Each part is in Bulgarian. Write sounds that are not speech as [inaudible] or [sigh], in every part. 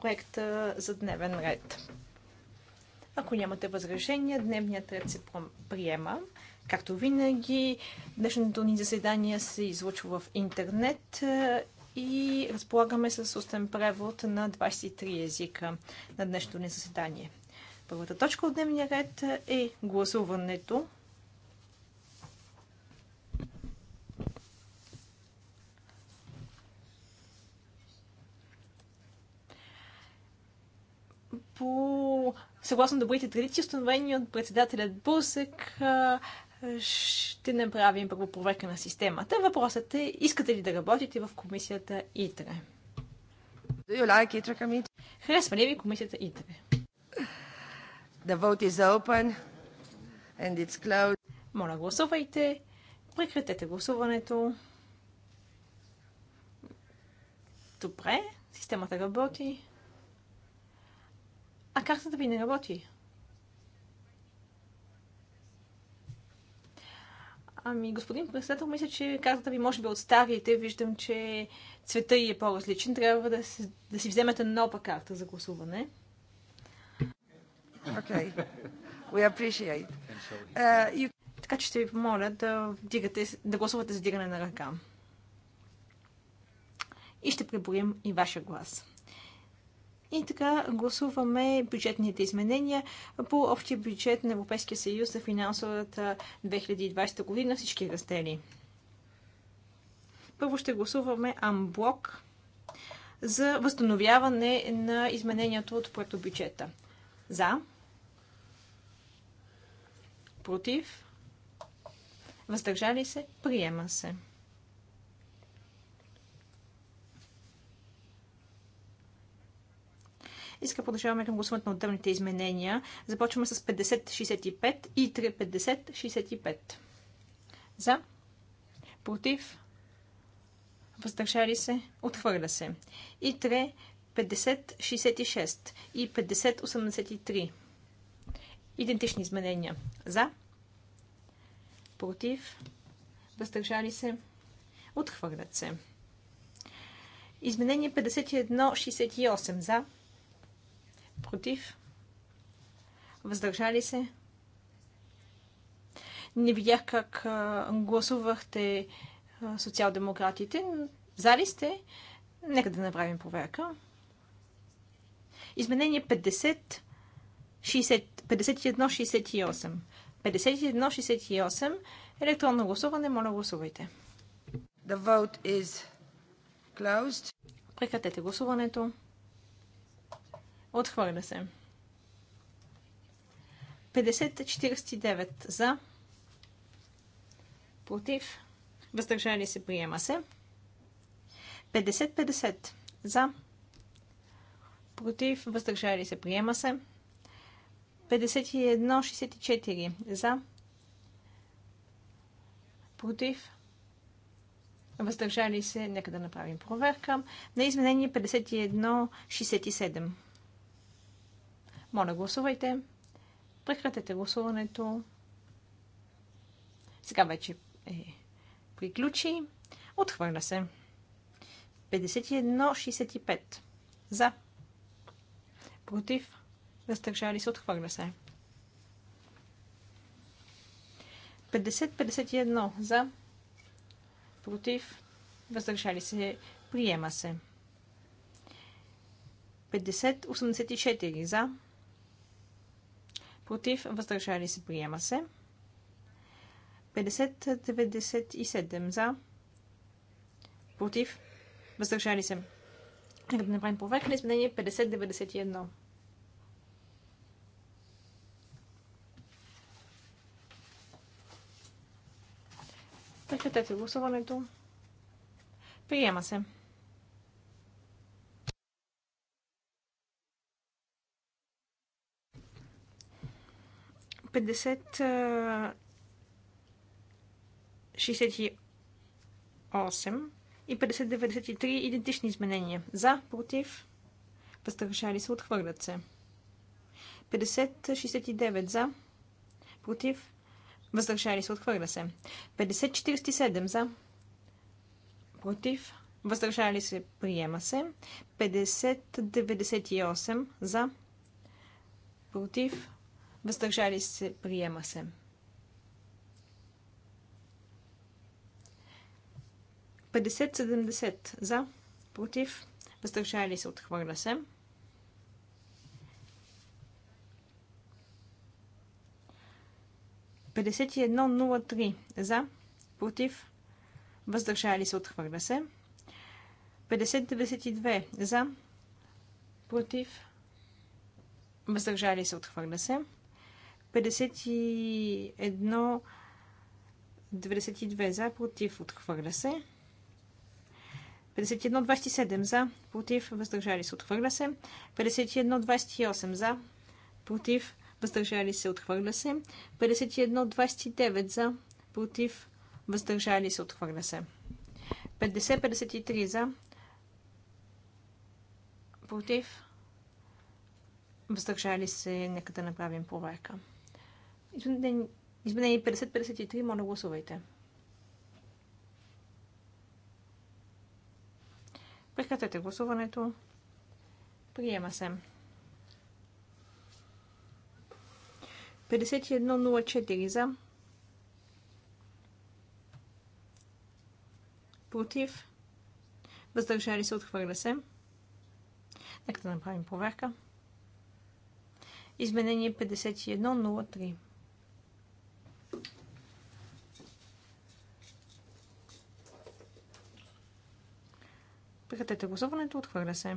проекта за дневен ред. Ако нямате възражения, дневният ред се приема. Както винаги, днешното ни заседание се излучва в интернет е, и разполагаме с устен превод на 23 езика на днешното ни заседание. Първата точка от дневния ред е гласуването съгласно добрите традиции, установени от председателят Бусък, ще направим първо проверка на системата. Въпросът е, искате ли да работите в комисията ИТРЕ? Like Харесва ли ви комисията ИТРЕ? The vote is open and it's closed. Моля, гласувайте. Прекратете гласуването. Добре, системата работи. А картата ви не работи. Ами, господин председател, мисля, че картата ви може би отставите. Виждам, че цвета й е по-различен. Трябва да си, да си вземете нова карта за гласуване. Okay. We appreciate. Uh, you... Така че ще ви помоля да, вдигате, да гласувате за дигане на ръка. И ще преборим и вашия глас. И така гласуваме бюджетните изменения по общия бюджет на Европейския съюз за финансовата 2020 година всички раздели. Първо ще гласуваме Амблок за възстановяване на изменението от проекто бюджета. За. Против. Въздържали се. Приема се. И сега продължаваме към гласуването на отделните изменения. Започваме с 50-65 и 3-50-65. За, против, въздържали се, отхвърля се. И 3-50-66 и 50-83. Идентични изменения. За, против, въздържали се, отхвърлят се. Изменение 51-68 за, Против? Въздържали се? Не видях как гласувахте социал-демократите. Зали сте? Нека да направим проверка. Изменение 50, 51-68. 51-68. Електронно гласуване. Моля, гласувайте. The vote is closed. Прекратете гласуването. Отхвърля се. 50-49 за. Против. Въздържали се. Приема се. 50-50 за. Против. Въздържали се. Приема се. 51-64 за. Против. Въздържали се. Нека да направим проверка. На изменение 51-67. Моля, гласувайте. Прекратете гласуването. Сега вече е, приключи. Отхвърля се. 51-65. За. Против. Въздържали се. Отхвърля се. 50-51. За. Против. Въздържали се. Приема се. 50-84. За против, въздържали се, приема се. 50-97 за, против, въздържали се. Нека да направим проверка на изменение 50-91. Прекратете гласуването. Приема се. 50 68 и 5093 идентични изменения. За, против, въздържали се, отхвърлят се. 5069 за, против, въздържали се, отхвърля се. 5047 за, против, въздържали се, приема се. 5098 за, против, въздържали се, приема се. Петдесет седемдесет за, против, въздържали се, отхвърля се. Петдесет и едно нула три за, против, въздържали се, отхвърля се. и две за, против, въздържали се, отхвърля се. 51 92 за, против, отхвърля се. 51-27 за, против, въздържали се, отхвърля се. 51-28 за, против, въздържали се, отхвърля се. 51-29 за, против, въздържали се, отхвърля се. 50-53 за, против, въздържали се, нека да направим проверка. 51 Изменение 50-53, моля гласувайте. Прекратете гласуването. Приема се. 51-04 за. Против. Въздържали се, отхвърля се. Нека да направим проверка. Изменение 51-03. Прекратете гласуването. Отхвърля се.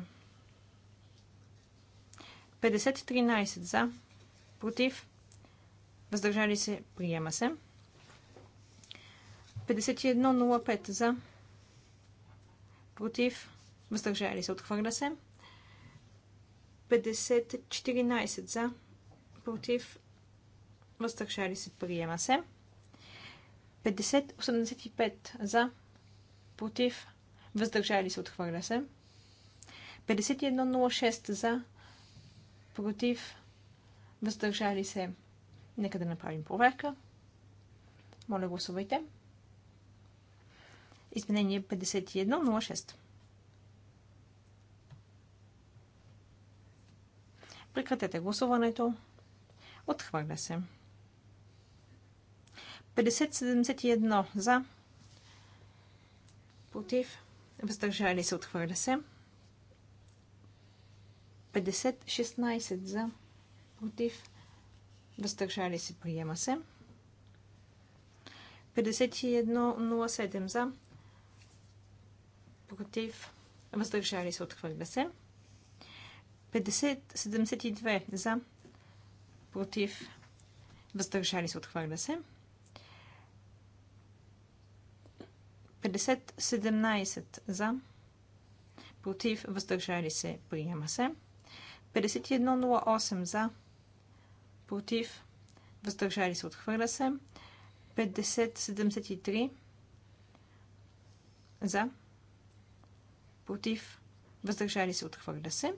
50-13 за. Против. Въздържали се. Приема се. 51-05 за. Против. Въздържали се. Отхвърля се. 50-14 за. Против. Въздържали се. Приема се. 50-85 за. Против въздържали се, отхвърля се. 5106 за, против, въздържали се. Нека да направим проверка. Моля, гласувайте. Изменение 5106. Прекратете гласуването. Отхвърля се. 50-71 за. Против въздържали се, отхвърля се. 50-16 за, против, въздържали се, приема се. 51-07 за, против, въздържали се, отхвърля се. 50-72 за, против, въздържали се, отхвърля се. 51-72 50-17 за. Против. Въздържали се. Приема се. 51-08 за. Против. Въздържали се. Отхвърля се. 50-73 за. Против. Въздържали се. Отхвърля се.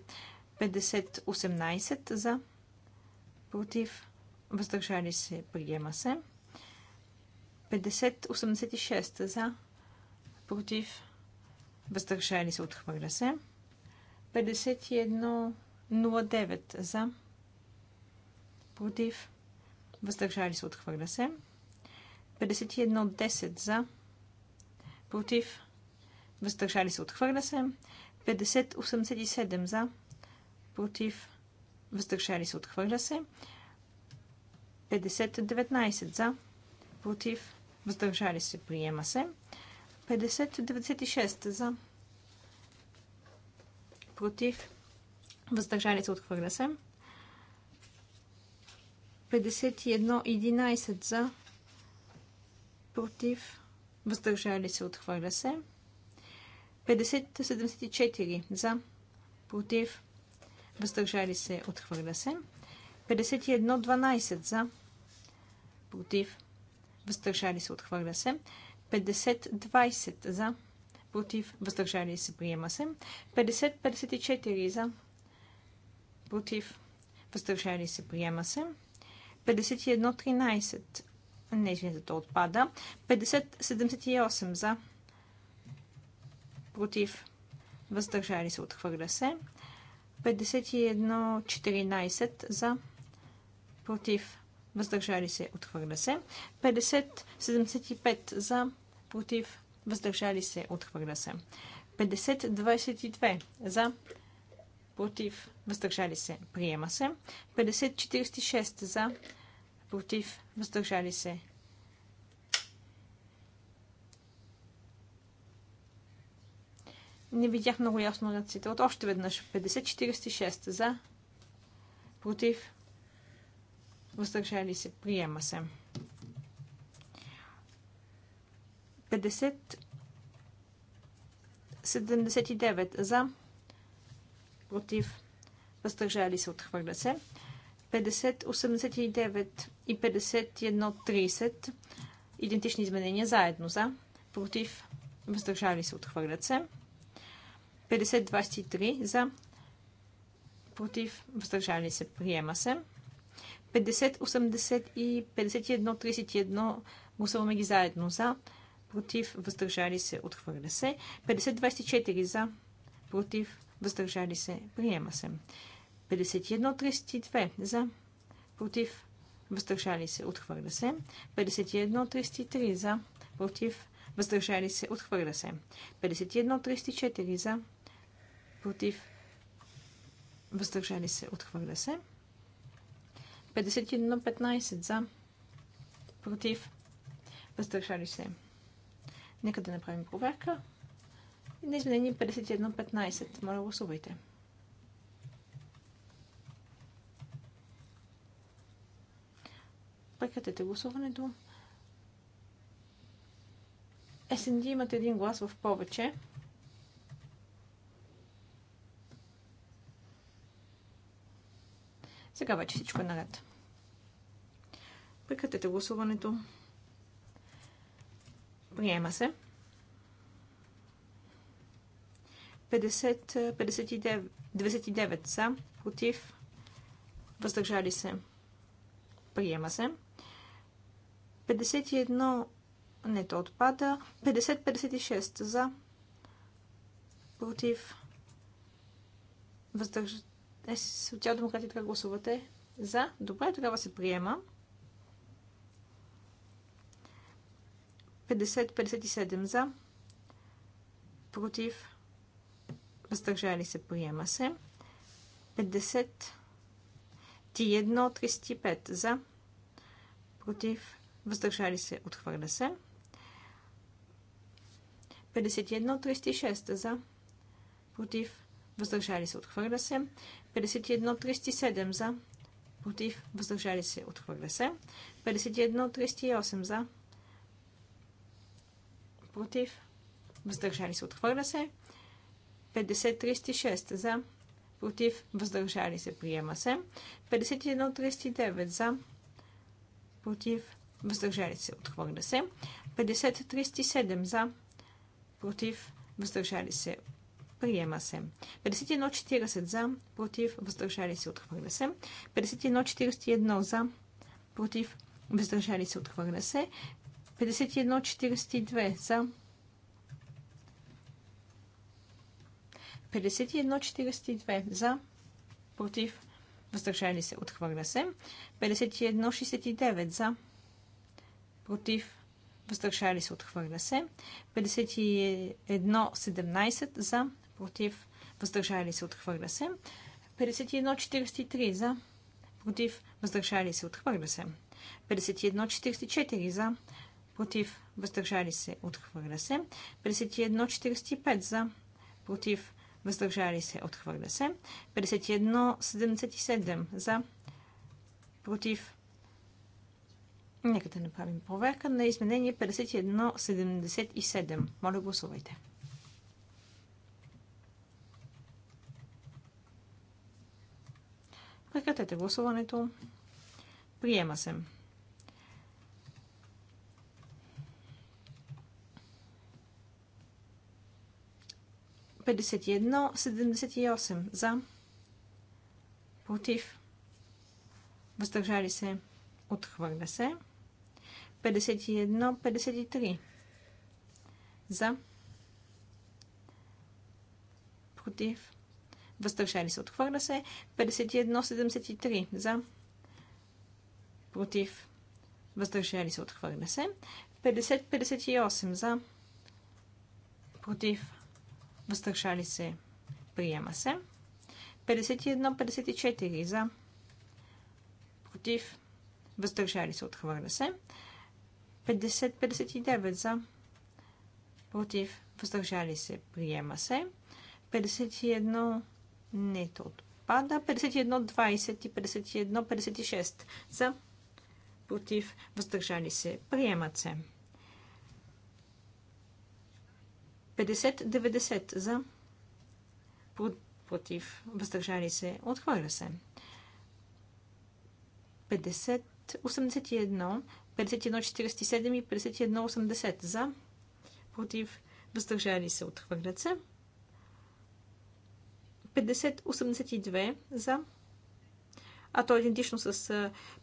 50-18 за. Против. Въздържали се. Приема се. 50-86 за против, въздържали се, отхвърля се. 51.09 за, против, въздържали се, отхвърля се. 51.10 за, против, въздържали се, отхвърля се. 50.87 за, против, въздържали се, отхвърля се. 50.19 за, против, въздържали се, приема се. 50-96 за. Против. Въздържали се отхвърля се. 51-11 за. Против. Въздържали се отхвърля се. 50-74 за. Против. Въздържали се отхвърля се. 51-12 за. Против. Въздържали се отхвърля се. 50-20 за, против, въздържали се, приема се. 50-54 за, против, въздържали се, приема се. 51-13, не извинете, то отпада. 50-78 за, против, въздържали се, отхвърля се. 51-14 за, против, въздържали се, отхвърля се. 50-75 за, против, въздържали се, отхвърля се. 50-22 за, против, въздържали се, приема се. 50-46 за, против, въздържали се. Не видях много ясно ръцете. От още веднъж 50-46 за, против, въздържали се, приема се. 50 79 за, против, въздържали се, отхвърля се. 50 89 и 51 30 идентични изменения заедно за, против, въздържали се, отхвърлят се. 50-23 за, против, въздържали се, приема се. 50, 80 и 51, 31. Гласуваме ги заедно. За, против, въздържали се, отхвърля се. 50, 24. За, против, въздържали се, приема се. 51, 32. За, против, въздържали се, отхвърля се. 51, 33. За, против, въздържали се, отхвърля се. 51, 34. За, против, въздържали се, отхвърля се. 51-15 за. Против. Въздържали се. Нека да направим проверка. И на изменение 51-15. Моля, гласувайте. Прекратете гласуването. СНД имат един глас в повече. Сега вече всичко е наред. Прекратете гласуването. Приема се. 59, 99 са, против, въздържали се. Приема се. 51, не то отпада. 50-56 за, против, въздържали Днес социал-демократите как гласувате? За. Добре, тогава се приема. 50-57 за. Против. Въздържали се. Приема се. 50. Ти 1 35 за. Против. Въздържали се. Отхвърля се. 51 36 за. Против. Въздържали се. Отхвърля се. 51-37 за, против, въздържали се, отхвърля се. 51-38 за, против, въздържали се, отхвърля се. 50-36 за, против, въздържали се, приема се. 51-39 за, против, въздържали се, отхвърля се. 50-37 за, против, въздържали се, Приема се. 51.40 за, против, въздържали се, отхвърля се. 51.41 за, против, въздържали се, отхвърля се. 51.42 за. 51.42 за, против, въздържали се, отхвърля се. 51.69 за, против, въздържали се, отхвърля се. 51.17 за, против, въздържали се, отхвърля се. 51-43 за, против, въздържали се, отхвърля се. 51-44 за, против, въздържали се, отхвърля се. 51-45 за, против, въздържали се, отхвърля се. 51-77 за, против. Нека да направим проверка на изменение 51-77. Моля, гласувайте. Прекратете гласуването. Приема се. Петдесет и седемдесет и За. Против. Въздържали се. Отхвърля се. 51-53. За. Против въздържали се. Отхвърля се 51-73 за против, въздържали се. Отхвърля се 50-58 за против, въздържали се. Приема се 51-54 за против, въздържали се. Отхвърля се 50-59 за против, въздържали се. Приема се 51 не, то отпада. 51.20 и 51.56 за против, въздържали се, приемат се. 50-90 за против, въздържали се, отхвърля се. 50-81, 51-47 и 51-80 за против, въздържали се, отхвърлят се. 5082 за. А то е идентично с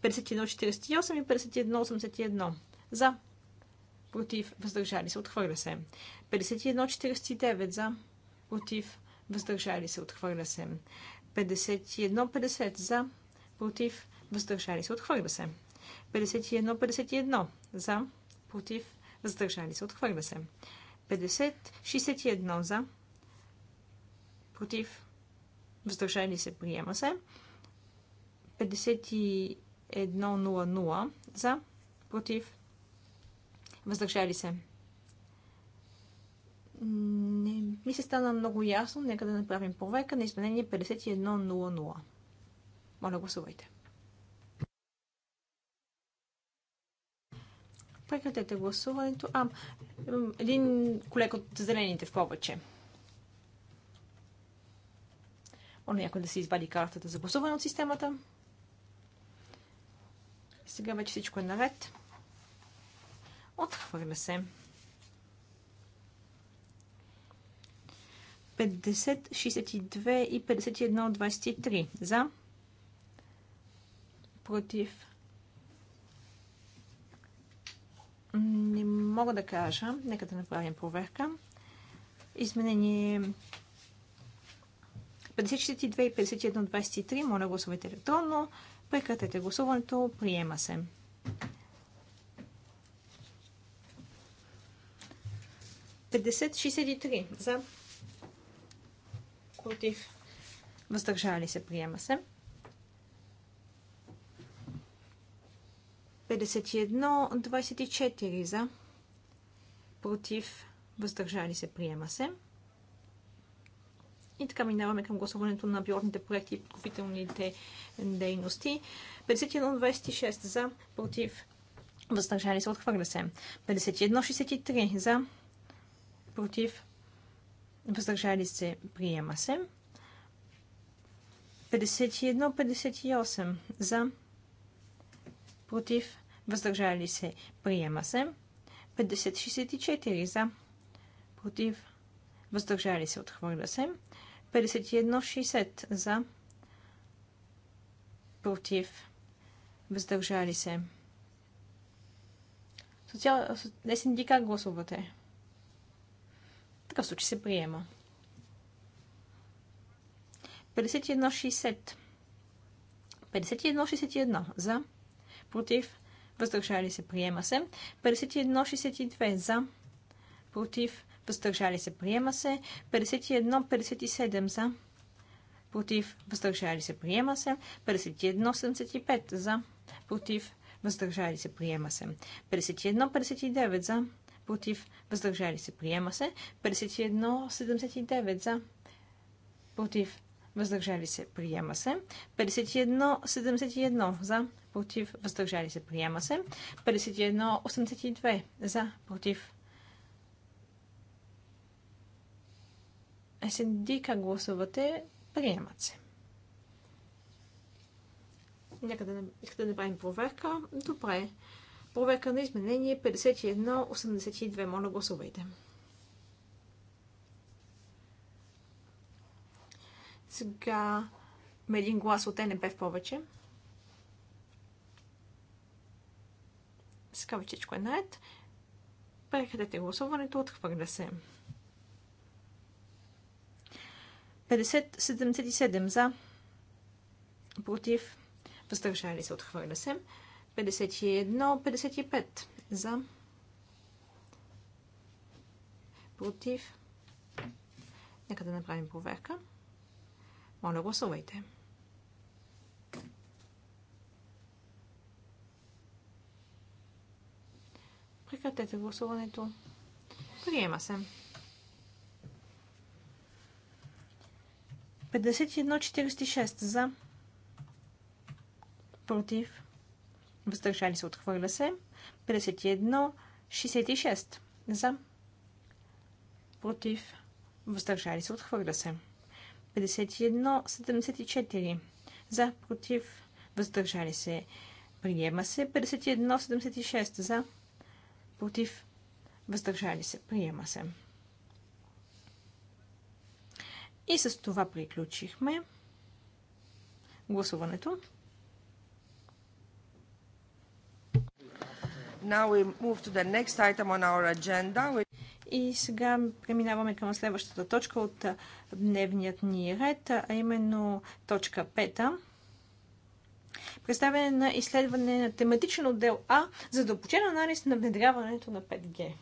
5148 и 5181 за. Против, въздържали се, отхвърля се. 5149 за. Против, въздържали се, отхвърля се. 5150 за. Против, въздържали се, отхвърля се. 51-51 за, против, въздържали се, отхвърля се. 50-61 за, против, въздържали се, приема се. 51.00 за, против, въздържали се. Не ми се стана много ясно, нека да направим проверка на изменение 51.00. Моля, гласувайте. Прекратете гласуването. А, един колег от зелените в повече. Може някой да се извади картата за гласуване от системата. Сега вече всичко е наред. Отхвърля се. 50, 62 и 51, 23. За. Против. Не мога да кажа. Нека да направим проверка. Изменение 5062 и 5123. Моля гласувайте електронно. Прекратете гласуването. Приема се. за против въздържали се. Приема се. 51-24 за, против, въздържали се, приема се. И така минаваме към гласуването на бюротните проекти и подкупителните дейности. 51-26 за, против, въздържали се, отхвърля се. 51-63 за, против, въздържали се, приема се. 51-58 за, против, въздържали се, приема се. 50-64 за, против, въздържали се, отхвърля се. 5160 за, против, въздържали се. Социал... СНД как гласувате? В такъв случай се приема. 5160. 5161 за, против, въздържали се, приема се. 5162 за, против, въздържали се, приема се. 51-57 за, против, въздържали се, приема се. 51-75 за, против, въздържали се, приема се. 51-59 за, против, въздържали се, приема се. 51-79 за, против, въздържали се, приема се. 51-71 за, против, въздържали се, приема се. 51-82 за, против, СНД как гласувате, приемат се. Нека да, искате да направим проверка. Добре. Проверка на изменение 51-82. Моля, гласувайте. Сега има един глас от НП в повече. Сега вечечко е наед. Прекратете гласуването, отхвърля се. 5077 за, против, въздържали се, отхвърля се. 51-55 за, против. Нека да направим проверка. Моля, гласувайте. Прекратете гласуването. Приема се. 51-46 за. Против. Въздържали се. Отхвърля се. 51-66 за. Против. Въздържали се. Отхвърля се. 51-74 за. Против. Въздържали се. Приема се. 51-76 за. Против. Въздържали се. Приема се. И с това приключихме гласуването. Agenda, И сега преминаваме към следващата точка от дневният ни ред, а именно точка 5. Представяне на изследване на тематичен отдел А за дълбочен анализ на внедряването на 5G.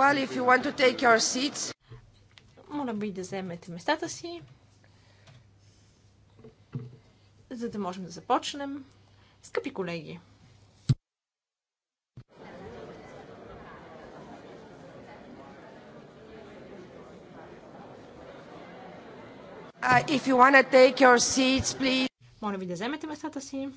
if you want to take your seats. Моля би да вземете местата си, за да можем да започнем. Скъпи колеги, Uh, if you want to take your seats, please. Моля ви да вземете местата си.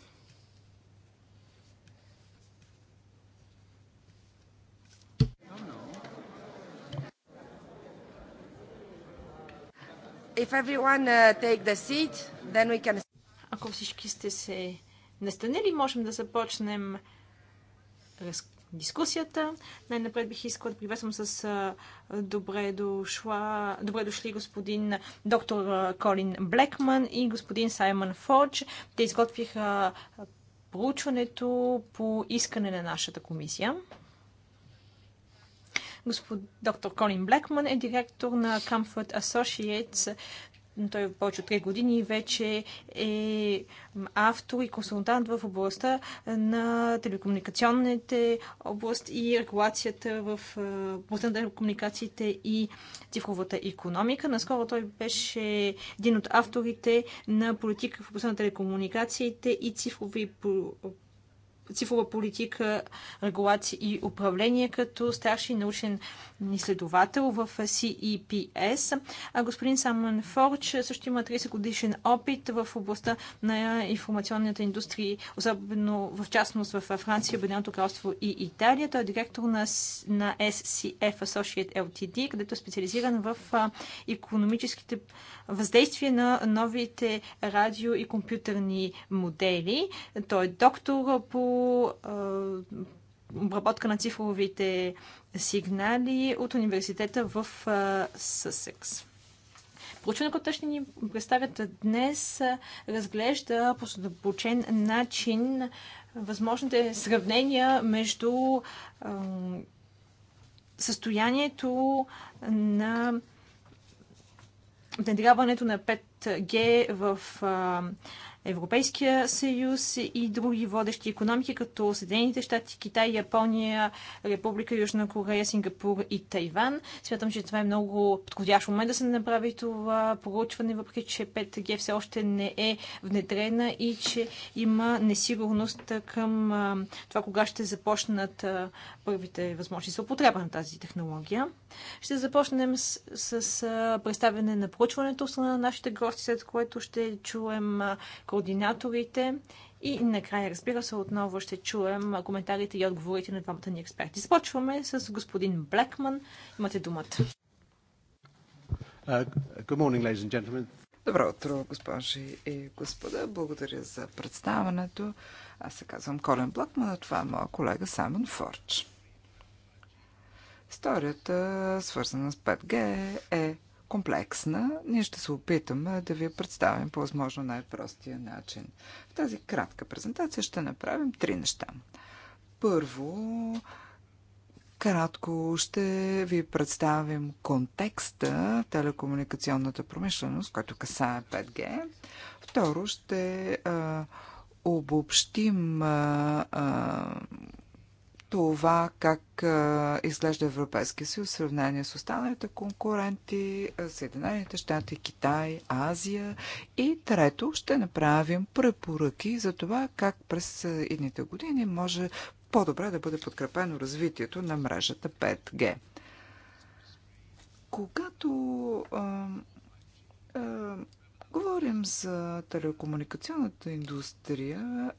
Uh, Ако всички сте се настанили, можем да започнем дискусията. Най-напред бих искала да приветствам с добре, дошла, добре дошли господин доктор Колин Блекман и господин Саймън Фодж. Те изготвиха проучването по искане на нашата комисия. Господ доктор Колин Блекман е директор на Comfort Associates. Той е повече от 3 години и вече е автор и консултант в областта на телекомуникационните област и регулацията в е, областта на телекомуникациите и цифровата економика. Наскоро той беше един от авторите на политика в областта на телекомуникациите и цифрови цифрова политика, регулация и управление като старши научен изследовател в CEPS. А господин Саман Форч също има 30 годишен опит в областта на информационната индустрия, особено в частност в Франция, Обединеното кралство и Италия. Той е директор на, на SCF Associate LTD, където е специализиран в економическите въздействия на новите радио и компютърни модели. Той е доктор по обработка на цифровите сигнали от университета в Съсекс. Проучването, което ще ни представят днес, разглежда по задълбочен начин възможните сравнения между състоянието на внедряването на 5G в Европейския съюз и други водещи економики, като Съединените щати, Китай, Япония, Република Южна Корея, Сингапур и Тайван. Смятам, че това е много подходящ момент да се направи това проучване, въпреки че 5G е все още не е внедрена и че има несигурност към това кога ще започнат първите възможности за употреба на тази технология. Ще започнем с, с представяне на проучването страна на нашите гости, след което ще чуем координаторите и накрая, разбира се, отново ще чуем коментарите и отговорите на двамата ни експерти. Започваме с господин Блекман. Имате думата. Uh, morning, Добро утро, госпожи и господа. Благодаря за представането. Аз се казвам Колен Блакман, а това е моя колега Саймон Фордж. Историята, свързана с 5G, е комплексна. Ние ще се опитаме да ви я представим по възможно най-простия начин. В тази кратка презентация ще направим три неща. Първо, кратко ще ви представим контекста в телекомуникационната промишленост, който касае 5G. Второ, ще а, обобщим а, а, това как изглежда Европейския съюз в сравнение с останалите конкуренти, Съединените щати, Китай, Азия. И трето, ще направим препоръки за това как през едните години може по-добре да бъде подкрепено развитието на мрежата 5G. Когато Говорим за телекомуникационната индустрия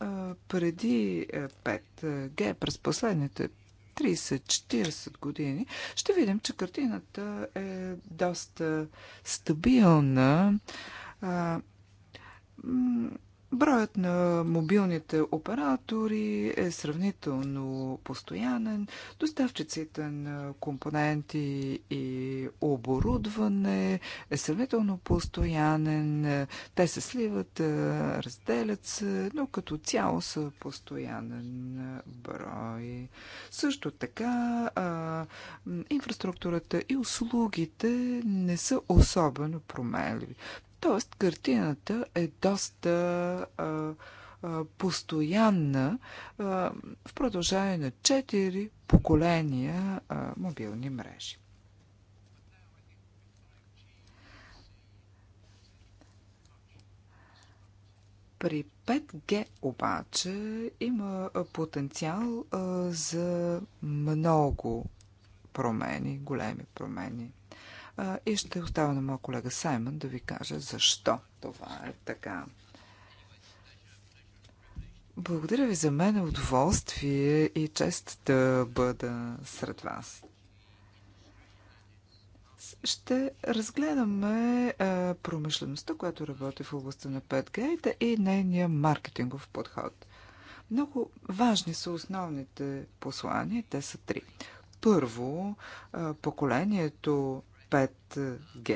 преди 5G, е, е, през последните 30-40 години, ще видим, че картината е доста стабилна. Броят на мобилните оператори е сравнително постоянен. Доставчиците на компоненти и оборудване е сравнително постоянен. Те се сливат, е, разделят се, но като цяло са постоянен брой. Също така е, инфраструктурата и услугите не са особено променливи. Тоест, картината е доста а, а, постоянна а, в продължение на 4 поколения а, мобилни мрежи. При 5G обаче има потенциал а, за много промени, големи промени и ще оставя на моя колега Саймън да ви каже защо това е така. Благодаря ви за мен. Е удоволствие и чест да бъда сред вас. Ще разгледаме промишлеността, която работи в областта на 5G и нейния маркетингов подход. Много важни са основните послания. Те са три. Първо, поколението 5G,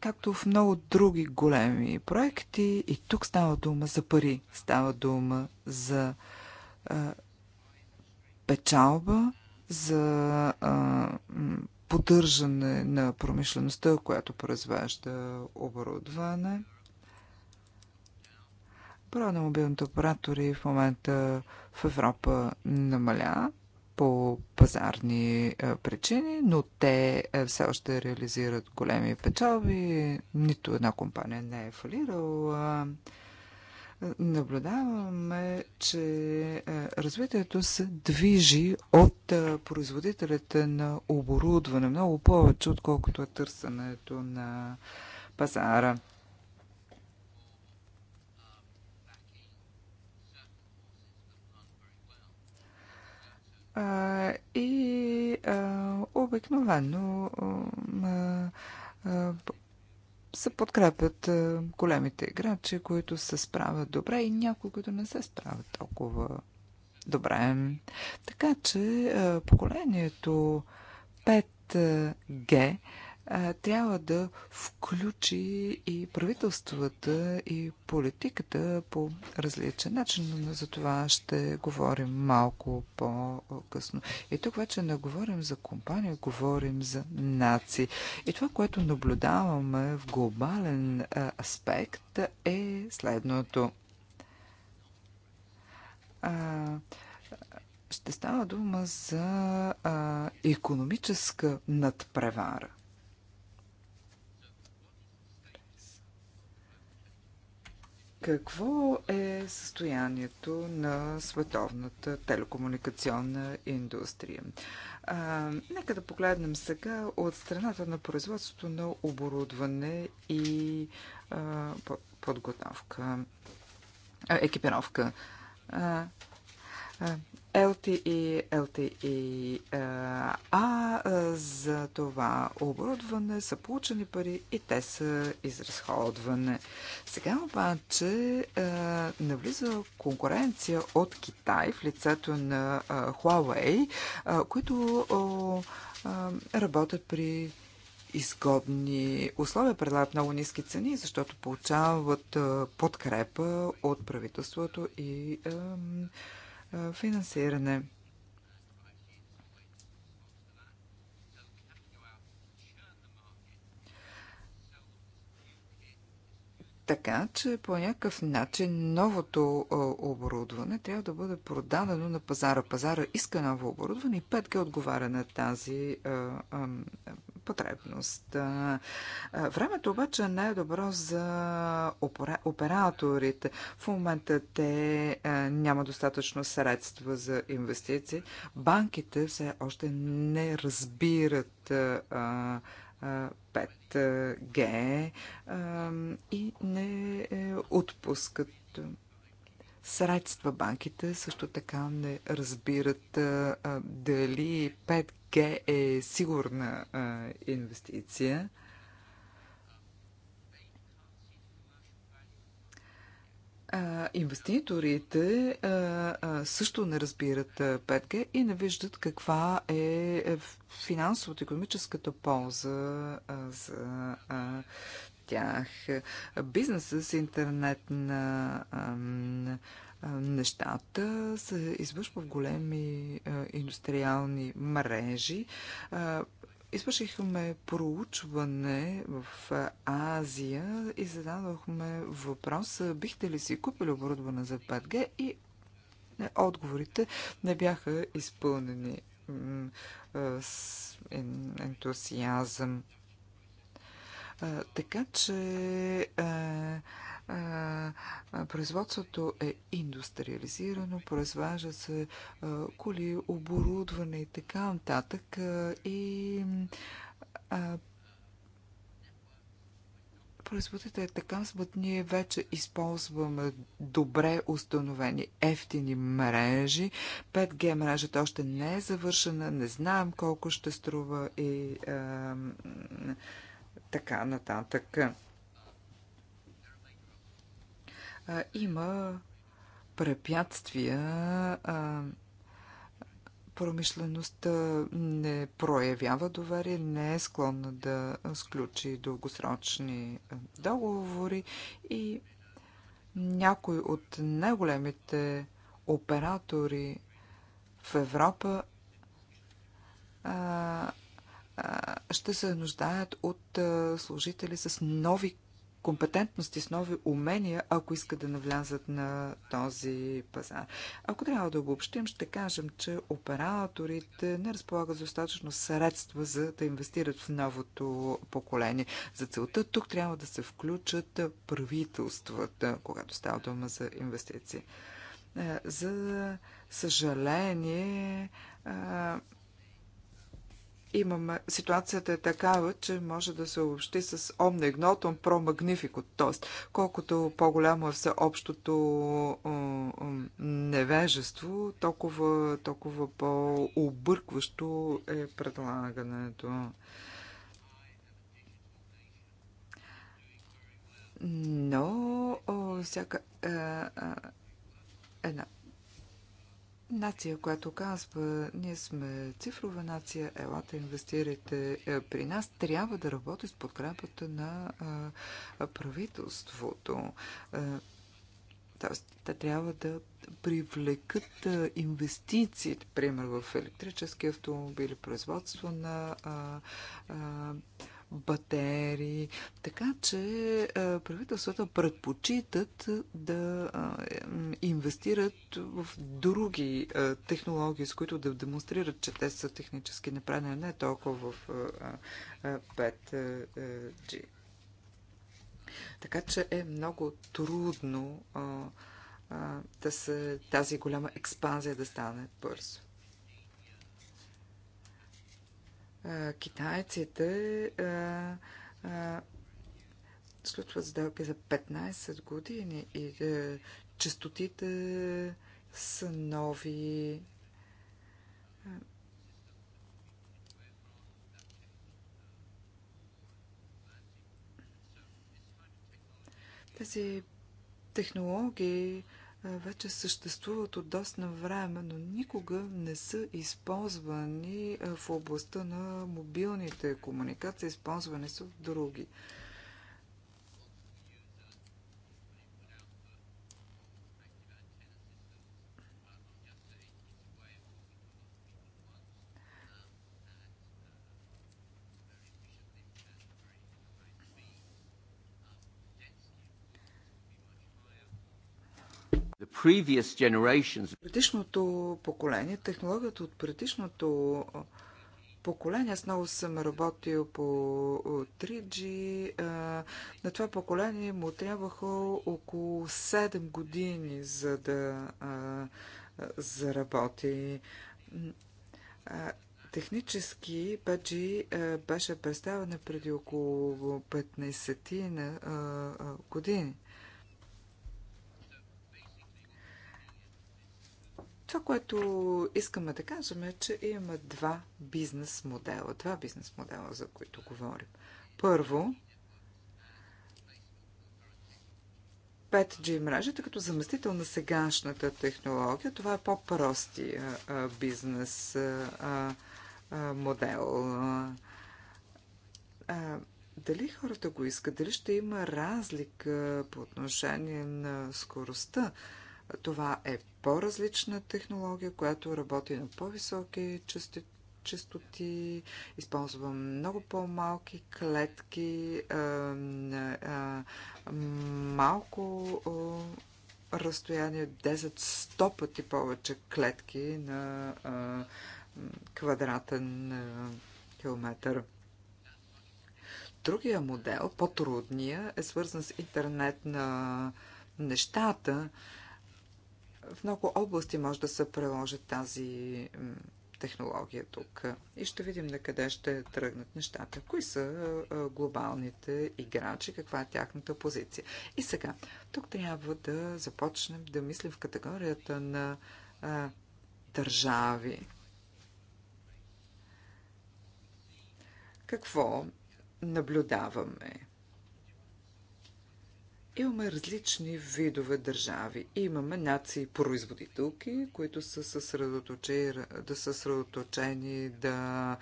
както в много други големи проекти, и тук става дума за пари, става дума за а, печалба, за а, поддържане на промишлеността, която произвежда оборудване. Броя на мобилните оператори в момента в Европа намаля по пазарни причини, но те все още реализират големи печалби. Нито една компания не е фалирала. Наблюдаваме, че развитието се движи от производителите на оборудване много повече, отколкото е търсенето на пазара. А, и а, обикновено а, а, се подкрепят а, големите играчи, които се справят добре и някои, които не се справят толкова добре. Така че а, поколението 5G трябва да включи и правителствата, и политиката по различен начин, но за това ще говорим малко по-късно. И тук вече не говорим за компания, говорим за нации. И това, което наблюдаваме в глобален аспект е следното. ще става дума за а, економическа надпревара. Какво е състоянието на световната телекомуникационна индустрия? А, нека да погледнем сега от страната на производството на оборудване и а, подготовка, а, екипировка. А, LTE, LTE А за това оборудване са получени пари и те са изразходване. Сега обаче навлиза конкуренция от Китай в лицето на Huawei, които работят при изгодни условия, предлагат много ниски цени, защото получават подкрепа от правителството и финансиране. Така че по някакъв начин новото оборудване трябва да бъде продадено на пазара. Пазара иска ново оборудване и 5G отговаря на тази а, а, потребност. Времето обаче не е добро за операторите. В момента те няма достатъчно средства за инвестиции. Банките все още не разбират 5G и не е, отпускат средства банките също така не разбират дали 5 ЕИК е сигурна инвестиция. а, инвеститорите а, а, също не разбират 5G и не виждат каква е, е финансово-економическата полза а, за а, тях. Бизнесът с интернет на. А, нещата се извършва в големи индустриални мрежи. Извършихме проучване в Азия и зададохме въпрос, бихте ли си купили оборудване за 5G и отговорите не бяха изпълнени с ентусиазъм. Така че производството е индустриализирано, произважда се коли, оборудване и така нататък. И е така, защото ние вече използваме добре установени ефтини мрежи. 5G мрежата още не е завършена, не знаем колко ще струва и е, така нататък има препятствия. Промишлеността не проявява доверие, не е склонна да сключи дългосрочни договори и някои от най-големите оператори в Европа ще се нуждаят от служители с нови компетентности, с нови умения, ако искат да навлязат на този пазар. Ако трябва да обобщим, ще кажем, че операторите не разполагат достатъчно средства за да инвестират в новото поколение. За целта тук трябва да се включат правителствата, когато става дума за инвестиции. Е, за съжаление, е, имаме, ситуацията е такава, че може да се общи с omnignotum pro magnifico, т.е. колкото по-голямо е всеобщото невежество, толкова, толкова по-объркващо е предлагането. Но всяка е, е, една нация, която казва, ние сме цифрова нация, елата, инвестирайте е, при нас, трябва да работи с подкрепата на е, правителството. Е, тоест, те трябва да привлекат инвестиции, например, в електрически автомобили, производство на а, а, батерии. Така че е, правителствата предпочитат да е, инвестират в други е, технологии, с които да демонстрират, че те са технически неправилни, не толкова в 5G. Така че е много трудно да се, тази голяма експанзия да стане бързо. китайците сключват сделки за 15 години и частотите са нови. Тези технологии вече съществуват от доста време, но никога не са използвани в областта на мобилните комуникации, използвани са в други previous generations. Предишното поколение, технологията от предишното поколение, аз много съм работил по 3G, на това поколение му трябваха около 7 години, за да заработи. Технически 5G беше представена преди около 15 години. Това, което искаме да кажем е, че има два бизнес модела. Два бизнес модела, за които говорим. Първо, 5G мрежата като заместител на сегашната технология. Това е по-прости бизнес а, а, модел. А, дали хората го искат? Дали ще има разлика по отношение на скоростта? Това е по-различна технология, която работи на по-високи частоти чистоти, използвам много по-малки клетки, малко разстояние 10-100 пъти повече клетки на квадратен километър. Другия модел, по-трудния, е свързан с интернет на нещата. В много области може да се приложи тази технология тук и ще видим на къде ще тръгнат нещата. Кои са глобалните играчи, каква е тяхната позиция. И сега, тук трябва да започнем да мислим в категорията на а, държави. Какво наблюдаваме? Имаме различни видове държави. Имаме нации производителки, които са съсредоточени да, съсредоточени да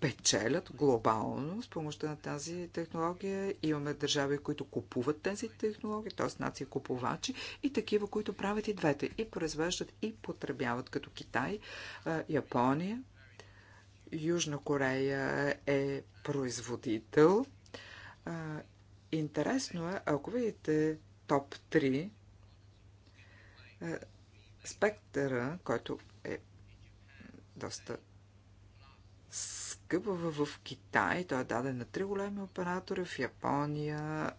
печелят глобално с помощта на тази технология. Имаме държави, които купуват тези технологии, т.е. нации купувачи и такива, които правят и двете. И произвеждат, и потребяват, като Китай, Япония, Южна Корея е производител Интересно е, ако видите топ 3, е, спектъра, който е доста скъп в Китай, той е даден на три големи оператори, в Япония,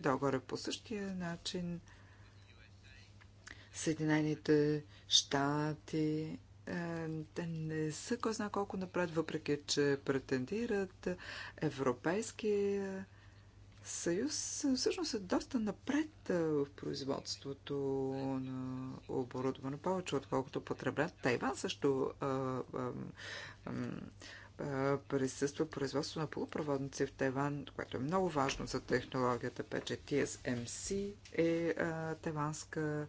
догоре по същия начин, Съединените щати, те не са кой знае колко напред, въпреки че претендират Европейски е, съюз всъщност е доста напред е, в производството на оборудване, повече отколкото потреблят. Тайван също е, присъства производство на полупроводници в Тайван, което е много важно за технологията. TSMC е а, тайванска а,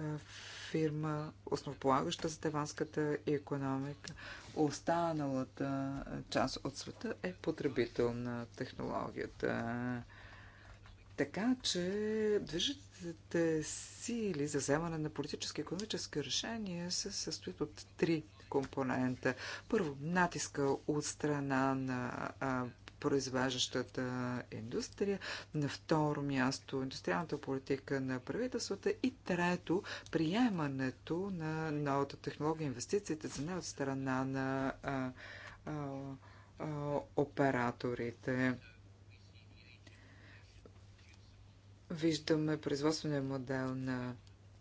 е, фирма, основополагаща за таванската економика. Останалата е, част от света е потребител на технологията. Така че движителите сили за вземане на политически и економически решения се състоят от три компонента. Първо, натиска от страна на произвеждащата индустрия. На второ място индустриалната политика на правителствата. И трето, приемането на новата технология, инвестициите за нея от страна на а, а, а, операторите. Виждаме производствения модел на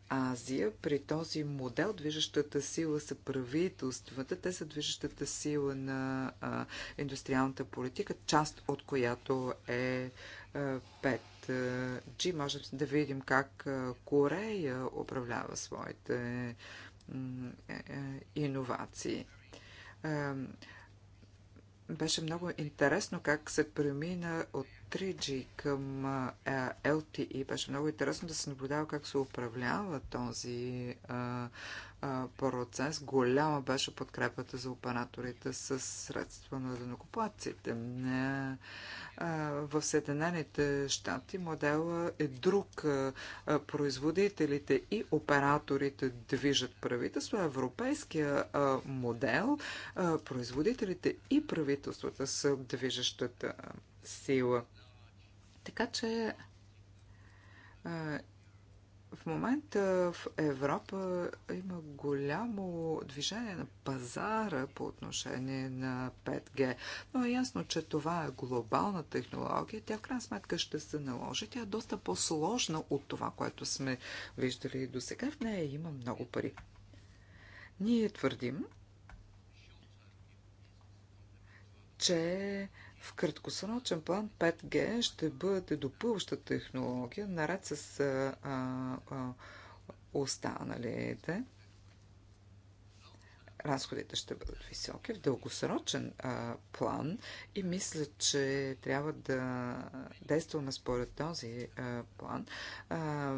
Азия. При този модел движещата сила са правителствата, те са движещата сила на а, индустриалната политика, част от която е 5G. Можем да видим как Корея управлява своите е, е, иновации. Беше много интересно как се премина от 3G към е, LTE беше много интересно да се наблюдава как се управлява този процес. Голяма беше подкрепата за операторите с средства на денокопаците. В Съединените щати модела е друг. Производителите и операторите движат правителство. Европейския модел производителите и правителствата са движещата сила. Така че в момента в Европа има голямо движение на пазара по отношение на 5G. Но е ясно, че това е глобална технология. Тя в крайна сметка ще се наложи. Тя е доста по-сложна от това, което сме виждали до сега. В нея има много пари. Ние твърдим, че в краткосрочен план 5G ще бъде допълваща технология, наред с а, а, останалите. Разходите ще бъдат високи в дългосрочен а, план и мисля, че трябва да действаме според този а, план. А,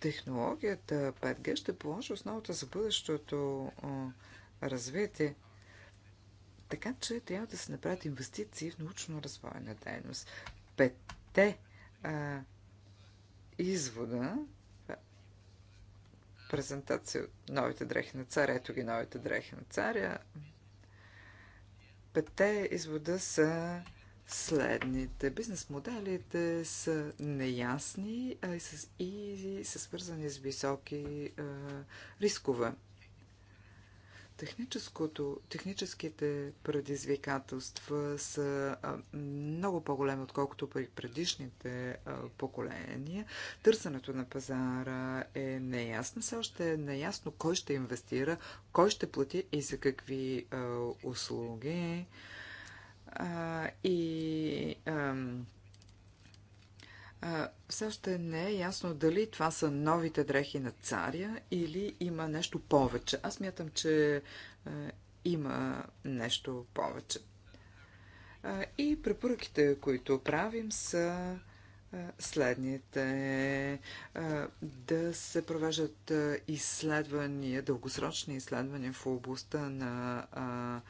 технологията 5G ще положи основата за бъдещото а, развитие. Така че трябва да се направят инвестиции в научно-развойна дейност. Петте а, извода презентация от новите дрехи на царя. Ето ги новите дрехи на царя. Петте извода са следните. Бизнес моделите са неясни а и, и са свързани с високи а, рискове техническите предизвикателства са много по-големи, отколкото при предишните поколения. Търсенето на пазара е неясно. Все още е неясно кой ще инвестира, кой ще плати и за какви услуги. и все още не е ясно дали това са новите дрехи на царя или има нещо повече. Аз мятам, че има нещо повече. И препоръките, които правим, са следните. Да се провеждат изследвания, дългосрочни изследвания в областта на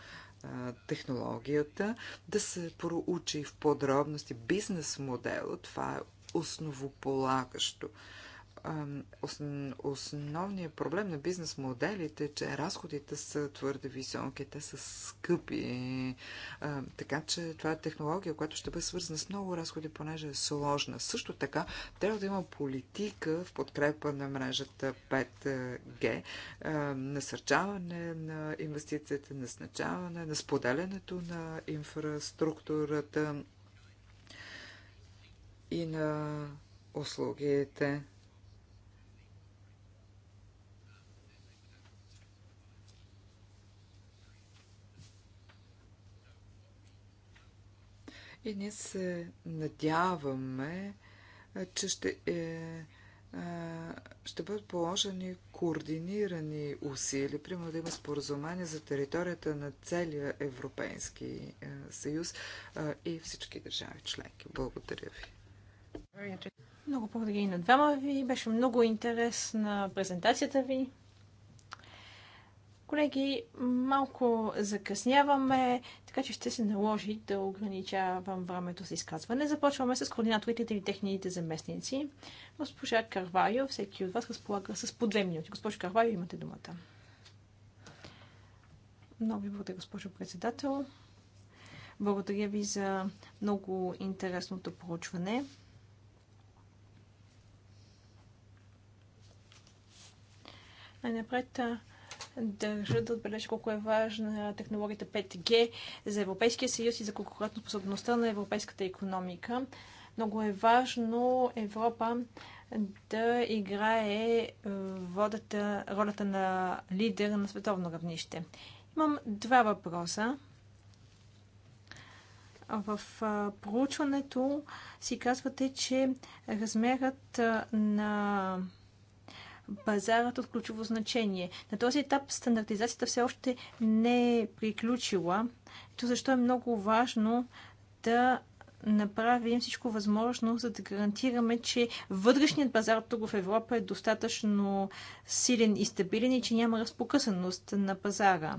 технологията, да се проучи в подробности бизнес модела. Това е основополагащо. Основният проблем на бизнес моделите е, че разходите са твърде високи, те са скъпи. Така че това е технология, която ще бъде свързана с много разходи, понеже е сложна. Също така трябва да има политика в подкрепа на мрежата 5G, насърчаване на инвестициите, назначаване на споделянето на инфраструктурата и на услугите. И ние се надяваме, че ще, е, ще бъдат положени координирани усилия, примерно да има споразумение за територията на целия Европейски е, съюз и всички държави членки. Благодаря ви. Много благодаря и на двама ви. Беше много интересна презентацията ви. Колеги, малко закъсняваме, така че ще се наложи да ограничавам времето за изказване. Започваме с координаторите или техните заместници. Госпожа Карвайо, всеки от вас разполага с по две минути. Госпожа Карвайо, имате думата. Много ви благодаря, госпожо председател. Благодаря ви за много интересното проучване. Най-напред държа да отбележа колко е важна технологията 5G за Европейския съюз и за способността на европейската економика. Много е важно Европа да играе е, водата, ролята на лидер на световно равнище. Имам два въпроса. В проучването си казвате, че размерът на пазарът от ключово значение. На този етап стандартизацията все още не е приключила. Ето защо е много важно да направим всичко възможно, за да гарантираме, че вътрешният пазар тук в Европа е достатъчно силен и стабилен и че няма разпокъсаност на пазара.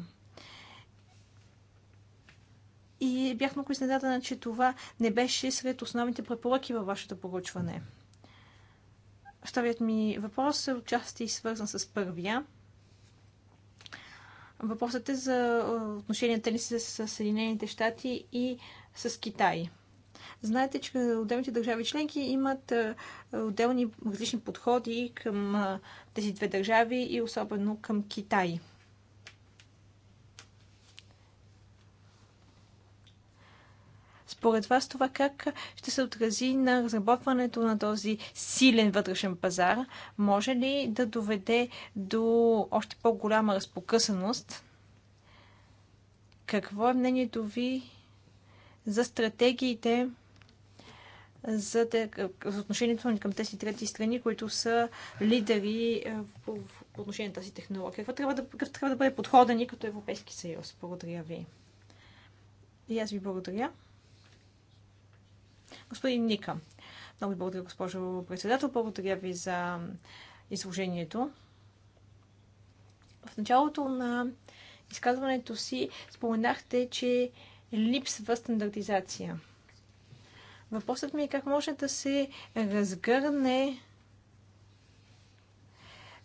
И бях много изненадана, че това не беше сред основните препоръки във вашето поручване. Вторият ми въпрос е отчасти свързан с първия. Въпросът е за отношенията ни с Съединените щати и с Китай. Знаете, че отделните държави членки имат отделни различни подходи към тези две държави и особено към Китай. Според вас това как ще се отрази на разработването на този силен вътрешен пазар? Може ли да доведе до още по-голяма разпокъсаност? Какво е мнението ви за стратегиите за, те, за отношението ни към тези трети страни, които са лидери по, е, по отношение на тази технология. Какво трябва да, какъв трябва да бъде подходен като Европейски съюз? Благодаря ви. И аз ви благодаря. Господин Ника. Много благодаря, госпожо председател. Благодаря ви за изложението. В началото на изказването си споменахте, че липсва стандартизация. Въпросът ми е как може да се разгърне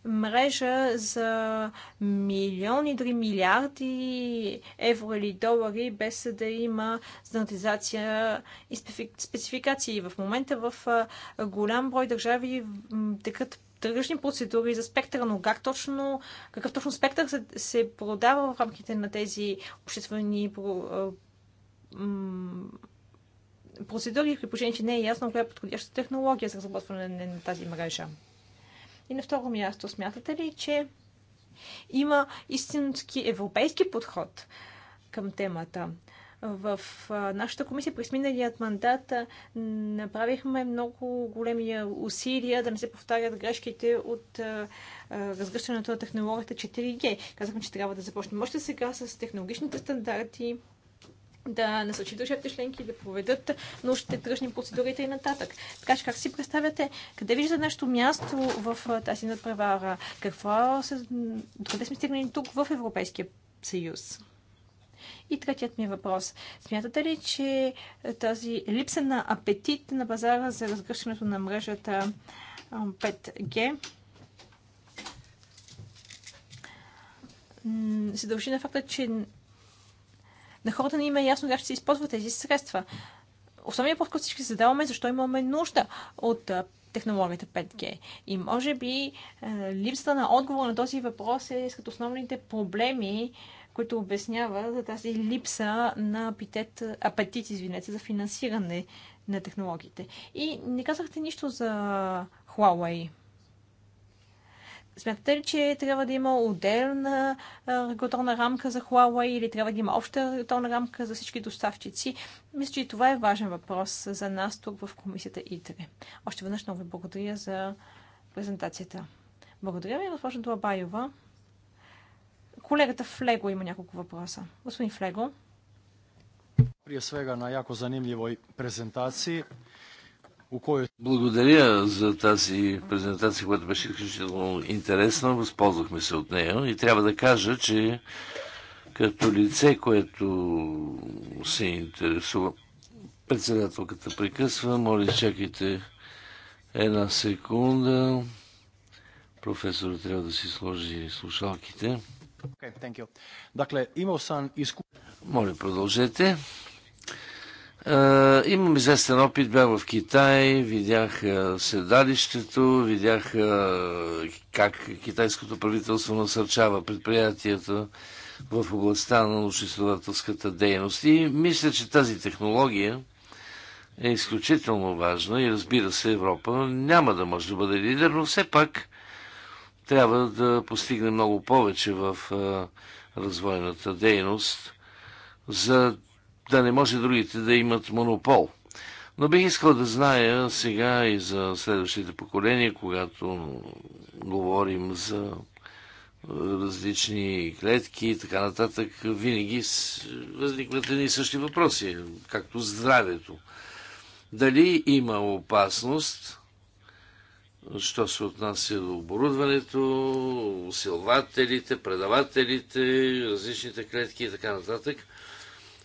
мрежа за милиони, дори милиарди евро или долари, без да има стандартизация и спецификации. В момента в голям брой държави текат тръгъчни процедури за спектъра, но как точно, какъв точно спектър се, се продава в рамките на тези обществени процедури, при положение, че не е ясно коя е подходяща технология за разработване на тази мрежа. И на второ място, смятате ли, че има истински европейски подход към темата? В нашата комисия през миналият мандат направихме много големи усилия да не се повтарят грешките от разгръщането на технологията 4G. Казахме, че трябва да започнем още сега с технологичните стандарти да насочи държавите членки да проведат нужните тръжни процедурите и нататък. Така че как си представяте, къде виждате нашето място в тази надпревара? Какво се... Докъде сме стигнали тук в Европейския съюз? И третият ми въпрос. Смятате ли, че тази липса на апетит на пазара за разгръщането на мрежата 5G се дължи на факта, че на хората не им е ясно как ще се използват тези средства. Основният въпрос, който всички задаваме, е защо имаме нужда от технологията 5G. И може би липсата на отговор на този въпрос е като основните проблеми, които обяснява за тази липса на апетит, апетит извинете, за финансиране на технологиите. И не казахте нищо за Huawei. Смятате ли, че трябва да има отделна регулаторна рамка за Huawei или трябва да има обща регулаторна рамка за всички доставчици? Мисля, че това е важен въпрос за нас тук в комисията ИТРЕ. Още веднъж много ви благодаря за презентацията. Благодаря ви, госпожа Длабаева. Колегата Флего има няколко въпроса. Господин Флего. Прия свега на яко занимливо презентации. Благодаря за тази презентация, която беше изключително интересна. Възползвахме се от нея и трябва да кажа, че като лице, което се интересува, председателката прекъсва. Моля, чакайте една секунда. Професора трябва да си сложи слушалките. Okay, Моля, продължете. Е, имам известен опит, бях в Китай, видях е, седалището, видях е, как китайското правителство насърчава предприятията в областта на научно-изследователската дейност. И мисля, че тази технология е изключително важна и разбира се, Европа няма да може да бъде лидер, но все пак трябва да постигне много повече в развойната дейност за да не може другите да имат монопол. Но бих искал да зная сега и за следващите поколения, когато говорим за различни клетки и така нататък, винаги възникват едни и същи въпроси, както здравето. Дали има опасност, що се отнася до оборудването, усилвателите, предавателите, различните клетки и така нататък –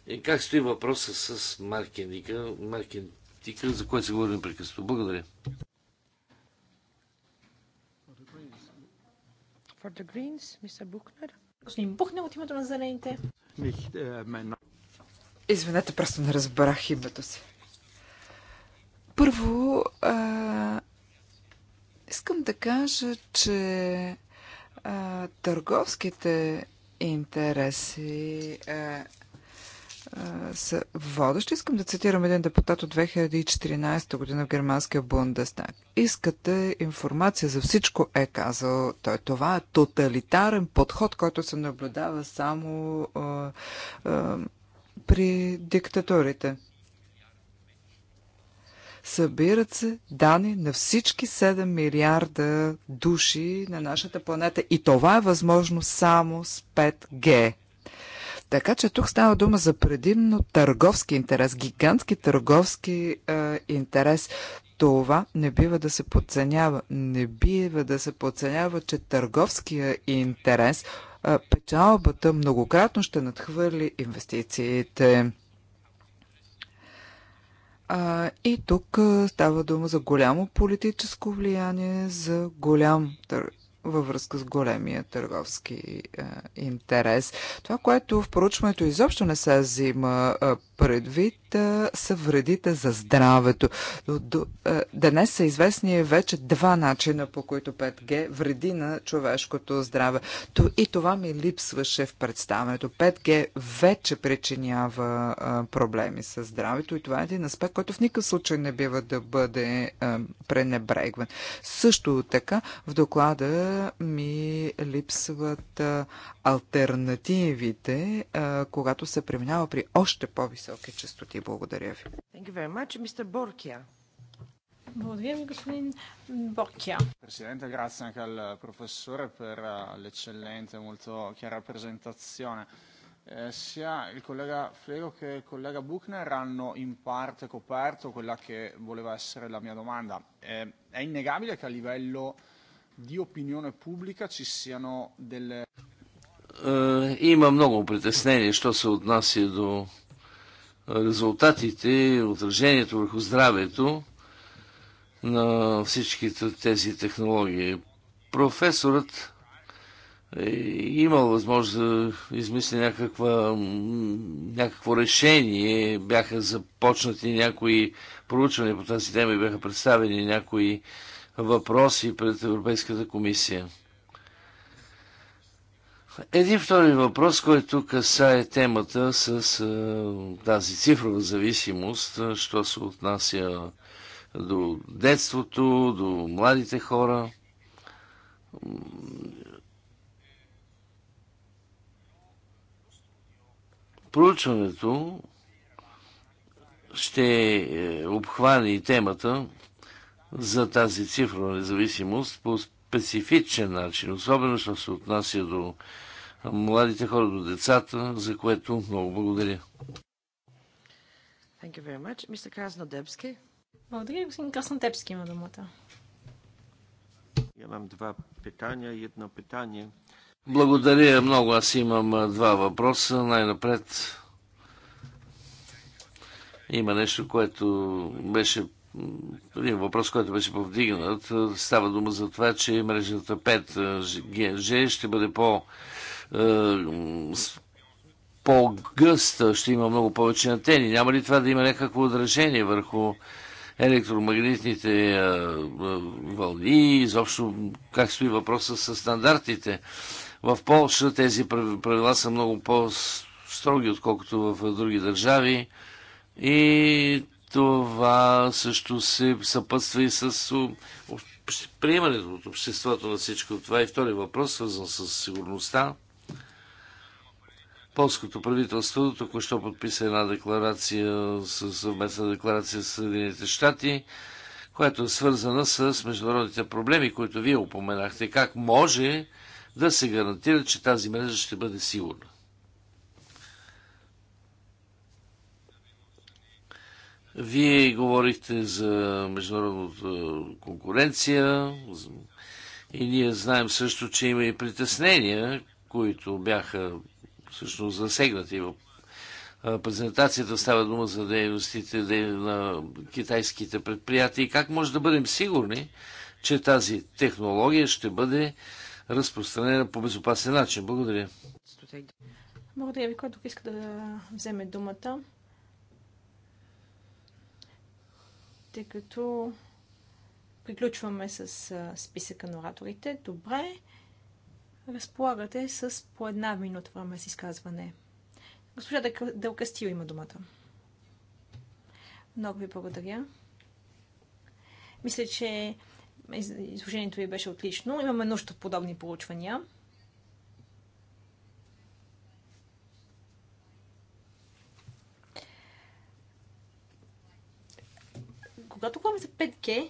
и е, как стои въпроса с маркетинга, маркетинга за който се говори непрекъснато? Благодаря. For the Greens, Mr. Buchner. Господин Бухнер от името на зелените. Извинете, просто не разбрах името си. Първо, а, искам да кажа, че а, търговските интереси а, са водещи. Искам да цитирам един депутат от 2014 година в германския Бундестаг. Искате информация за всичко, е казал той. Това е тоталитарен подход, който се наблюдава само а, а, при диктатурите. Събират се данни на всички 7 милиарда души на нашата планета. И това е възможно само с 5G. Така че тук става дума за предимно търговски интерес, гигантски търговски е, интерес. Това не бива да се подценява. Не бива да се подценява, че търговския интерес, е, печалбата многократно ще надхвърли инвестициите. А, и тук става дума за голямо политическо влияние, за голям тър във връзка с големия търговски е, интерес. Това, което в поручването изобщо не се взима е, предвид, е, са вредите за здравето. До, до, е, днес са известни вече два начина, по които 5G вреди на човешкото здраве. То, и това ми липсваше в представенето. 5G вече причинява е, проблеми с здравето и това е един аспект, който в никакъв случай не бива да бъде е, пренебрегван. Също така в доклада ми липсват альтернативите, когато се преминава при още по-високи частоти. Благодаря ви. Thank you very much, Mr. Borkia. Благодаря ви, господин Боккия. Президента, грация на al professore per l'eccellente, molto chiara presentazione. Eh, sia il collega Flego che il collega Buchner hanno in parte coperto quella che voleva essere la mia domanda. è innegabile che a livello di opinione pubblica ci siano delle... Е, има много притеснение, що се отнася до резултатите, отражението върху здравето на всички тези технологии. Професорът е имал възможност да измисли някаква, някакво решение. Бяха започнати някои проучвания по тази тема и бяха представени някои въпроси пред Европейската комисия. Един втори въпрос, който касае темата с а, тази цифрова зависимост, що се отнася до детството, до младите хора. Проучването ще е, обхване и темата за тази цифрова независимост по специфичен начин, особено що се отнася до младите хора, до децата, за което много благодаря. Thank you very much. Краснодебски. Благодаря, господин Краснодебски има думата. Я имам два питания. и Едно питание. Благодаря много. Аз имам два въпроса. Най-напред има нещо, което беше един въпрос, който беше повдигнат. Става дума за това, че мрежата 5G ще бъде по по-гъста, ще има много повече антени. Няма ли това да има някакво отражение върху електромагнитните вълни и изобщо как стои въпроса с стандартите? В Польша тези правила са много по-строги, отколкото в други държави. И това също се съпътства и с приемането от обществото на всичко това. И втори въпрос, свързан с сигурността. Полското правителство току-що подписа една декларация, съвместна декларация с Съединените щати, която е свързана с международните проблеми, които вие упоменахте. Как може да се гарантира, че тази мрежа ще бъде сигурна? Вие говорихте за международната конкуренция и ние знаем също, че има и притеснения, които бяха всъщност засегнати в презентацията. Става дума за дейностите на китайските предприятия и как може да бъдем сигурни, че тази технология ще бъде разпространена по безопасен начин. Благодаря. Благодаря ви. Който иска да вземе думата? тъй като приключваме с списъка на ораторите. Добре. Разполагате с по една минута време с изказване. Госпожа Дълкастил има думата. Много ви благодаря. Мисля, че изложението ви беше отлично. Имаме нужда от подобни получвания. Когато говорим за 5G,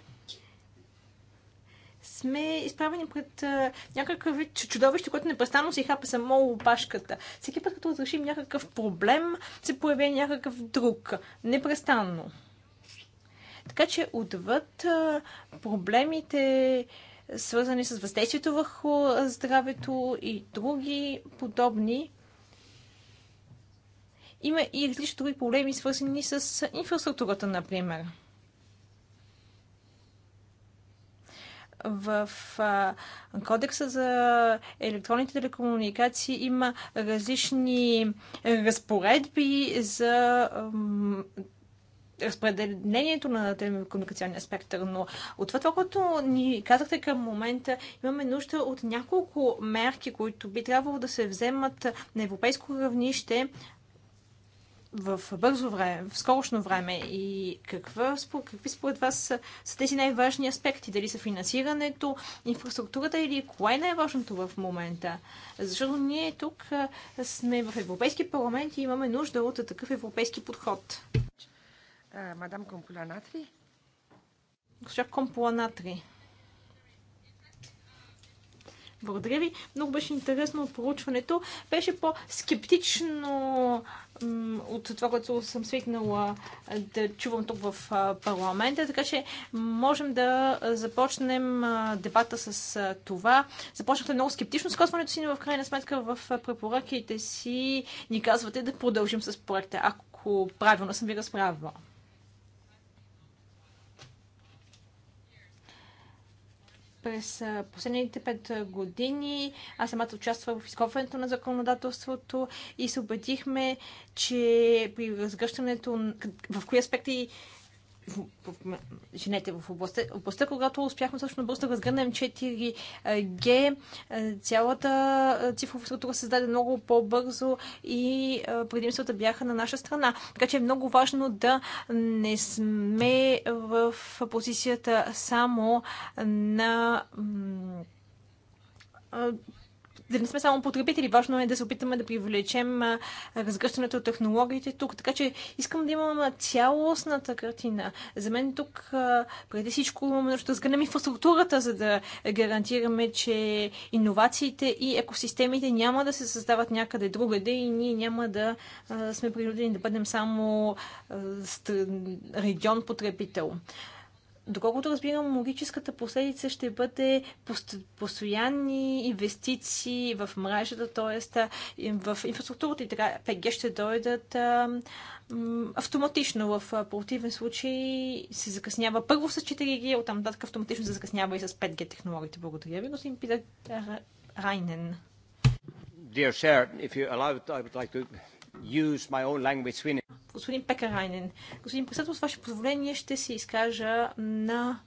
сме изправени пред а, някакъв вид чудовище, което непрестанно си хапа само опашката. Всеки път, като разрешим някакъв проблем, се появи някакъв друг. Непрестанно. Така че отвъд а, проблемите, свързани с въздействието върху здравето и други подобни, има и различни други проблеми, свързани с инфраструктурата, например. в кодекса за електронните телекомуникации има различни разпоредби за разпределението на телекомуникационния спектър, но от това, това, което ни казахте към момента, имаме нужда от няколко мерки, които би трябвало да се вземат на европейско равнище, в бързо време, в скорошно време и каква, какви според вас са, са тези най-важни аспекти? Дали са финансирането, инфраструктурата или кое е най-важното в момента? Защото ние тук сме в Европейски парламент и имаме нужда от такъв европейски подход. мадам Компуланатри? Госпожа Компуланатри. Благодаря ви. Много беше интересно проучването. Беше по-скептично от това, което съм свикнала да чувам тук в парламента. Така че можем да започнем дебата с това. Започнахте много скептично с косването си, но в крайна сметка в препоръките си ни казвате да продължим с проекта, ако правилно съм ви разправила. През последните пет години аз самата участвах в изготвянето на законодателството и се убедихме, че при разгръщането в кои аспекти в, в областта, областта, когато успяхме всъщност бързо да разгърнем 4G, е, цялата е, цифрова структура се създаде много по-бързо и е, предимствата бяха на наша страна. Така че е много важно да не сме в позицията само на да не сме само потребители. Важно е да се опитаме да привлечем разгръщането от технологиите тук. Така че искам да имам цялостната картина. За мен тук преди всичко имаме нужда да сгънем инфраструктурата, за да гарантираме, че иновациите и екосистемите няма да се създават някъде другаде и ние няма да сме принудени да бъдем само регион потребител доколкото разбирам, логическата последица ще бъде пост... постоянни инвестиции в мрежата, т.е. в инфраструктурата и така 5G ще дойдат а, автоматично. В противен случай се закъснява първо с 4G, оттам нататък автоматично се закъснява и с 5G технологиите. Благодаря ви, но си им пита Райнен. Dear Chair, if you allow it, I would like to use my own language, господин Пекарайнен. Господин председател, с ваше позволение ще се изкажа на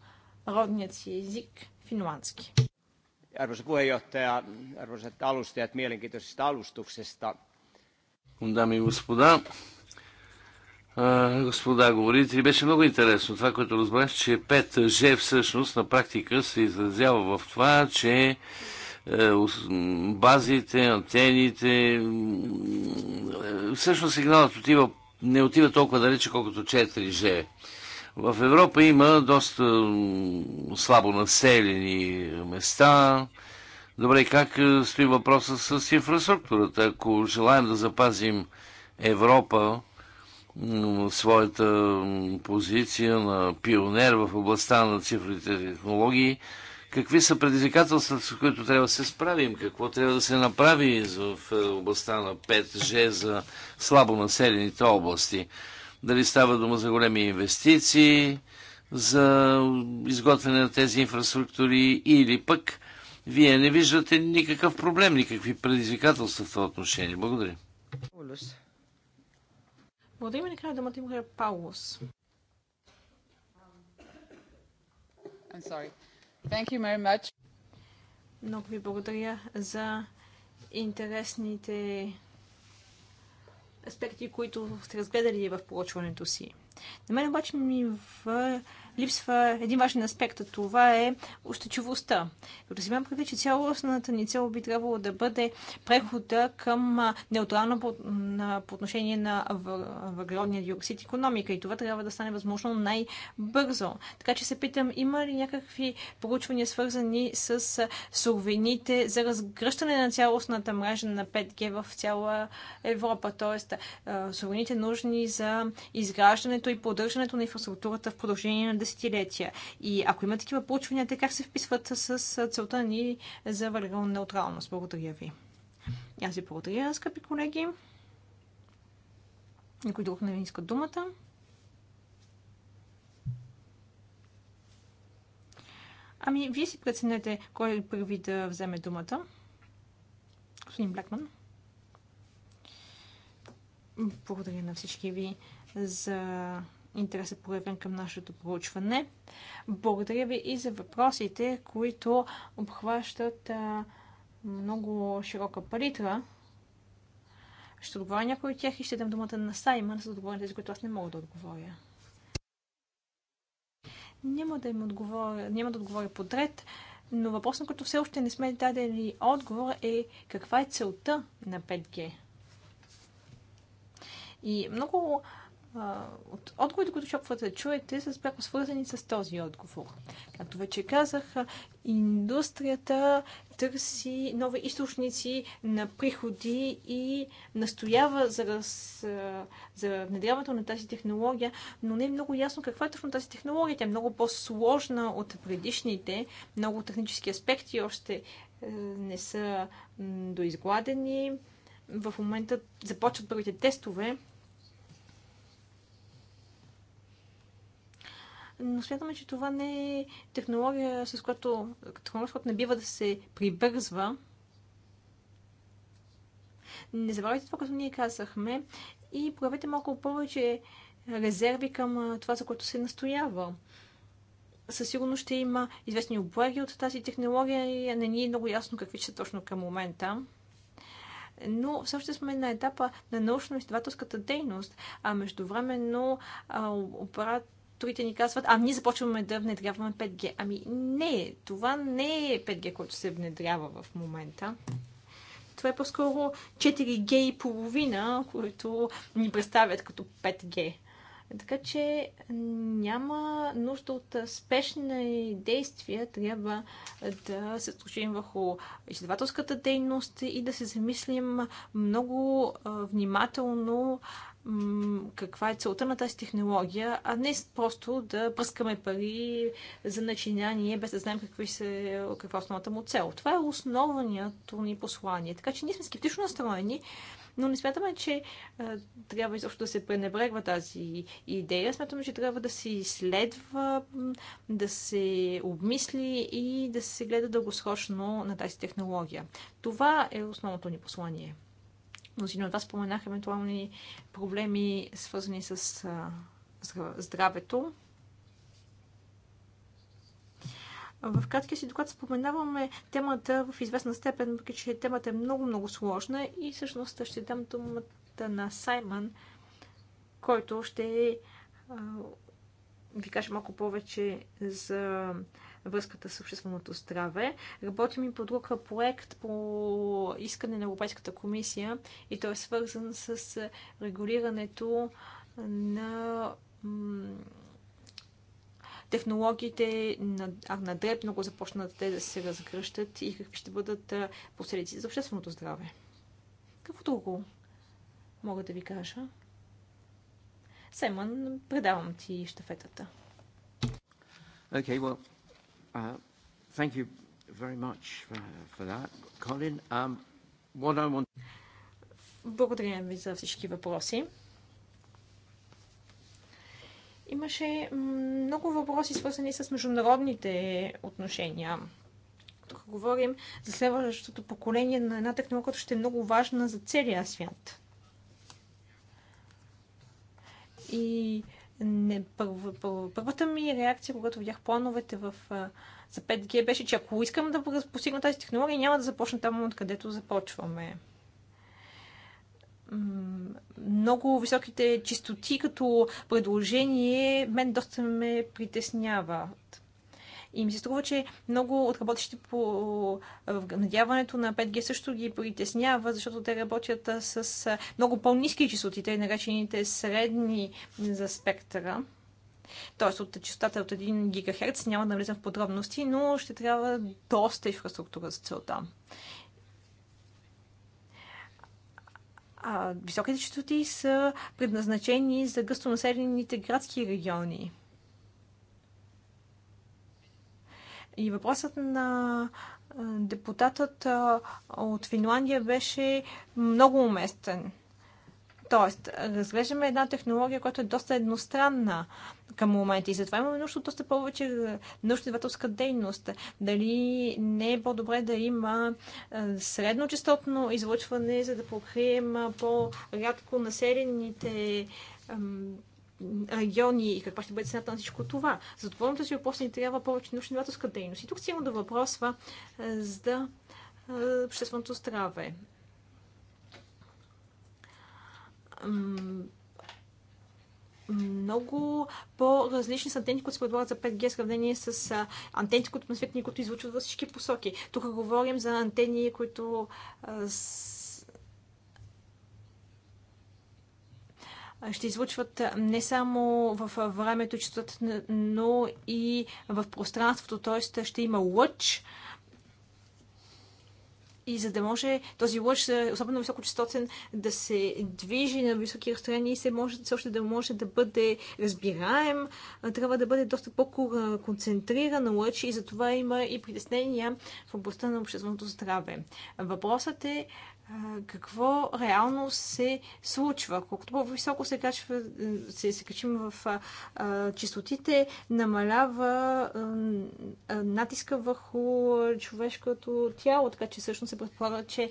родният си език финландски. Arvoisa puheenjohtaja, arvoisat alustajat mielenkiintoisesta alustuksesta. Дами и господа, господа говорители, беше много интересно това, което разбрах, че 5G всъщност на практика се изразява в това, че е, базите, антените, всъщност сигналът отива не отива толкова далече, колкото 4G. В Европа има доста слабо населени места. Добре, как е, стои въпроса с инфраструктурата? Ако желаем да запазим Европа, своята позиция на пионер в областта на цифровите технологии, какви са предизвикателствата, с които трябва да се справим, какво трябва да се направи в е, областта на 5G за слабо населените области. Дали става дума за големи инвестиции, за изготвяне на тези инфраструктури или пък вие не виждате никакъв проблем, никакви предизвикателства в това отношение. Благодаря. Благодаря накрая думата има Паулос. I'm sorry. Thank you very much. Много ви благодаря за интересните аспекти, които сте разгледали в получването си. На мен обаче ми в липсва един важен аспект, а това е устойчивостта. Разбирам преди, че цялостната ни цел би трябвало да бъде прехода към неутрална по, на, по отношение на въглеродния диоксид економика и това трябва да стане възможно най-бързо. Така че се питам, има ли някакви проучвания свързани с суровините за разгръщане на цялостната мрежа на 5G в цяла Европа, т.е. суровините нужни за изграждането и поддържането на инфраструктурата в продължение на десетилетия. И ако има такива получвания, те как се вписват с целта ни за въргална неутралност? Благодаря ви. Аз ви благодаря, скъпи колеги. Никой друг не иска думата. Ами, вие си преценете кой е първи да вземе думата. Господин Блекман. Благодаря на всички ви за интересът проявен към нашето проучване. Благодаря ви и за въпросите, които обхващат много широка палитра. Ще отговоря някои от тях и ще дам думата на Саймън, за да отговоря тези, които аз не мога да отговоря. Няма да им отговоря, няма да отговоря подред, но въпрос, на който все още не сме дадели отговор е каква е целта на 5G. И много от отговорите, които шопвате да чуете, са пряко свързани с този отговор. Както вече казах, индустрията търси нови източници на приходи и настоява за, раз, за внедряването на тази технология, но не е много ясно каква е точно тази технология. Тя е много по-сложна от предишните, много технически аспекти още е, не са доизгладени. В момента започват първите тестове, но смятаме, че това не е технология, с която, технологията не бива да се прибързва. Не забравяйте това, което ние казахме и проявете малко повече резерви към това, за което се настоява със сигурност ще има известни облаги от тази технология и не ни е много ясно какви ще са точно към момента. Но все още сме на етапа на научно-изследователската дейност, а междувременно апарат Другите ни казват, а ние започваме да внедряваме 5G. Ами не, това не е 5G, който се внедрява в момента. Това е по-скоро 4G и половина, които ни представят като 5G. Така че няма нужда от спешни действия. Трябва да се случим върху изследователската дейност и да се замислим много внимателно каква е целта на тази технология, а не просто да пръскаме пари за начинание, без да знаем какви се, каква е основната му цел. Това е основанието ни послание. Така че ние сме скептично настроени, но не смятаме, че а, трябва изобщо да се пренебрегва тази идея. Смятаме, че трябва да се изследва, да се обмисли и да се гледа дългосрочно на тази технология. Това е основното ни послание. Мнозина от вас споменах евентуални проблеми, свързани с здравето. В краткия си доклад споменаваме темата в известна степен, въпреки че темата е много-много сложна и всъщност ще дам думата на Саймън, който ще ви каже малко повече за връзката с общественото здраве. Работим и по друг проект по искане на Европейската комисия и той е свързан с регулирането на технологиите на, на дреб го започнат те да се разгръщат и какви ще бъдат последиците за общественото здраве. Какво друго мога да ви кажа? Семан, предавам ти щафетата. Okay, well, Uh, thank you very much for, for that, Colin. Um, what I want... Благодаря ви за всички въпроси. Имаше много въпроси, свързани с международните отношения. Тук говорим за следващото поколение на една технология, която ще е много важна за целия свят. И не, първо, първо, първата ми реакция, когато видях плановете в, за 5G, беше, че ако искам да постигна тази технология, няма да започна там, откъдето започваме. Много високите чистоти като предложение мен доста ме притесняват. И ми се струва, че много от работещите по надяването на 5G също ги притеснява, защото те работят с много по-низки частоти, тъй наречените средни за спектъра т.е. от частотата от 1 ГГц, няма да влизам в подробности, но ще трябва доста инфраструктура за целта. А, високите частоти са предназначени за гъстонаселените градски региони. И въпросът на депутатът от Финландия беше много уместен. Тоест, разглеждаме една технология, която е доста едностранна към момента и затова имаме нужда доста повече научно-изследователска дейност. Дали не е по-добре да има средночастотно излъчване, за да покрием по-рядко населените райони и каква ще бъде цената на всичко това. За отговорното си въпрос ни трябва повече научно-изследователска дейност. И тук стигна до въпросва за общественото здраве много по-различни са антените, които се предлагат за 5G, в сравнение с антените, които на светлини, които излучват във всички посоки. Тук говорим за антени, които ще излучват не само в времето, но и в пространството, т.е. ще има лъч. И за да може този лъч, особено високочастотен, да се движи на високи разстояния и се може, все още да може да бъде разбираем, трябва да бъде доста по-концентриран лъч и затова има и притеснения в областта на общественото здраве. Въпросът е какво реално се случва. Колкото по-високо се, качва, се, се качим в а, чистотите, намалява а, натиска върху човешкото тяло, така че всъщност се предполага, че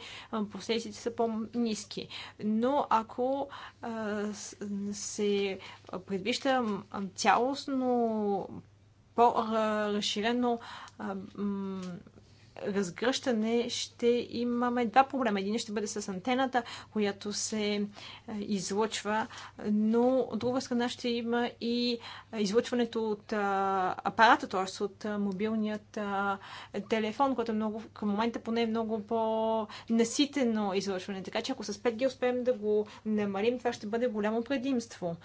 последиците са по-низки. Но ако а, се предвижда цялостно по-разширено разгръщане ще имаме два проблема. Един ще бъде с антената, която се е, излъчва, но от друга страна ще има и е, излъчването от е, апарата, т.е. от мобилният телефон, което е много, към момента поне е много по-наситено излъчване. Така че ако с 5G успеем да го намалим, това ще бъде голямо предимство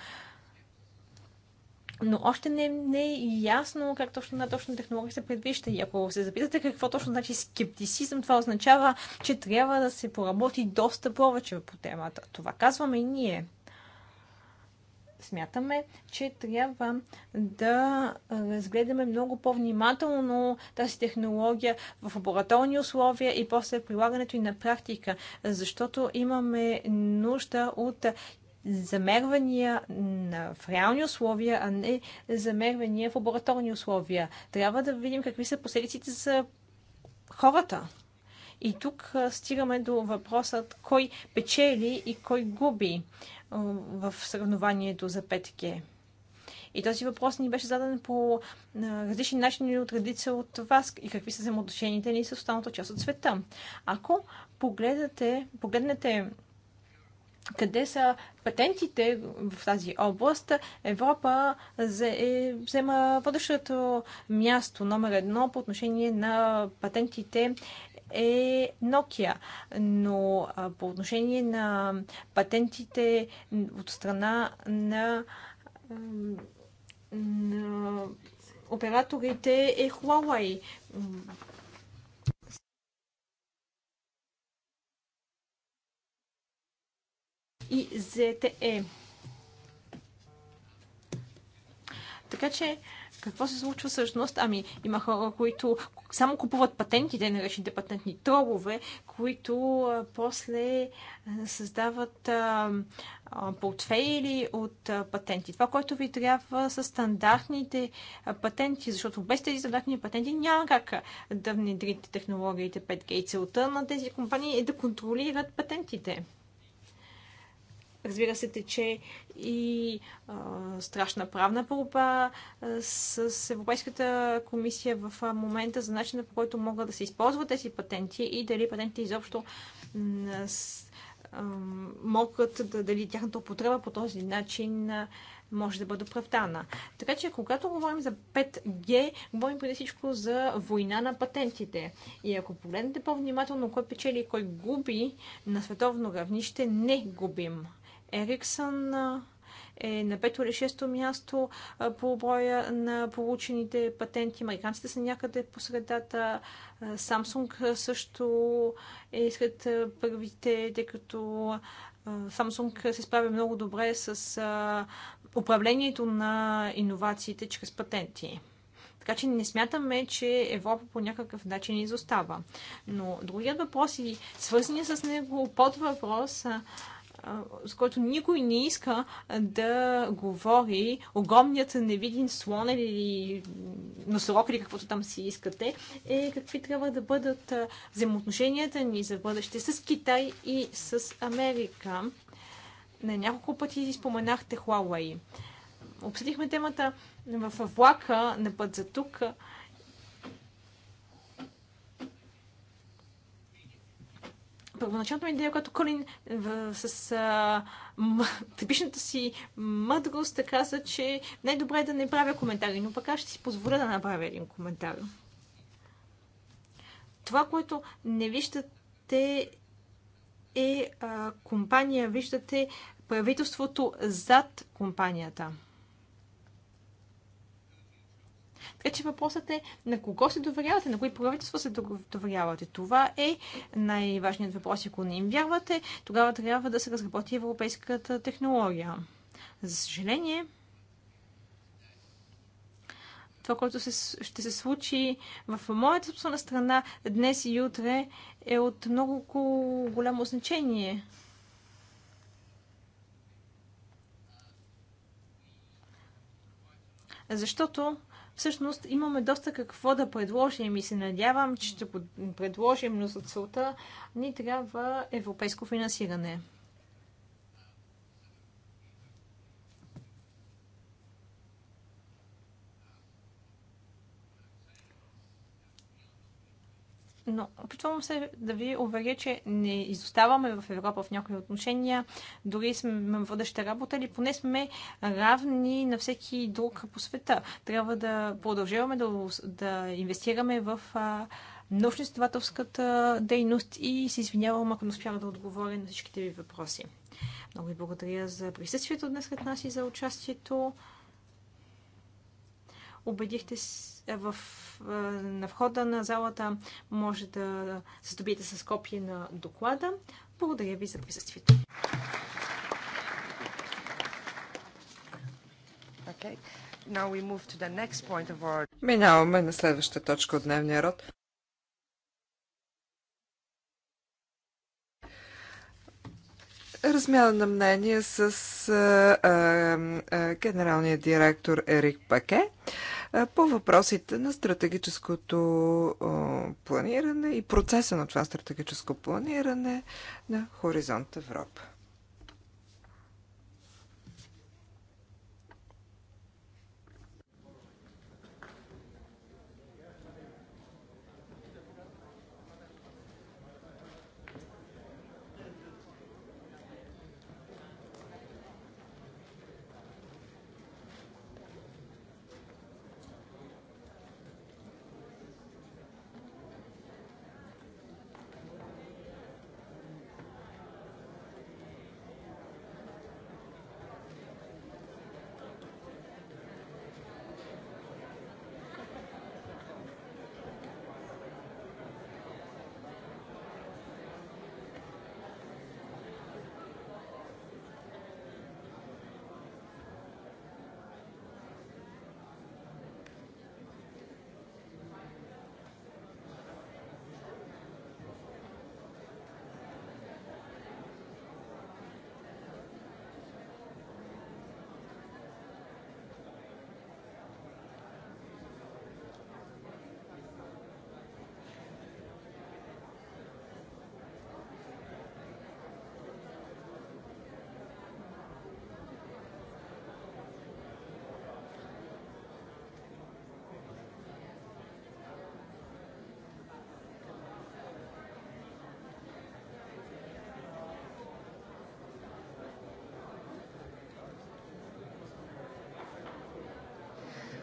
но още не, не е ясно как точно на точно технология се предвижда. И ако се запитате какво точно значи скептицизъм, това означава, че трябва да се поработи доста повече по темата. Това казваме и ние. Смятаме, че трябва да разгледаме много по-внимателно тази технология в лабораторни условия и после прилагането и на практика, защото имаме нужда от замервания в реални условия, а не замервания в лабораторни условия. Трябва да видим какви са последиците за хората. И тук стигаме до въпросът кой печели и кой губи в съревнованието за 5G. И този въпрос ни беше зададен по различни начини от редица от вас и какви са взаимоотношените ни с останалата част от света. Ако погледнете, погледнете къде са патентите в тази област, Европа е, взема водещото място номер едно по отношение на патентите е Nokia, но по отношение на патентите от страна на, на операторите е Huawei. и ZTE. Е. Така че, какво се случва всъщност? Ами, има хора, които само купуват патентите, наречените патентни тролове, които а, после а, създават а, а, портфейли от а, патенти. Това, което ви трябва са стандартните а, патенти, защото без тези стандартни патенти няма как да внедрите технологиите 5G. Целта на тези компании е да контролират патентите. Разбира се, тече и а, страшна правна проба с Европейската комисия в момента за начина по който могат да се използват тези патенти и дали патентите изобщо могат да дали тяхната употреба по този начин може да бъде оправдана. Така че, когато говорим за 5G, говорим преди всичко за война на патентите. И ако погледнете по-внимателно кой печели и кой губи на световно равнище, не губим Ериксън е на пето или шесто място по броя на получените патенти. Американците са някъде по средата. Samsung също е сред първите, тъй като Samsung се справя много добре с управлението на иновациите чрез патенти. Така че не смятаме, че Европа по някакъв начин изостава. Но другият въпрос и свързани с него под въпрос с който никой не иска да говори, огромният невидим слон или носорог или каквото там си искате, е какви трябва да бъдат взаимоотношенията ни за бъдеще с Китай и с Америка. На няколко пъти споменахте Huawei. Обсъдихме темата в влака на път за тук. първоначалната ми идея, която Колин е, в, с а, м- [laughs] типичната си мъдрост е каза, че най-добре е да не правя коментари, но пък аз ще си позволя да направя един коментар. Това, което не виждате е а, компания, виждате правителството зад компанията. Така че въпросът е на кого се доверявате, на кои правителства се доверявате. Това е най-важният въпрос. Ако не им вярвате, тогава трябва да се разработи европейската технология. За съжаление, това, което се, ще се случи в моята собствена страна днес и утре, е от много голямо значение. Защото всъщност имаме доста какво да предложим и се надявам, че ще предложим, но за целта ни трябва европейско финансиране. но опитвам се да ви уверя, че не изоставаме в Европа в някои отношения, дори сме водеща работа или поне сме равни на всеки друг по света. Трябва да продължаваме да, да инвестираме в научно-изследователската дейност и се извинявам, ако не успях да отговоря на всичките ви въпроси. Много ви благодаря за присъствието днес сред нас и за участието убедихте е, в, е, на входа на залата. Може да се добиете с копия на доклада. Благодаря ви за присъствието. Okay. Our... Минаваме на следващата точка от дневния род. размяна на мнение с а, а, генералния директор Ерик Паке а, по въпросите на стратегическото а, планиране и процеса на това стратегическо планиране на Хоризонт Европа.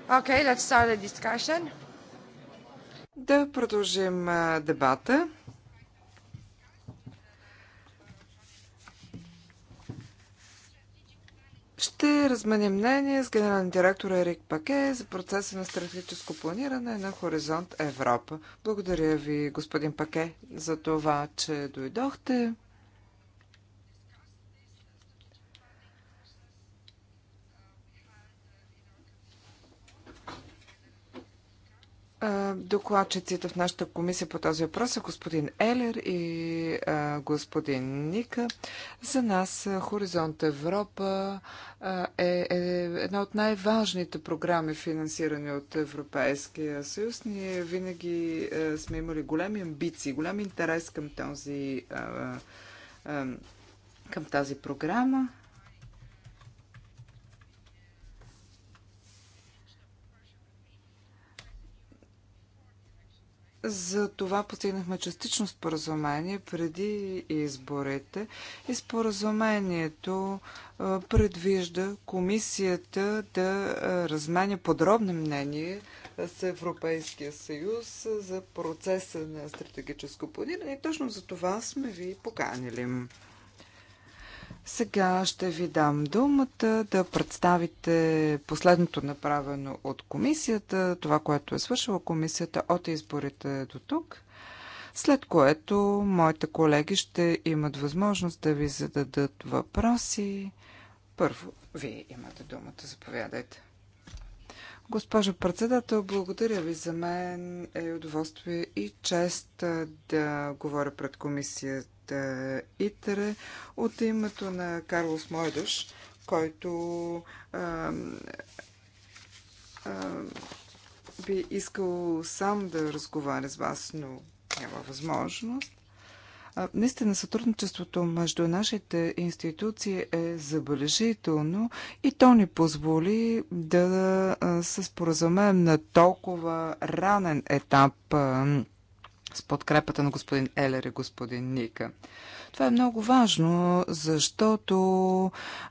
Okay, let's start the discussion. Да продължим дебата. Ще разменим мнение с генерален директор Ерик Паке за процеса на стратегическо планиране на Хоризонт Европа. Благодаря ви, господин Паке, за това, че дойдохте. Докладчиците в нашата комисия по този въпрос са е господин Елер и господин Ника. За нас Хоризонт Европа е, е една от най-важните програми, финансирани от Европейския съюз. Ние винаги сме имали големи амбиции, голям интерес към този към тази програма. За това постигнахме частично споразумение преди изборите и споразумението предвижда комисията да разменя подробно мнение с Европейския съюз за процеса на стратегическо планиране и точно за това сме ви поканили. Сега ще ви дам думата да представите последното направено от комисията, това, което е свършила комисията от изборите до тук, след което моите колеги ще имат възможност да ви зададат въпроси. Първо, вие имате думата, заповядайте. Госпожо председател, благодаря ви. За мен е удоволствие и чест да говоря пред комисията ИТРЕ от името на Карлос Мойдаш, който а, а, би искал сам да разговаря с вас, но няма възможност. Наистина сътрудничеството между нашите институции е забележително и то ни позволи да се споразумеем на толкова ранен етап с подкрепата на господин Елер и господин Ника. Това е много важно, защото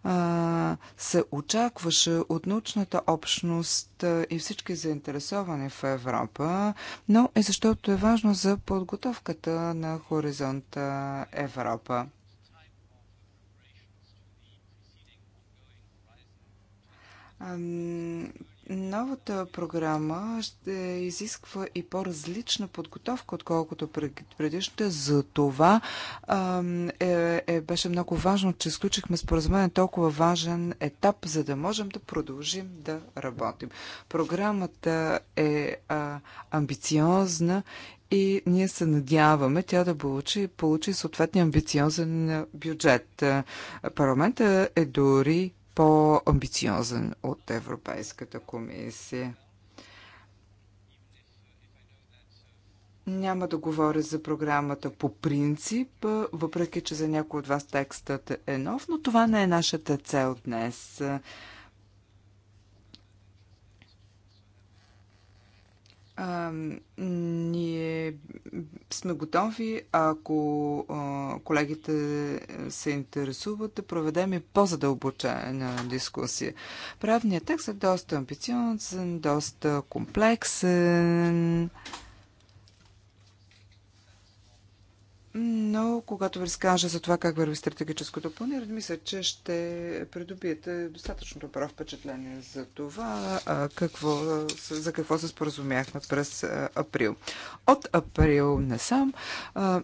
а, се очакваше от научната общност и всички заинтересовани в Европа, но и защото е важно за подготовката на хоризонта Европа. Новата програма ще изисква и по-различна подготовка, отколкото предишната. За това е, е, беше много важно, че изключихме споразумение толкова важен етап, за да можем да продължим да работим. Програмата е а, амбициозна и ние се надяваме тя да получи, получи съответния амбициозен бюджет. Парламента е дори по-амбициозен от Европейската комисия. Няма да говоря за програмата по принцип, въпреки че за някой от вас текстът е нов, но това не е нашата цел днес. А, ние сме готови, ако а, колегите се интересуват, да проведем и по-задълбочена дискусия. Правният текст е доста амбициозен, доста комплексен. Но когато ви разкажа за това как върви стратегическото планиране, мисля, че ще придобиете достатъчно добро впечатление за това какво, за какво се споразумяхме през април. От април насам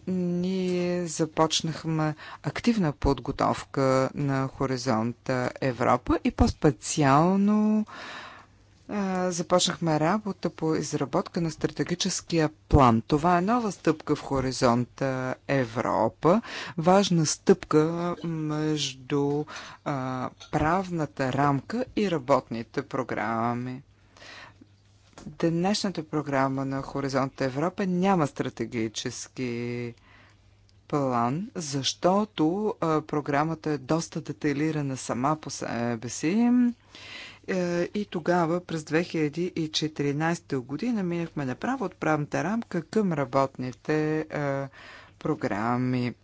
ние започнахме активна подготовка на хоризонта Европа и по-специално започнахме работа по изработка на стратегическия план. Това е нова стъпка в Хоризонта Европа, важна стъпка между а, правната рамка и работните програми. Днешната програма на Хоризонт Европа няма стратегически план, защото а, програмата е доста детайлирана сама по себе си е, и тогава, през 2014 година, минахме направо от правната рамка към работните е, програми.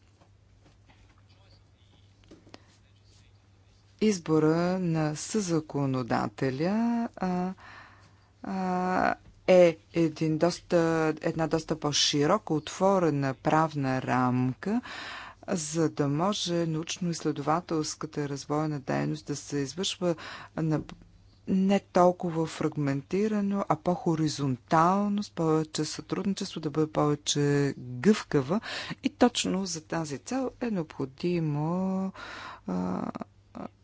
Избора на съзаконодателя а, е, а, е един доста, една доста по-широко отворена правна рамка, за да може научно-изследователската развойна дейност да се извършва на не толкова фрагментирано, а по-хоризонтално, с повече сътрудничество, да бъде повече гъвкава. И точно за тази цел е необходимо а,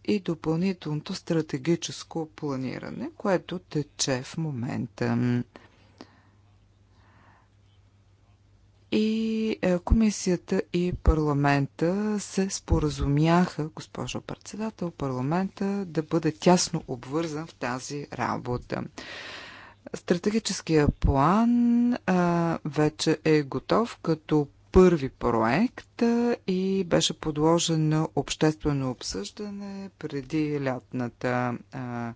и допълнителното стратегическо планиране, което тече в момента. и е, комисията и парламента се споразумяха, госпожо председател, парламента да бъде тясно обвързан в тази работа. Стратегическия план а, вече е готов като първи проект и беше подложен на обществено обсъждане преди лятната а,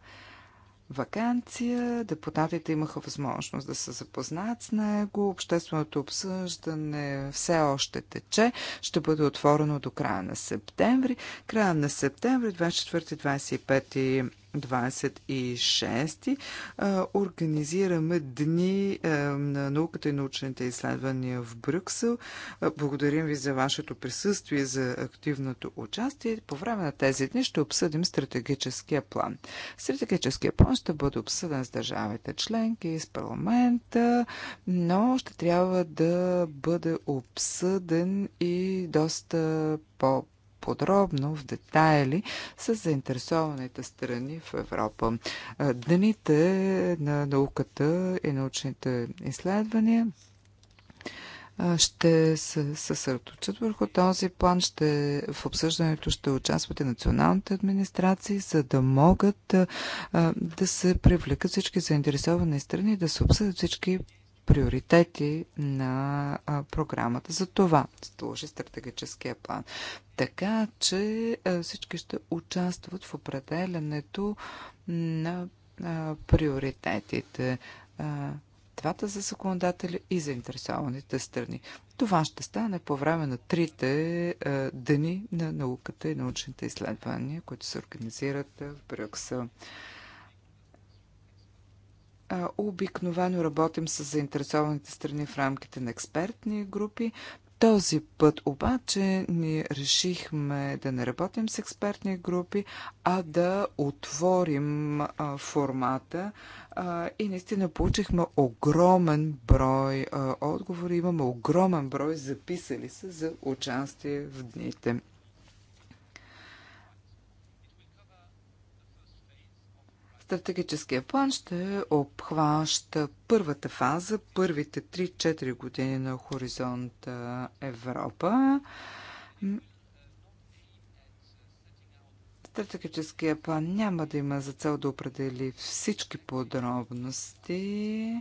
вакансия. Депутатите имаха възможност да се запознаят с него. Общественото обсъждане все още тече. Ще бъде отворено до края на септември. Края на септември, 24-25 26 организираме дни на науката и научните изследвания в Брюксел. Благодарим ви за вашето присъствие, за активното участие. По време на тези дни ще обсъдим стратегическия план. Стратегическия план ще бъде обсъден с държавите членки, с парламента, но ще трябва да бъде обсъден и доста по подробно, в детайли с заинтересованите страни в Европа. Дните на науката и научните изследвания ще се съсредоточат върху този план. Ще, в обсъждането ще участват и националните администрации, за да могат да се привлекат всички заинтересовани страни и да се обсъдят всички приоритети на програмата. За това сложи стратегическия план. Така, че всички ще участват в определенето на приоритетите двата за законодателя и заинтересованите страни. Това ще стане по време на трите дни на науката и научните изследвания, които се организират в Брюксел. Обикновено работим с заинтересованите страни в рамките на експертни групи. Този път обаче ни решихме да не работим с експертни групи, а да отворим а, формата а, и наистина получихме огромен брой а, отговори. Имаме огромен брой записали се за участие в дните. Стратегическия план ще обхваща първата фаза, първите 3-4 години на хоризонт Европа. Стратегическия план няма да има за цел да определи всички подробности,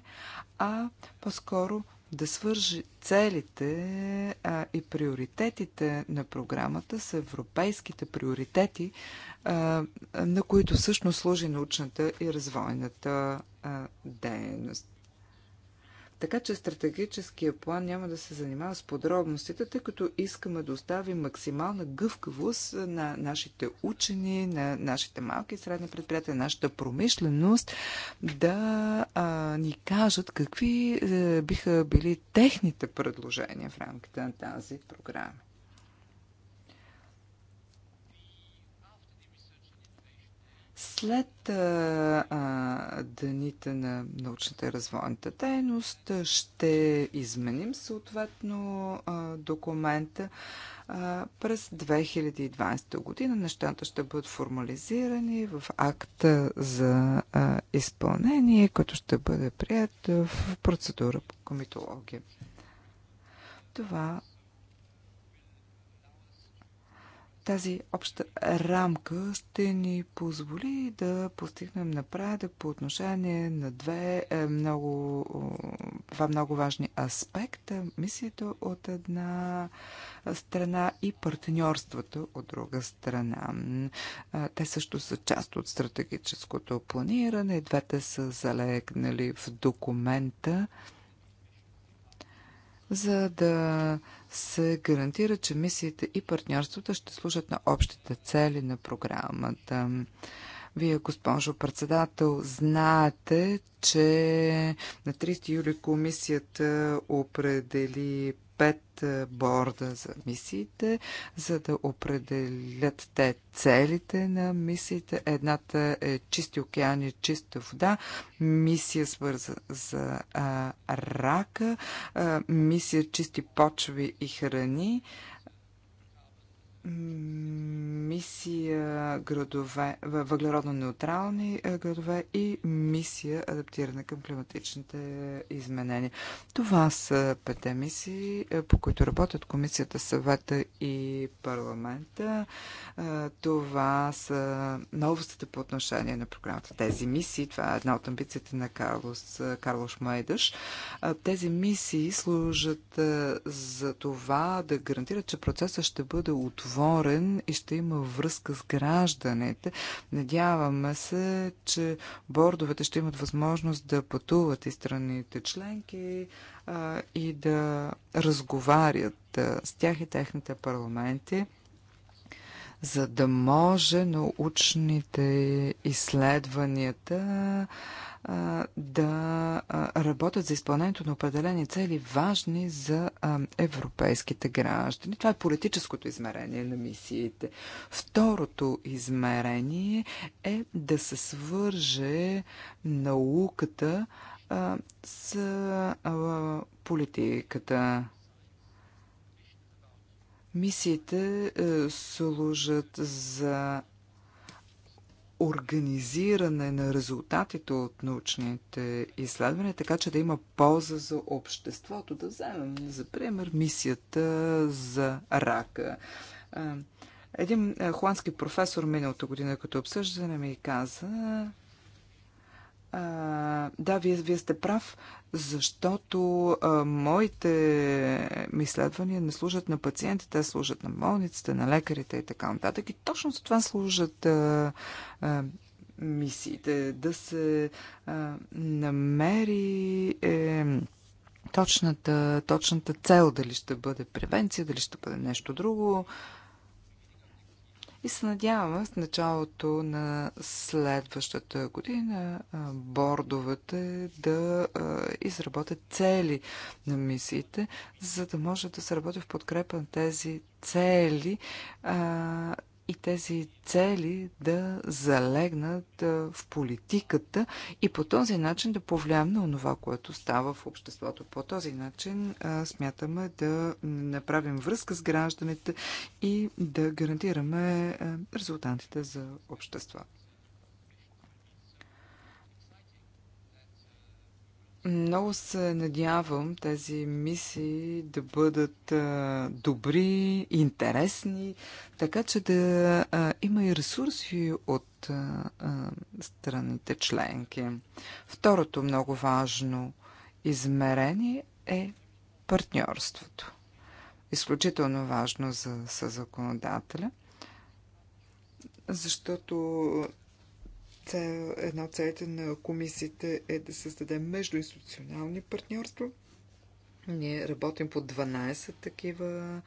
а по-скоро да свържи целите а, и приоритетите на програмата с европейските приоритети, а, на които всъщност служи научната и развойната а, дейност. Така че стратегическия план няма да се занимава с подробностите, тъй като искаме да оставим максимална гъвкавост на нашите учени, на нашите малки и средни предприятия, на нашата промишленост, да а, ни кажат какви а, е, биха били техните предложения в рамките на тази програма. След а, а, дъните на научната и развойната дейност ще изменим съответно а, документа. А, през 2020 година нещата ще бъдат формализирани в акта за а, изпълнение, който ще бъде прият в процедура по комитология. Това Тази обща рамка ще ни позволи да постигнем напредък по отношение на две е, много, два много важни аспекта. Мисията от една страна и партньорството от друга страна. Те също са част от стратегическото планиране. Двете са залегнали в документа за да се гарантира, че мисиите и партньорствата ще служат на общите цели на програмата. Вие, госпожо председател, знаете, че на 30 юли комисията определи пет е, борда за мисиите, за да определят те целите на мисиите. Едната е чисти океани, чиста вода, мисия свърза за а, рака, а, мисия чисти почви и храни. А, мисия градове, въглеродно неутрални е, градове и мисия адаптирана към климатичните изменения. Това са пете мисии, е, по които работят Комисията, съвета и парламента. Е, това са новостите по отношение на програмата. Тези мисии, това е една от амбициите на Карлос, Карлош Майдаш, тези мисии служат за това да гарантират, че процесът ще бъде отворен отговорен и ще има връзка с гражданите. Надяваме се, че бордовете ще имат възможност да пътуват и страните членки а, и да разговарят а, с тях и техните парламенти за да може научните изследванията да работят за изпълнението на определени цели, важни за европейските граждани. Това е политическото измерение на мисиите. Второто измерение е да се свърже науката с политиката. Мисиите е, служат за организиране на резултатите от научните изследвания, така че да има полза за обществото. Да вземем за пример мисията за рака. Един холандски професор миналата година, като обсъждане, ми каза, да, вие, вие сте прав, защото а, моите изследвания не служат на пациентите, те служат на болниците, на лекарите и така нататък. И точно за това служат а, а, мисиите, да се а, намери. Е, Точната, точната цел, дали ще бъде превенция, дали ще бъде нещо друго. А, и се надяваме в началото на следващата година бордовете да изработят цели на мисиите, за да може да се работи в подкрепа на тези цели и тези цели да залегнат в политиката и по този начин да повлияем на това, което става в обществото. По този начин смятаме да направим връзка с гражданите и да гарантираме резултатите за обществото. Много се надявам тези мисии да бъдат добри, интересни, така че да има и ресурси от страните членки. Второто много важно измерение е партньорството. Изключително важно за, за законодателя, защото цел, една от целите на комисията е да създадем междуинституционални партньорства. Ние работим по 12 такива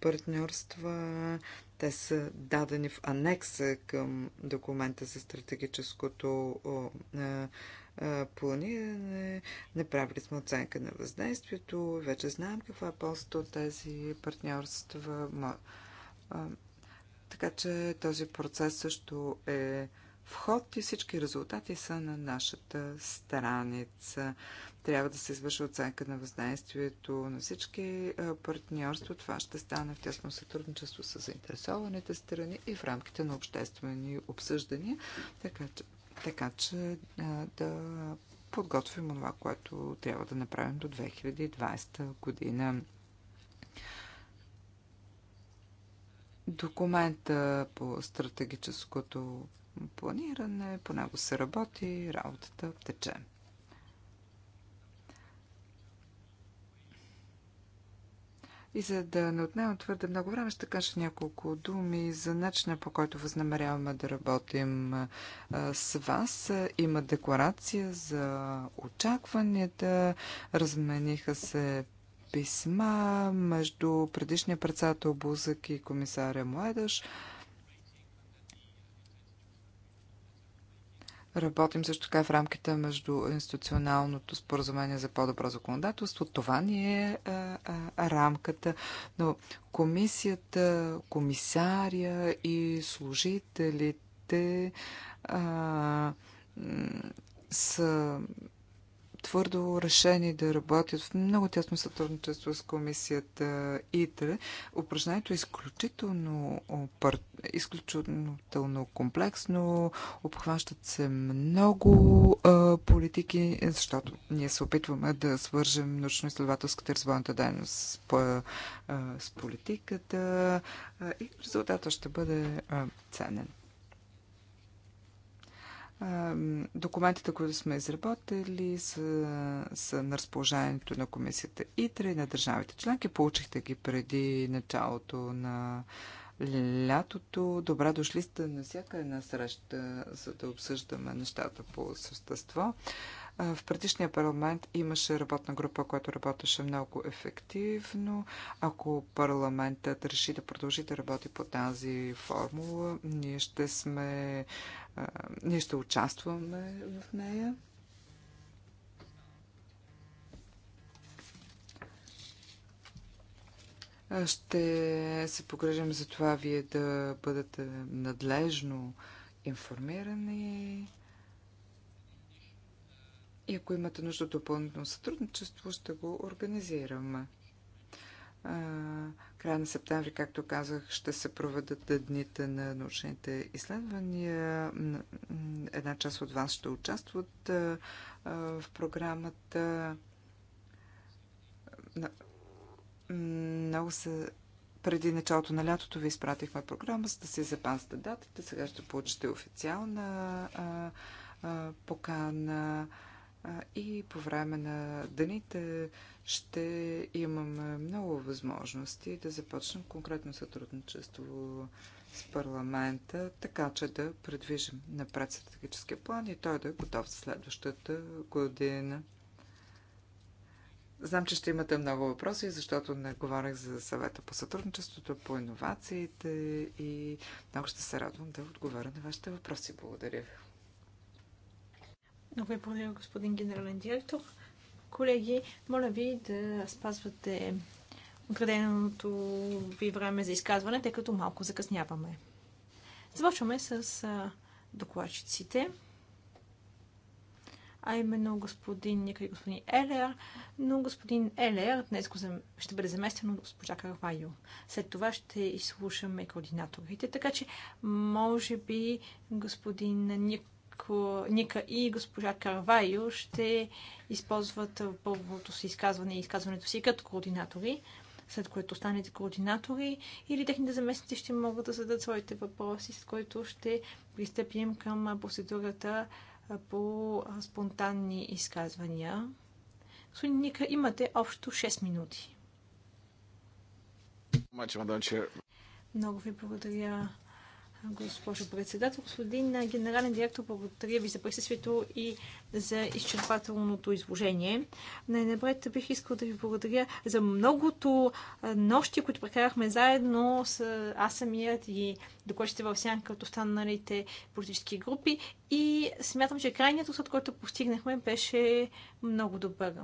партньорства. Те са дадени в анекса към документа за стратегическото планиране. Направили сме оценка на въздействието. Вече знаем каква е полза от тези партньорства. Така че този процес също е вход и всички резултати са на нашата страница. Трябва да се извърши оценка на въздействието на всички партньорства. Това ще стане в тясно сътрудничество с заинтересованите страни и в рамките на обществени обсъждания, така че, така, че да подготвим това, което трябва да направим до 2020 година. Документа по стратегическото планиране, по него се работи, работата тече. И за да не отнема твърде много време, ще кажа няколко думи за начина по който възнамеряваме да работим с вас. Има декларация за очакванията, размениха се писма между предишния председател Бузък и комисаря Младаш. Работим също така в рамките между институционалното споразумение за по-добро законодателство. Това ни е а, а, рамката. Но комисията, комисария и служителите а, са твърдо решени да работят в много тясно сътрудничество с комисията ИТРЕ. Упражнението е изключително, изключително комплексно, обхващат се много а, политики, защото ние се опитваме да свържем научно-изследователската и развойната дейност с, а, с политиката а, и резултата ще бъде а, ценен. Документите, които сме изработили, са, са на разположението на комисията ИТРА и на държавите членки. Получихте ги преди началото на лятото. Добре дошли сте на всяка една среща, за да обсъждаме нещата по същество. В предишния парламент имаше работна група, която работеше много ефективно. Ако парламентът реши да продължи да работи по тази формула, ние ще сме. Ние ще участваме в нея. Ще се погрежим за това вие да бъдете надлежно информирани и ако имате нужда допълнително сътрудничество, ще го организираме. Края на септември, както казах, ще се проведат дните на научните изследвания. Една част от вас ще участват в програмата. Много се преди началото на лятото ви изпратихме програма, за да си запазите датите. Сега ще получите официална а, а, покана. А, и по време на дъните ще имаме много възможности да започнем конкретно сътрудничество с парламента, така че да предвижим напред стратегическия план и той да е готов за следващата година. Знам, че ще имате много въпроси, защото не говорих за съвета по сътрудничеството, по иновациите и много ще се радвам да отговоря на вашите въпроси. Благодаря ви. Много ви благодаря, господин генерален директор. Колеги, моля ви да спазвате отреденото ви време за изказване, тъй като малко закъсняваме. Завършваме с докладчиците, а именно господин Ника и господин Елер, но господин Елер днес ще бъде заместен от госпожа Карвайо. След това ще изслушаме координаторите, така че може би господин Ника Ника и госпожа Карвайо ще използват първото си изказване и изказването си като координатори, след което останете координатори или техните заместници ще могат да зададат своите въпроси, с които ще пристъпим към процедурата по спонтанни изказвания. Господин Ника, имате общо 6 минути. Много ви благодаря, госпожо председател. Господин генерален директор, благодаря ви за присъствието и за изчерпателното изложение. Най-напред бих искал да ви благодаря за многото нощи, които прекарахме заедно с аз самият и докладчите в сянка от останалите политически групи и смятам, че крайният усъд, който постигнахме, беше много добър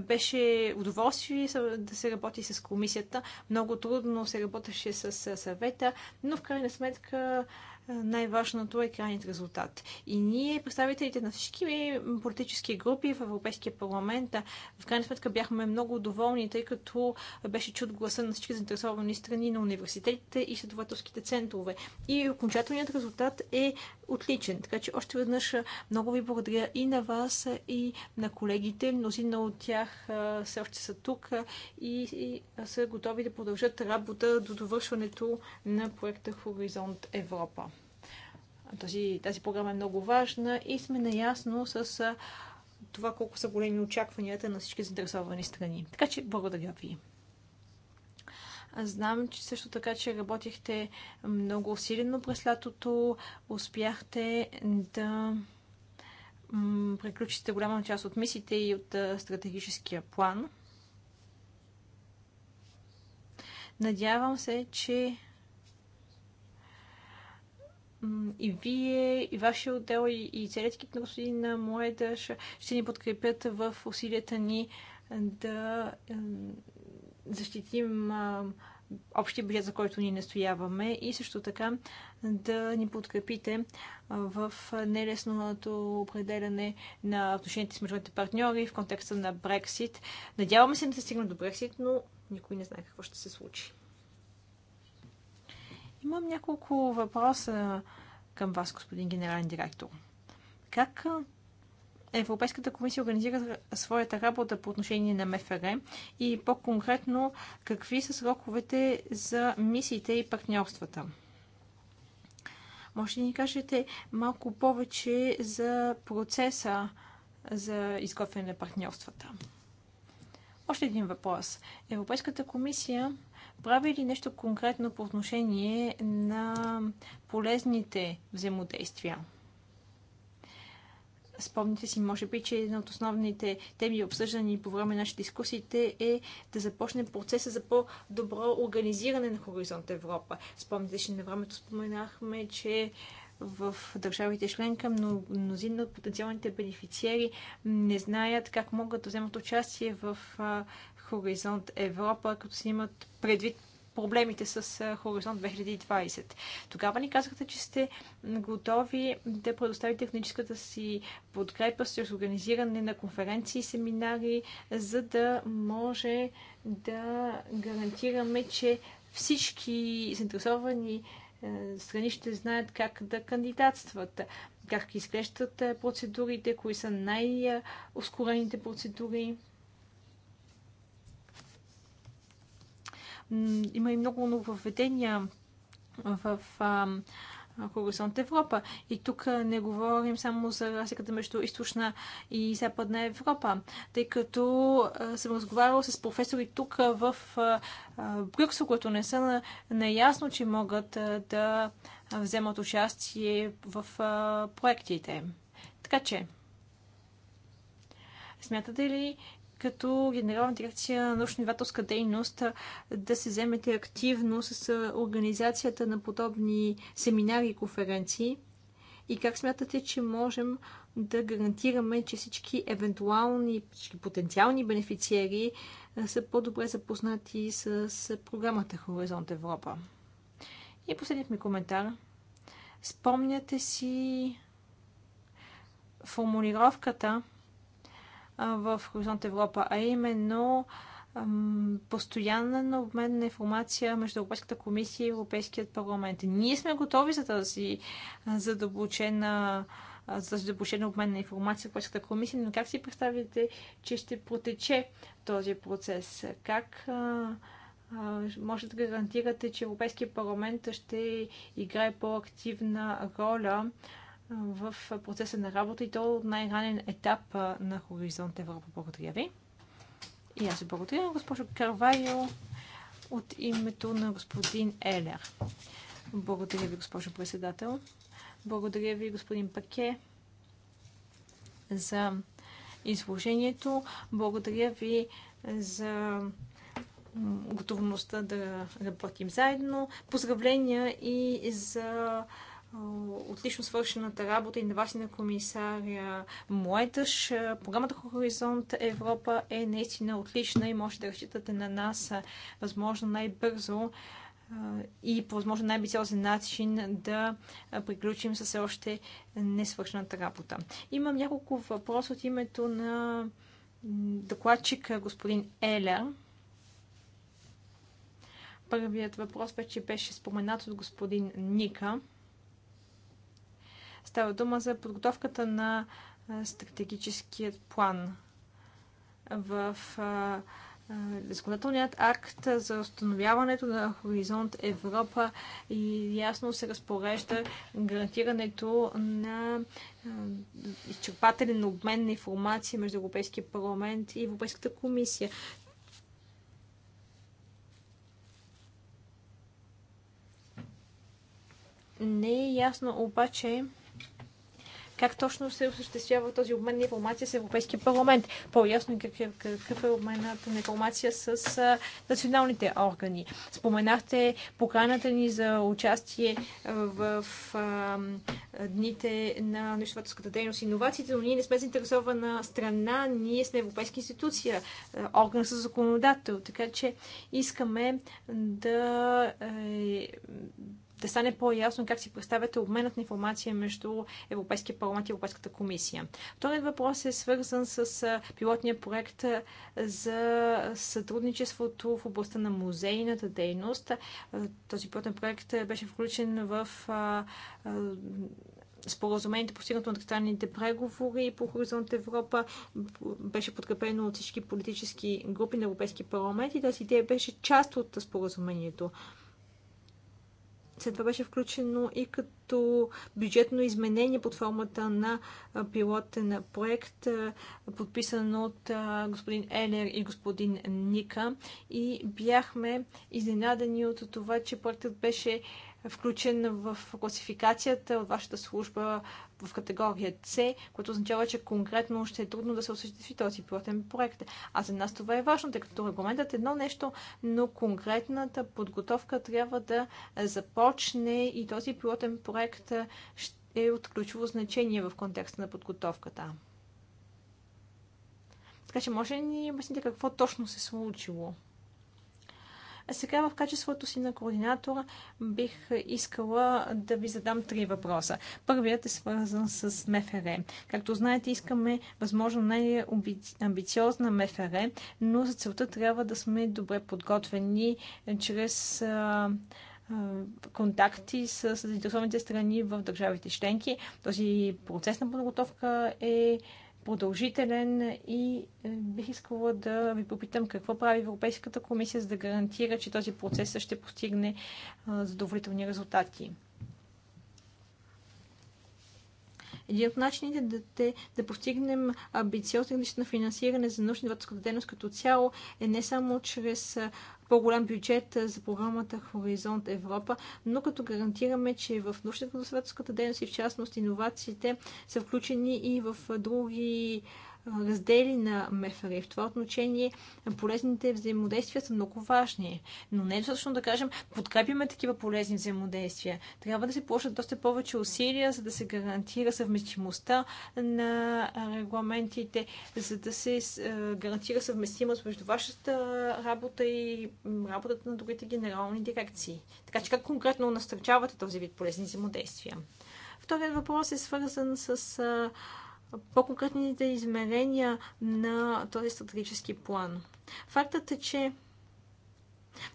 беше удоволствие да се работи с комисията. Много трудно се работеше с съвета, но в крайна сметка е, най-важното е крайният резултат. И ние, представителите на всички политически групи в Европейския парламент, е, в крайна сметка бяхме много доволни, тъй като беше чут гласа на всички заинтересовани страни на университетите и следователските центрове. И окончателният резултат е отличен. Така че още веднъж е, много ви благодаря и на вас, и на колегите. Мнозина от тях все още са тук и са готови да продължат работа до довършването на проекта Хоризонт Европа тази, тази програма е много важна и сме наясно с това колко са големи очакванията на всички заинтересовани страни. Така че благодаря ви. знам, че също така, че работихте много усилено през лятото, успяхте да приключите голяма част от мисиите и от стратегическия план. Надявам се, че и вие, и вашия отдел, и, и целият екип на господин Моеда ще ни подкрепят в усилията ни да защитим общия бюджет, за който ни настояваме и също така да ни подкрепите в нелесното определяне на отношенията с международните партньори в контекста на Брексит. Надяваме се да се стигне до Брексит, но никой не знае какво ще се случи. Имам няколко въпроса към вас, господин генерален директор. Как Европейската комисия организира своята работа по отношение на МФР и по-конкретно какви са сроковете за мисиите и партньорствата? Може ли ни кажете малко повече за процеса за изготвяне на партньорствата? Още един въпрос. Европейската комисия прави ли нещо конкретно по отношение на полезните взаимодействия? Спомните си, може би, че една от основните теми, обсъждани по време на нашите дискусиите, е да започне процеса за по-добро организиране на Хоризонт Европа. Спомните си, на времето споменахме, че в държавите членка, но мнозина от потенциалните бенефициери не знаят как могат да вземат участие в Хоризонт Европа, като си имат предвид проблемите с Хоризонт 2020. Тогава ни казахте, че сте готови да предоставите техническата си подкрепа с организиране на конференции и семинари, за да може да гарантираме, че всички заинтересовани страни ще знаят как да кандидатстват, как изглеждат процедурите, кои са най-ускорените процедури. Има и много нововведения в Хоризонт Европа. И тук не говорим само за разликата между източна и западна Европа, тъй като съм разговаряла с професори тук в Брюксел, които не са наясно, че могат да вземат участие в проектите. Така че, смятате ли, като Генерална дирекция научно-изследователска дейност да се вземете активно с организацията на подобни семинари и конференции? И как смятате, че можем да гарантираме, че всички евентуални, всички потенциални бенефициери са по-добре запознати с програмата Хоризонт Европа? И последният ми коментар. Спомняте си формулировката, в Хоризонт Европа, а именно постоянен обмен на информация между Европейската комисия и Европейският парламент. Ние сме готови за тази задълбочена за задълбочен обмен на информация в Европейската комисия, но как си представите, че ще протече този процес? Как може да гарантирате, че Европейския парламент ще играе по-активна роля в процеса на работа и то от най-ранен етап на Хоризонт Европа. Благодаря ви. И аз ви благодаря, госпожо Карвайо, от името на господин Елер. Благодаря ви, госпожо председател. Благодаря ви, господин Паке, за изложението. Благодаря ви за готовността да работим заедно. Поздравления и за отлично свършената работа и на вас и на комисаря Моетъш. Програмата Хоризонт Европа е наистина отлична и може да разчитате на нас възможно най-бързо и по възможно най бициозен начин да приключим с все още несвършената работа. Имам няколко въпроса от името на докладчик господин Елер. Първият въпрос вече беше споменат от господин Ника. Става дума за подготовката на стратегическият план. В Законодателният акт за установяването на Хоризонт Европа и ясно се разпорежда гарантирането на изчерпателен обмен на информация между Европейския парламент и Европейската комисия. Не е ясно обаче как точно се осъществява този обмен на информация с Европейския парламент. По-ясно е какъв, е обменът на информация с а, националните органи. Споменахте поканата ни за участие в а, дните на нещователската дейност и инновациите, но ние не сме заинтересована страна, ние сме европейска институция, орган с законодател, така че искаме да е, да стане по-ясно как си представяте обменът на информация между Европейския парламент и Европейската комисия. Вторият въпрос е свързан с пилотния проект за сътрудничеството в областта на музейната дейност. Този пилотен проект беше включен в споразумението, постигнато на тристранните преговори по Хоризонт Европа, беше подкрепено от всички политически групи на Европейски парламент и тази идея беше част от споразумението след това беше включено и като бюджетно изменение под формата на пилотен проект, подписан от господин Елер и господин Ника. И бяхме изненадани от това, че проектът беше е включен в класификацията от вашата служба в категория С, което означава, че конкретно ще е трудно да се осъществи този пилотен проект. А за нас това е важно, тъй като регламентът е едно нещо, но конкретната подготовка трябва да започне и този пилотен проект е от ключово значение в контекста на подготовката. Така че може ли ни обясните какво точно се е случило? А сега в качеството си на координатор бих искала да ви задам три въпроса. Първият е свързан с МФР. Както знаете, искаме възможно най-амбициозна МФР, но за целта трябва да сме добре подготвени чрез контакти с заинтересованите страни в държавите членки. Този процес на подготовка е продължителен и е, бих искала да ви попитам какво прави Европейската комисия, за да гарантира, че този процес ще постигне е, задоволителни резултати. Един от начините да, те, да постигнем амбициозни на финансиране за научно-изследователската дейност като цяло е не само чрез по-голям бюджет за програмата Хоризонт Европа, но като гарантираме, че в научно-изследователската дейност и в частност иновациите са включени и в други раздели на МФР. В това отношение полезните взаимодействия са много важни, но не е достатъчно да кажем подкрепяме такива полезни взаимодействия. Трябва да се положат доста повече усилия, за да се гарантира съвместимостта на регламентите, за да се гарантира съвместимост между вашата работа и работата на другите генерални дирекции. Така че как конкретно насърчавате този вид полезни взаимодействия? Вторият въпрос е свързан с по-конкретните измерения на този стратегически план. Фактът е, че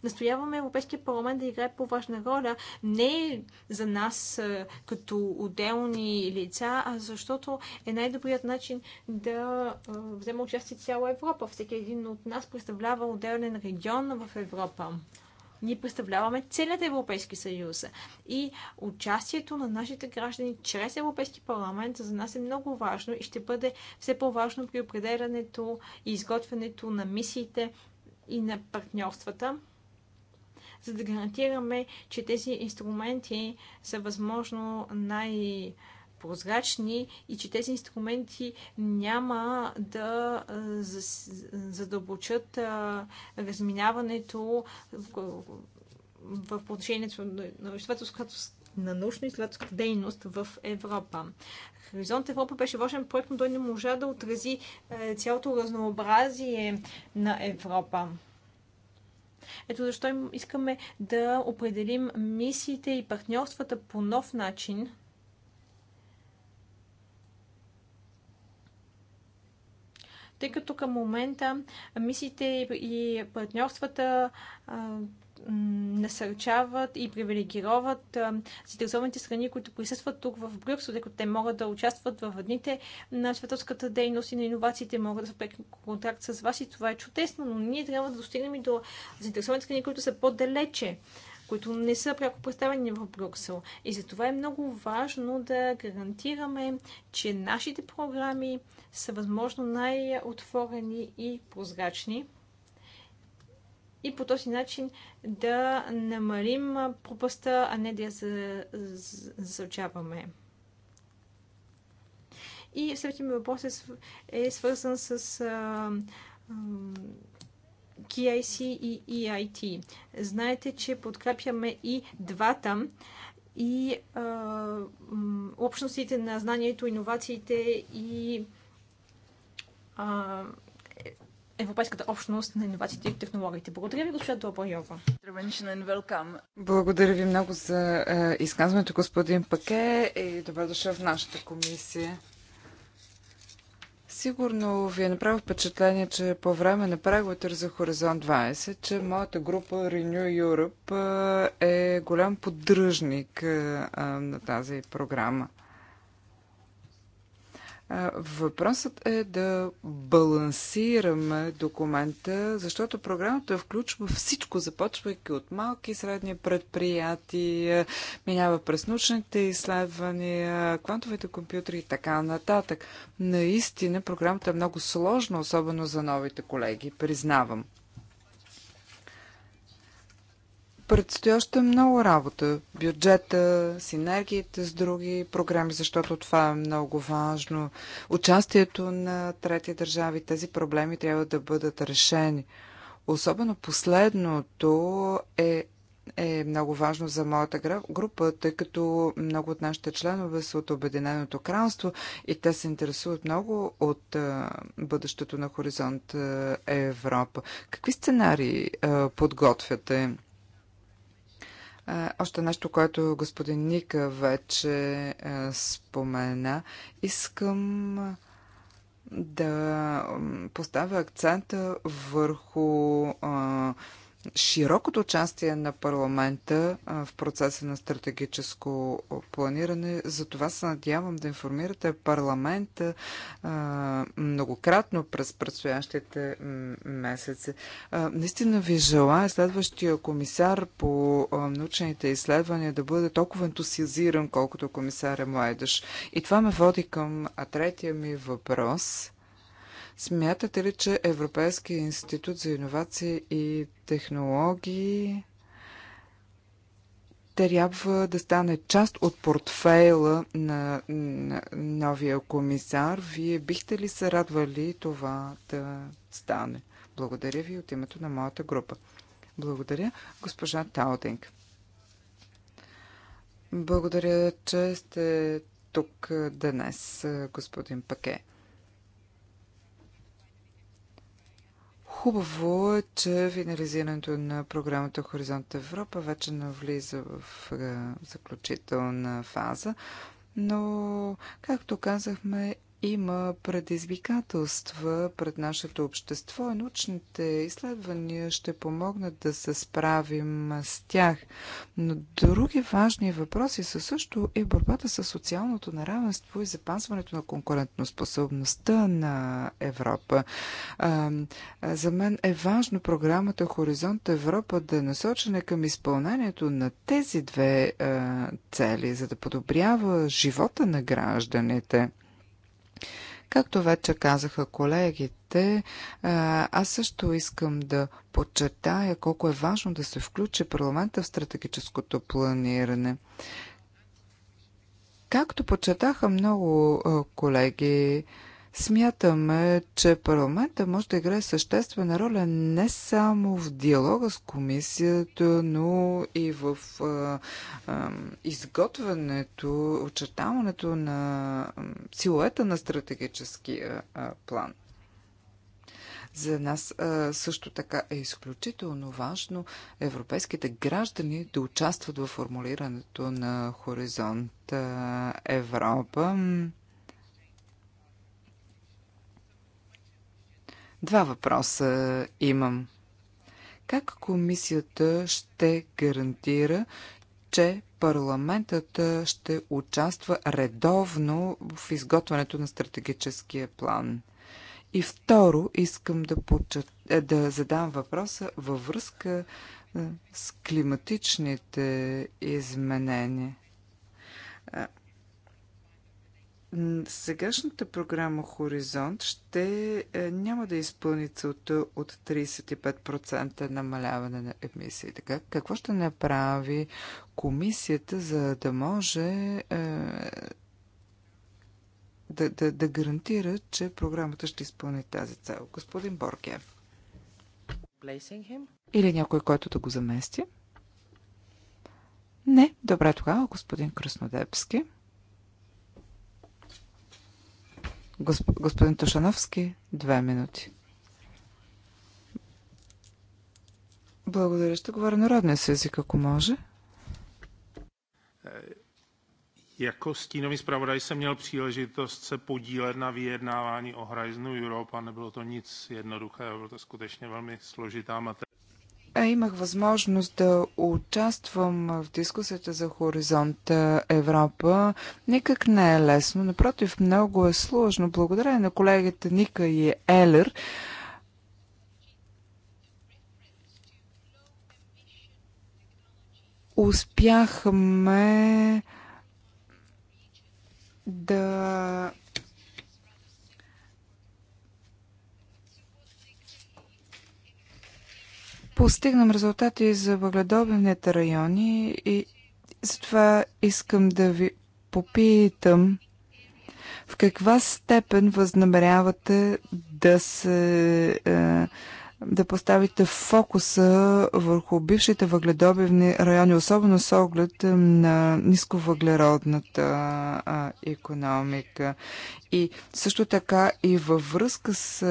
Настояваме Европейския парламент да играе по-важна роля не за нас като отделни лица, а защото е най-добрият начин да взема участие цяла Европа. Всеки един от нас представлява отделен регион в Европа. Ние представляваме целият Европейски съюз и участието на нашите граждани чрез Европейски парламент за нас е много важно и ще бъде все по-важно при определянето и изготвянето на мисиите и на партньорствата за да гарантираме, че тези инструменти са възможно най- прозрачни и че тези инструменти няма да задълбочат разминаването в отношението на изследователската на научно-изследователската дейност в Европа. Хоризонт Европа беше важен проект, но той не можа да отрази е, цялото разнообразие на Европа. Ето защо искаме да определим мисиите и партньорствата по нов начин, тъй като към момента мисиите и партньорствата насърчават и привилегироват заинтересованите страни, които присъстват тук в Брюксел, тъй като те могат да участват в дните на световската дейност и на иновациите, могат да са контакт с вас и това е чудесно, но ние трябва да достигнем и до заинтересованите страни, които са по-далече които не са пряко представени в Брюксел. И затова е много важно да гарантираме, че нашите програми са възможно най-отворени и прозрачни. И по този начин да намалим пропаста, а не да я засълчаваме. И следващия ми въпрос е, е свързан с а, а, KIC и EIT. Знаете, че подкрепяме и двата и а, общностите на знанието, иновациите и а, Европейската общност на иновациите и технологиите. Благодаря ви, госпожа Добройова. Благодаря ви много за изказването, господин Паке и добре дошъл в нашата комисия. Сигурно ви е направо впечатление, че по време на преговорите за Хоризонт 20, че моята група Renew Europe е голям поддръжник на тази програма. Въпросът е да балансираме документа, защото програмата включва всичко, започвайки от малки и средни предприятия, минава през научните изследвания, квантовите компютри и така нататък. Наистина програмата е много сложна, особено за новите колеги, признавам. предстои още много работа. Бюджета, синергиите с други програми, защото това е много важно. Участието на трети държави, тези проблеми трябва да бъдат решени. Особено последното е, е много важно за моята група, тъй като много от нашите членове са от Обединеното кралство и те се интересуват много от а, бъдещето на Хоризонт Европа. Какви сценарии а, подготвяте? Още нещо, което господин Ника вече спомена. Искам да поставя акцента върху широкото участие на парламента в процеса на стратегическо планиране. За това се надявам да информирате парламента многократно през предстоящите месеци. Наистина ви желая следващия комисар по научените изследвания да бъде толкова ентусиазиран, колкото комисаря Младеж. И това ме води към третия ми въпрос – Смятате ли, че Европейския институт за иновации и технологии трябва да стане част от портфейла на, новия комисар? Вие бихте ли се радвали това да стане? Благодаря ви от името на моята група. Благодаря, госпожа Таудинг. Благодаря, че сте тук днес, господин Паке. Хубаво е, че финализирането на програмата Хоризонт Европа вече навлиза в е, заключителна фаза, но, както казахме, има предизвикателства пред нашето общество и научните изследвания ще помогнат да се справим с тях. Но други важни въпроси са също и борбата с социалното неравенство и запазването на конкурентноспособността на Европа. За мен е важно програмата Хоризонт Европа да е насочена към изпълнението на тези две цели, за да подобрява живота на гражданите. Както вече казаха колегите, аз също искам да подчертая колко е важно да се включи парламента в стратегическото планиране. Както подчертаха много колеги, Смятаме, че парламента може да играе съществена роля не само в диалога с комисията, но и в а, а, изготвянето, очертаването на силуета на стратегическия а, план. За нас а, също така е изключително важно европейските граждани да участват в формулирането на хоризонт Европа. Два въпроса имам. Как комисията ще гарантира, че парламентът ще участва редовно в изготвянето на стратегическия план? И второ, искам да, почет... Е, да задам въпроса във връзка с климатичните изменения сегашната програма Хоризонт ще е, няма да изпълни целта от 35% намаляване на емисиите. какво ще направи комисията, за да може е, да, да, да гарантира, че програмата ще изпълни тази цел? Господин Борге. Или някой, който да го замести? Не. Добре тогава, господин Краснодепски. Госп... Господин Тушановски, две минути. Благодаря. Ще говоря народния си език, ако може. Jako stínový zpravodaj jsem měl příležitost se podílet na vyjednávání o Horizonu a Nebylo to nic jednoduchého, bylo to skutečně velmi složitá materie. Имах възможност да участвам в дискусията за Хоризонт Европа. Никак не е лесно, напротив, много е сложно. Благодаря на колегите Ника и Елер. Успяхме да постигнем резултати за въгледобивните райони и затова искам да ви попитам в каква степен възнамерявате да се е, да поставите фокуса върху бившите въгледобивни райони, особено с оглед на нисковъглеродната економика. И също така и във връзка с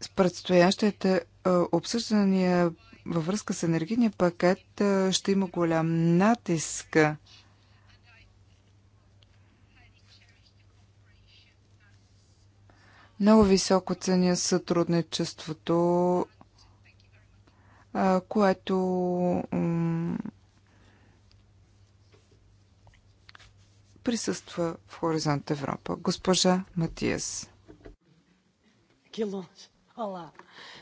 с предстоящите обсъждания във връзка с енергийния пакет ще има голям натиск. Много високо ценя сътрудничеството, което присъства в Хоризонт Европа. Госпожа Матиас. Килонс. Olá,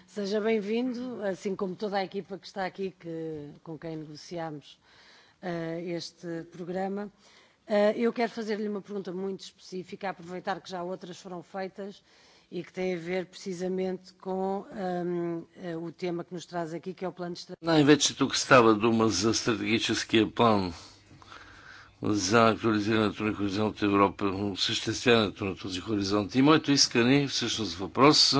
seja bem-vindo, assim como toda a equipa que está aqui, que, com quem negociamos uh, este programa. Uh, eu quero fazer-lhe uma pergunta muito específica, aproveitar que já outras foram feitas e que tem a ver precisamente com um, uh, o tema que nos traz aqui, que é o plano de de estratégia. Não, em vez estratégico. que вече тук става дума за стратегическия план за актуализирането на Хоризонт Европа, осъществяването на този хоризонт. И моето искане, всъщност въпрос,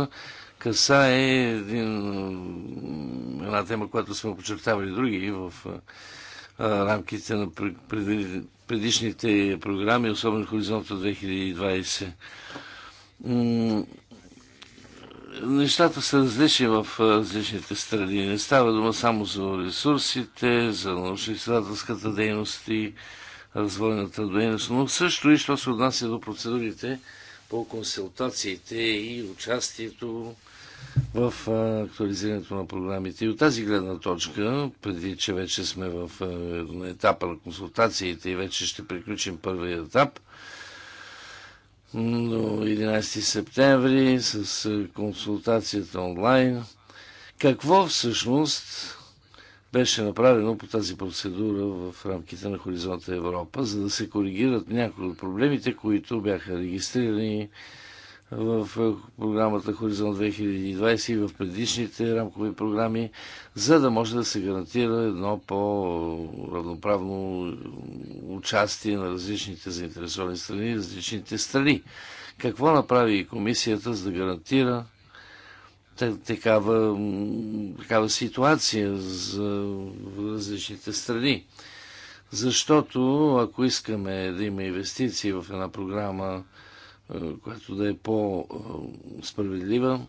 касае един, една тема, която сме подчертавали други в а, рамките на предишните програми, особено Хоризонта 2020 нещата са различни в различните страни. Не става дума само за ресурсите, за научно-изследователската дейност и развойната дейност, но също и що се отнася до процедурите по консултациите и участието в актуализирането на програмите. И от тази гледна точка, преди че вече сме в на етапа на консултациите и вече ще приключим първия етап, до 11 септември с консултацията онлайн, какво всъщност беше направено по тази процедура в рамките на Хоризонта Европа, за да се коригират някои от проблемите, които бяха регистрирани в програмата Хоризонт 2020 и в предишните рамкови програми, за да може да се гарантира едно по-равноправно участие на различните заинтересовани страни и различните страни. Какво направи комисията за да гарантира такава, такава ситуация за различните страни? Защото ако искаме да има инвестиции в една програма, която да е по-справедлива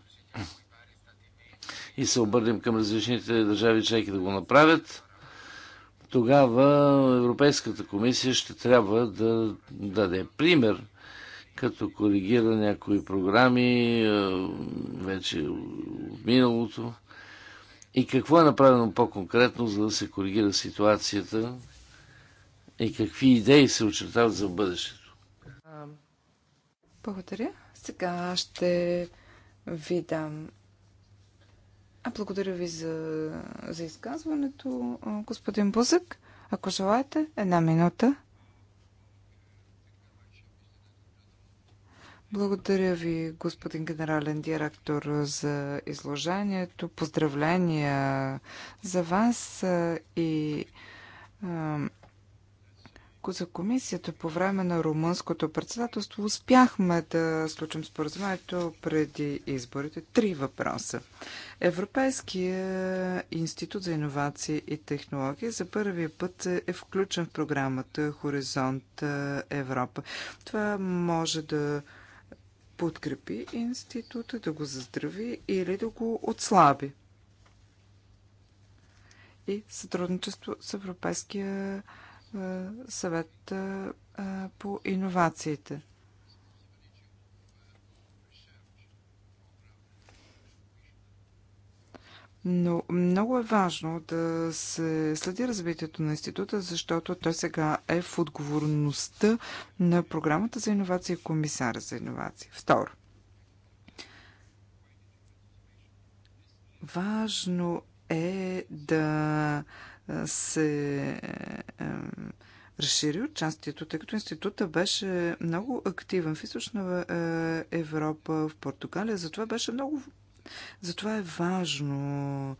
и се обърнем към различните държави чайки да го направят, тогава Европейската комисия ще трябва да даде пример, като коригира някои програми вече от миналото. И какво е направено по-конкретно, за да се коригира ситуацията и какви идеи се очертават за бъдещето? Благодаря. Сега ще ви дам. А благодаря ви за, за изказването, господин Бузък. Ако желаете, една минута. Благодаря ви, господин генерален директор, за изложението. Поздравления за вас и за комисията по време на румънското председателство успяхме да случим споразумението преди изборите. Три въпроса. Европейския институт за иновации и технологии за първи път е включен в програмата Хоризонт е, Европа. Това може да подкрепи института, да го заздрави или да го отслаби. И сътрудничество с Европейския е, съвет е, е, по иновациите. Но много е важно да се следи развитието на института, защото той сега е в отговорността на програмата за иновации и комисара за иновации. Второ. Важно е да се е, е, разшири участието, тъй като института беше много активен в източна е, Европа, в Португалия. Затова беше много. Затова е важно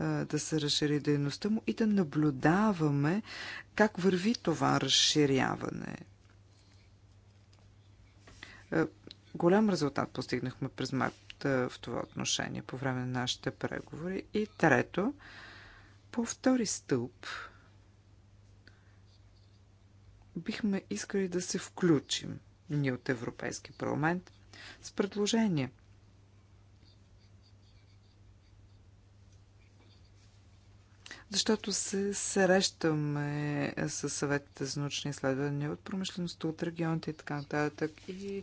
да се разшири дейността му и да наблюдаваме как върви това разширяване. Голям резултат постигнахме през март в това отношение по време на нашите преговори. И трето, по втори стълб бихме искали да се включим ние от Европейски парламент с предложение – защото се срещаме с съветите за научни изследвания от промишлеността, от регионите и така нататък. И е,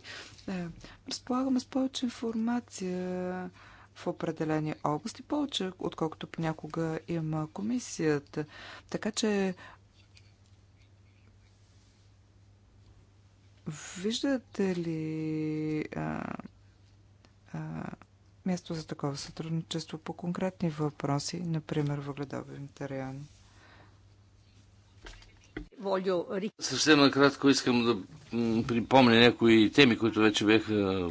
разполагаме с повече информация в определени области, повече отколкото понякога има комисията. Така че виждате ли а, а, място за такова сътрудничество по конкретни въпроси, например въгледобивните райони? Съвсем накратко искам да припомня някои теми, които вече бяха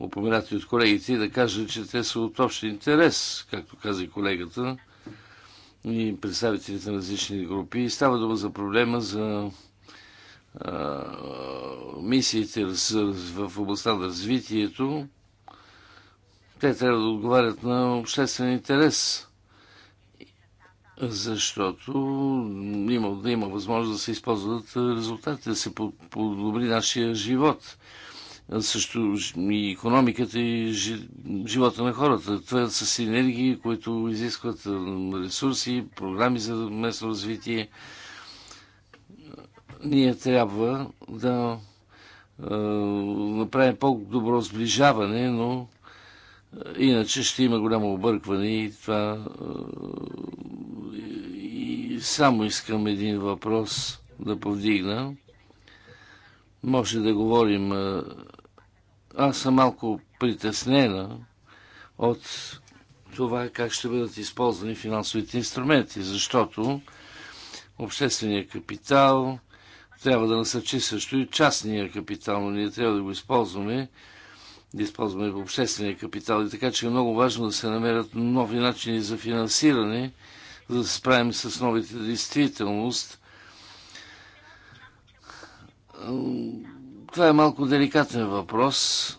упоменати от колегите, и да кажа, че те са от общ интерес, както каза и колегата, и представителите на различни групи. И става дума за проблема за а, мисиите в областта на развитието. Те трябва да отговарят на обществен интерес защото има, да има възможност да се използват резултатите, да се подобри нашия живот също и економиката и живота на хората. Това са синергии, които изискват ресурси, програми за местно развитие. Ние трябва да направим по-добро сближаване, но иначе ще има голямо объркване и това и само искам един въпрос да повдигна. Може да говорим аз съм малко притеснена от това как ще бъдат използвани финансовите инструменти, защото общественият капитал трябва да насърчи също и частния капитал, но ние трябва да го използваме, да използваме обществения капитал. И така че е много важно да се намерят нови начини за финансиране, за да се справим с новите действителност това е малко деликатен въпрос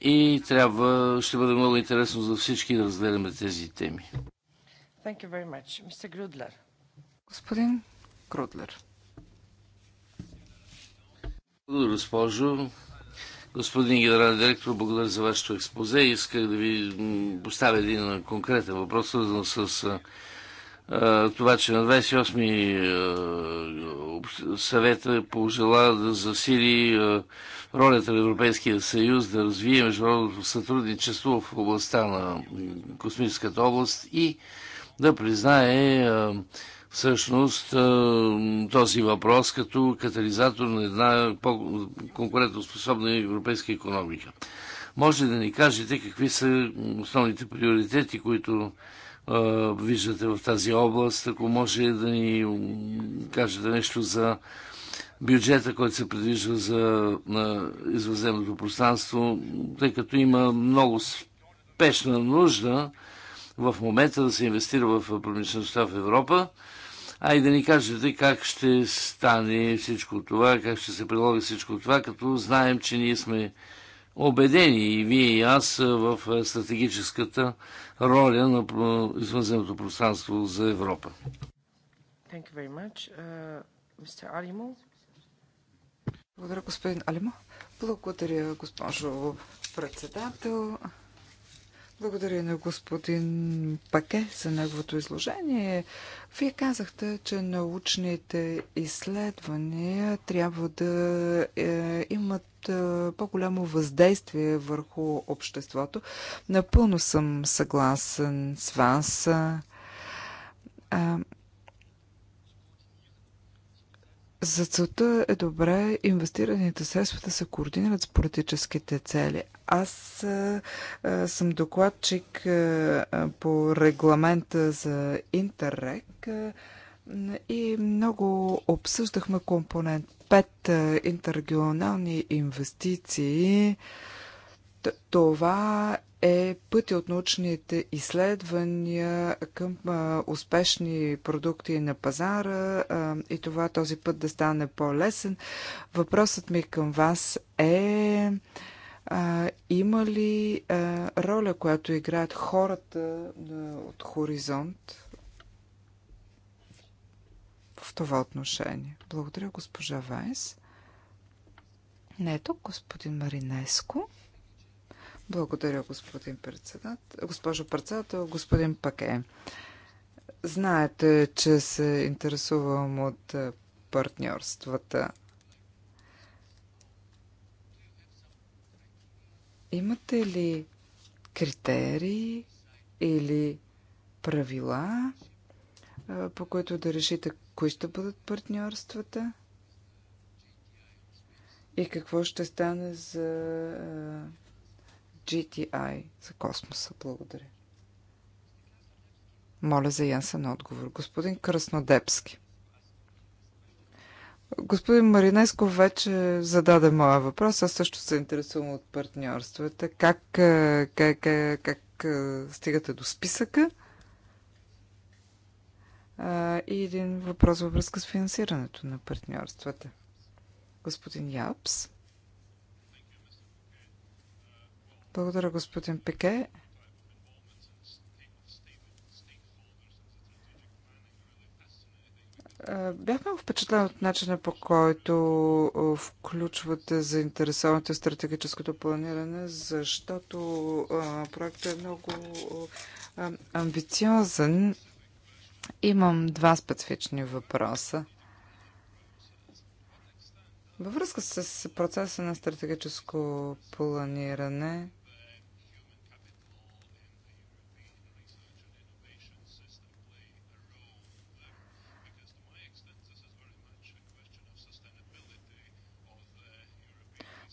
и трябва, ще бъде много интересно за всички да разгледаме тези теми. Господин Грудлер. Благодаря, госпожо. Господин генерален директор, благодаря за вашето експозе. Исках да ви поставя един конкретен въпрос, свързан с това, че на 28 съвета пожела да засили ролята на Европейския съюз да развие международното сътрудничество в областта на космическата област и да признае всъщност този въпрос като катализатор на една по-конкурентоспособна европейска економика. Може да ни кажете какви са основните приоритети, които виждате в тази област. Ако може да ни кажете нещо за бюджета, който се предвижда за извъземното пространство, тъй като има много спешна нужда в момента да се инвестира в промишлеността в Европа. А и да ни кажете как ще стане всичко това, как ще се прилага всичко това, като знаем, че ние сме убедени и вие и аз в стратегическата роля на извънземното пространство за Европа. Uh, Благодаря, господин Алимо. Благодаря, госпожо председател. Благодаря на господин Паке за неговото изложение. Вие казахте, че научните изследвания трябва да е, имат по-голямо въздействие върху обществото. Напълно съм съгласен с вас. За целта е добре инвестираните средства да се координират с политическите цели. Аз а, съм докладчик а, по регламента за Интеррек. А, и много обсъждахме компонент 5 е, интеррегионални инвестиции. Това е пътя от научните изследвания към а, е, успешни продукти на пазара а, е, и това този път да стане по-лесен. Въпросът ми към вас е а, има ли а, роля, която играят хората а, от Хоризонт? в това отношение. Благодаря, госпожа Вайс. Не е тук, господин Маринеско. Благодаря, господин председател. Госпожо председател, господин Паке. Знаете, че се интересувам от е, партньорствата. Имате ли критерии или правила, е, по които да решите Кои ще бъдат партньорствата? И какво ще стане за GTI, за космоса? Благодаря. Моля за ясен отговор. Господин Краснодепски. Господин Маринеско вече зададе моя въпрос. Аз също се интересувам от партньорствата. Как, как, как, как стигате до списъка? и един въпрос във връзка с финансирането на партньорствата. Господин Япс. Благодаря, господин Пеке. Бяхме впечатлени от начина по който включвате заинтересованите в стратегическото планиране, защото проектът е много амбициозен Имам два специфични въпроса. Във връзка с процеса на стратегическо планиране,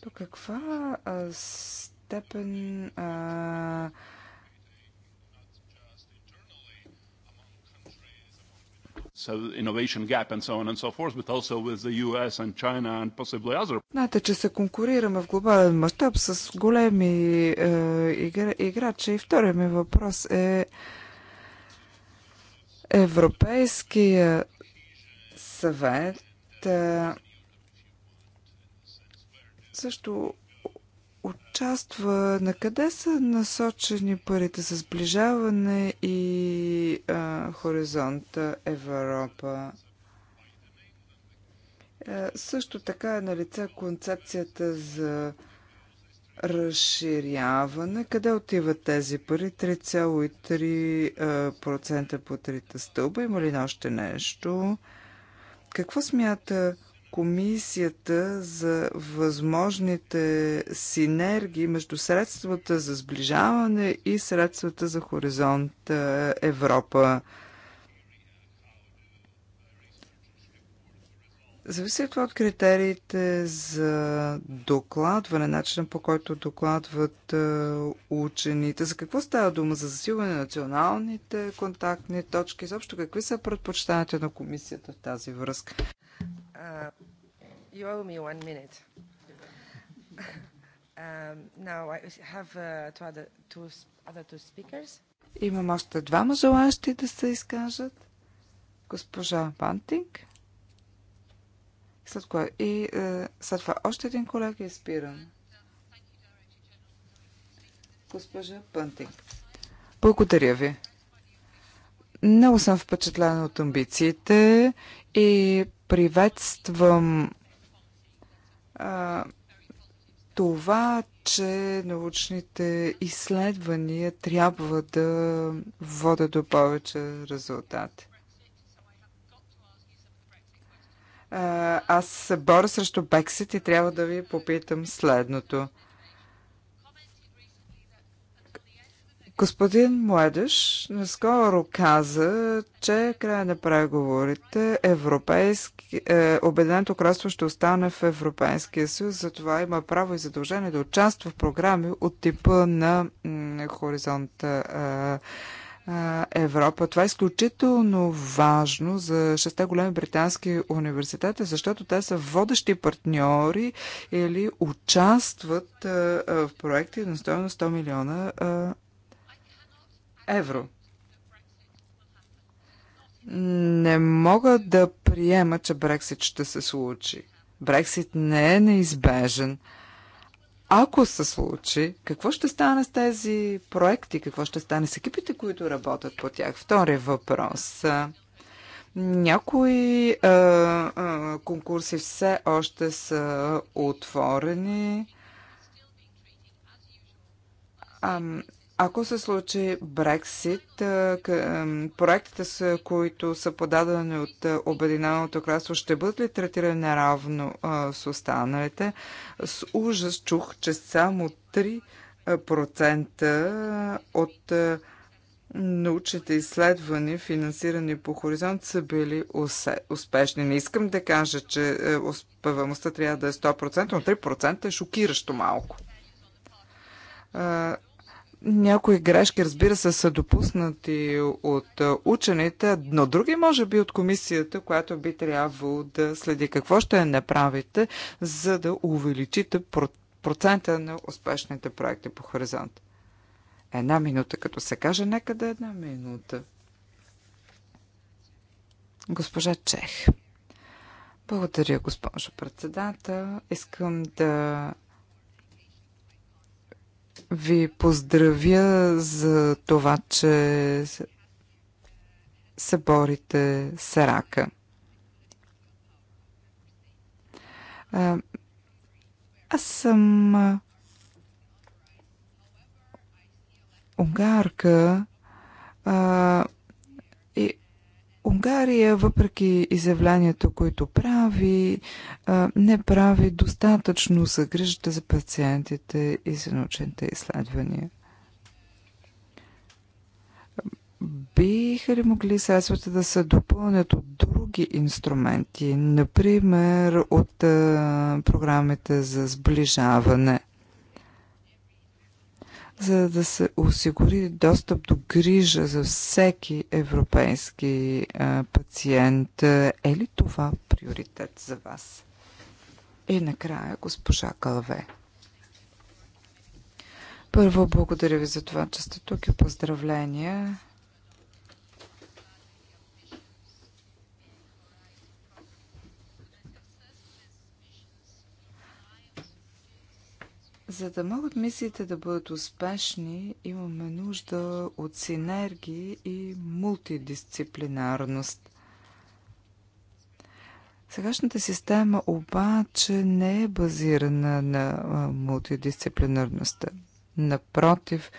до каква степен а, so innovation gap and so on and so forth, but also with the US and China and possibly other. Знаете, че се конкурираме в глобален мащаб с големи е, играчи. И втория ми въпрос е Европейския съвет е, също участва. На къде са насочени парите за сближаване и а, хоризонта Европа? А, е, също така е на лице концепцията за разширяване. Къде отиват тези пари? 3,3% по трите стълба. Има ли още нещо? Какво смята комисията за възможните синергии между средствата за сближаване и средствата за хоризонт е, Европа. Зависи това от критериите за докладване, начина по който докладват е, учените. За какво става дума? За засилване на националните контактни точки? Заобщо какви са предпочитанията на комисията в тази връзка? Uh, you owe me one minute. [laughs] Um, now I have uh, two other, two other two speakers. Имам още двама желаящи да се изкажат. Госпожа Бантинг. След кое и е, след това още един колега е спиран. Госпожа Бантинг. Благодаря ви. Много съм впечатлена от амбициите и приветствам а, това, че научните изследвания трябва да водят до повече резултати. Аз се боря срещу Бексит и трябва да ви попитам следното. Господин Младеш наскоро каза, че края на преговорите Европейски, е, Обединеното кралство ще остане в Европейския съюз, затова има право и задължение да участва в програми от типа на Хоризонт е, е, Европа. Това е изключително важно за шесте големи британски университета, защото те са водещи партньори или участват е, в проекти на стоеност 100 милиона е, евро. Не мога да приема, че Брексит ще се случи. Брексит не е неизбежен. Ако се случи, какво ще стане с тези проекти? Какво ще стане с екипите, които работят по тях? Втори въпрос. Някои а, а, конкурси все още са отворени. А, ако се случи Брексит, проектите, които са подадени от Обединеното кралство, ще бъдат ли третирани наравно с останалите? С ужас чух, че само 3% от научните изследвания, финансирани по хоризонт, са били успешни. Не искам да кажа, че успеваемостта трябва да е 100%, но 3% е шокиращо малко някои грешки, разбира се, са допуснати от учените, но други може би от комисията, която би трябвало да следи какво ще направите, за да увеличите процента на успешните проекти по хоризонт. Една минута, като се каже, нека да е една минута. Госпожа Чех. Благодаря, госпожо председател. Искам да ви поздравя за това, че се борите с рака. Аз съм унгарка а, и Унгария, въпреки изявлението, които прави, не прави достатъчно за грижата за пациентите и за научните изследвания. Биха ли могли средствата да се допълнят от други инструменти, например от програмите за сближаване – за да се осигури достъп до грижа за всеки европейски а, пациент. Е ли това приоритет за вас? И накрая госпожа Калве. Първо, благодаря ви за това, че сте тук и поздравления За да могат мисиите да бъдат успешни, имаме нужда от синергии и мултидисциплинарност. Сегашната система обаче не е базирана на мултидисциплинарността. Напротив,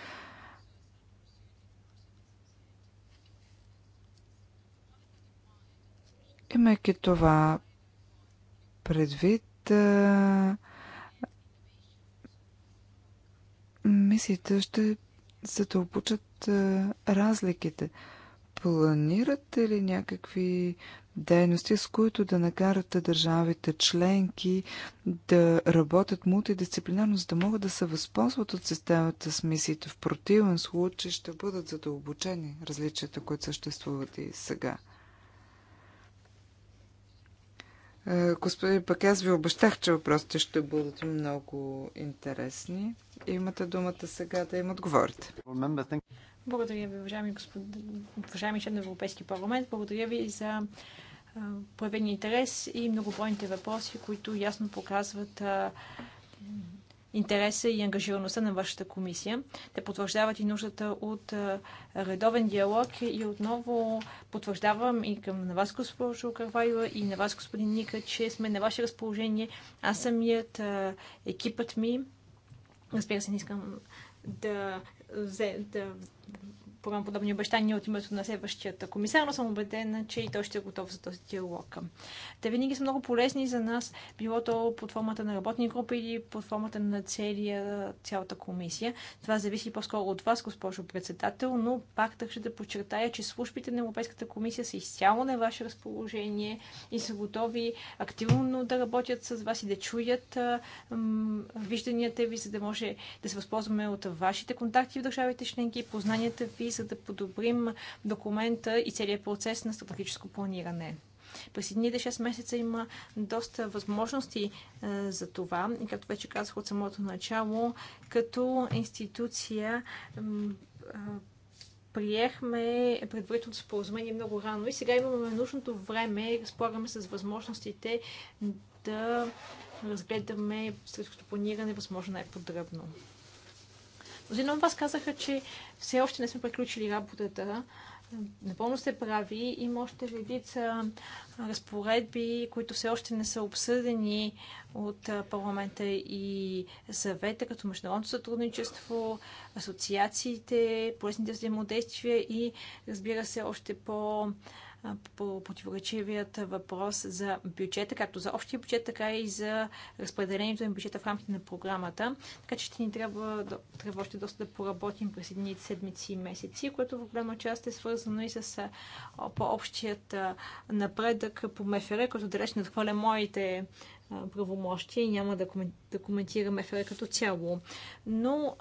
имайки това предвид, мислите ще задълбочат разликите. Планирате ли някакви дейности, с които да накарате държавите членки да работят мултидисциплинарно, за да могат да се възползват от системата с мисиите? В противен случай ще бъдат задълбочени различията, които съществуват и сега. Е, господин Пак, аз ви обещах, че въпросите ще бъдат много интересни. Имате думата сега да им отговорите. Благодаря ви, уважаеми, господ... уважаеми член на Европейски парламент. Благодаря ви за проявения интерес и многобройните въпроси, които ясно показват интереса и ангажираността на вашата комисия. Те потвърждават и нуждата от редовен диалог и отново потвърждавам и към на вас, госпожо Карвайла, и на вас, господин Ника, че сме на ваше разположение. Аз самият, екипът ми, разбира се, не искам да, да поемам подобни обещания от името на следващията комисар, но съм убедена, че и той ще е готов за този диалог. Те винаги са много полезни за нас, било то под формата на работни групи или под формата на целия, цялата комисия. Това зависи по-скоро от вас, госпожо председател, но пак ще да подчертая, че службите на Европейската комисия са изцяло на ваше разположение и са готови активно да работят с вас и да чуят вижданията ви, за да може да се възползваме от вашите контакти в държавите членки, познанията ви, за да подобрим документа и целият процес на стратегическо планиране. През едните 6 месеца има доста възможности е, за това. И както вече казах от самото начало, като институция е, приехме предварителното споразумение много рано и сега имаме нужното време и разполагаме с възможностите да разгледаме стратегическото планиране възможно най-подробно. Е Мнозина вас казаха, че все още не сме приключили работата. Напълно се прави. Има още редица разпоредби, които все още не са обсъдени от парламента и съвета, като международното сътрудничество, асоциациите, полезните взаимодействия и, разбира се, още по- по противоречивият въпрос за бюджета, както за общия бюджет, така и за разпределението на бюджета в рамките на програмата. Така че ще ни трябва, трябва още доста да поработим през едните седмици и месеци, което в голяма част е свързано и с по-общият напредък по МФР, който далеч надхваля моите правомощия и няма да коментираме ФР като цяло. Но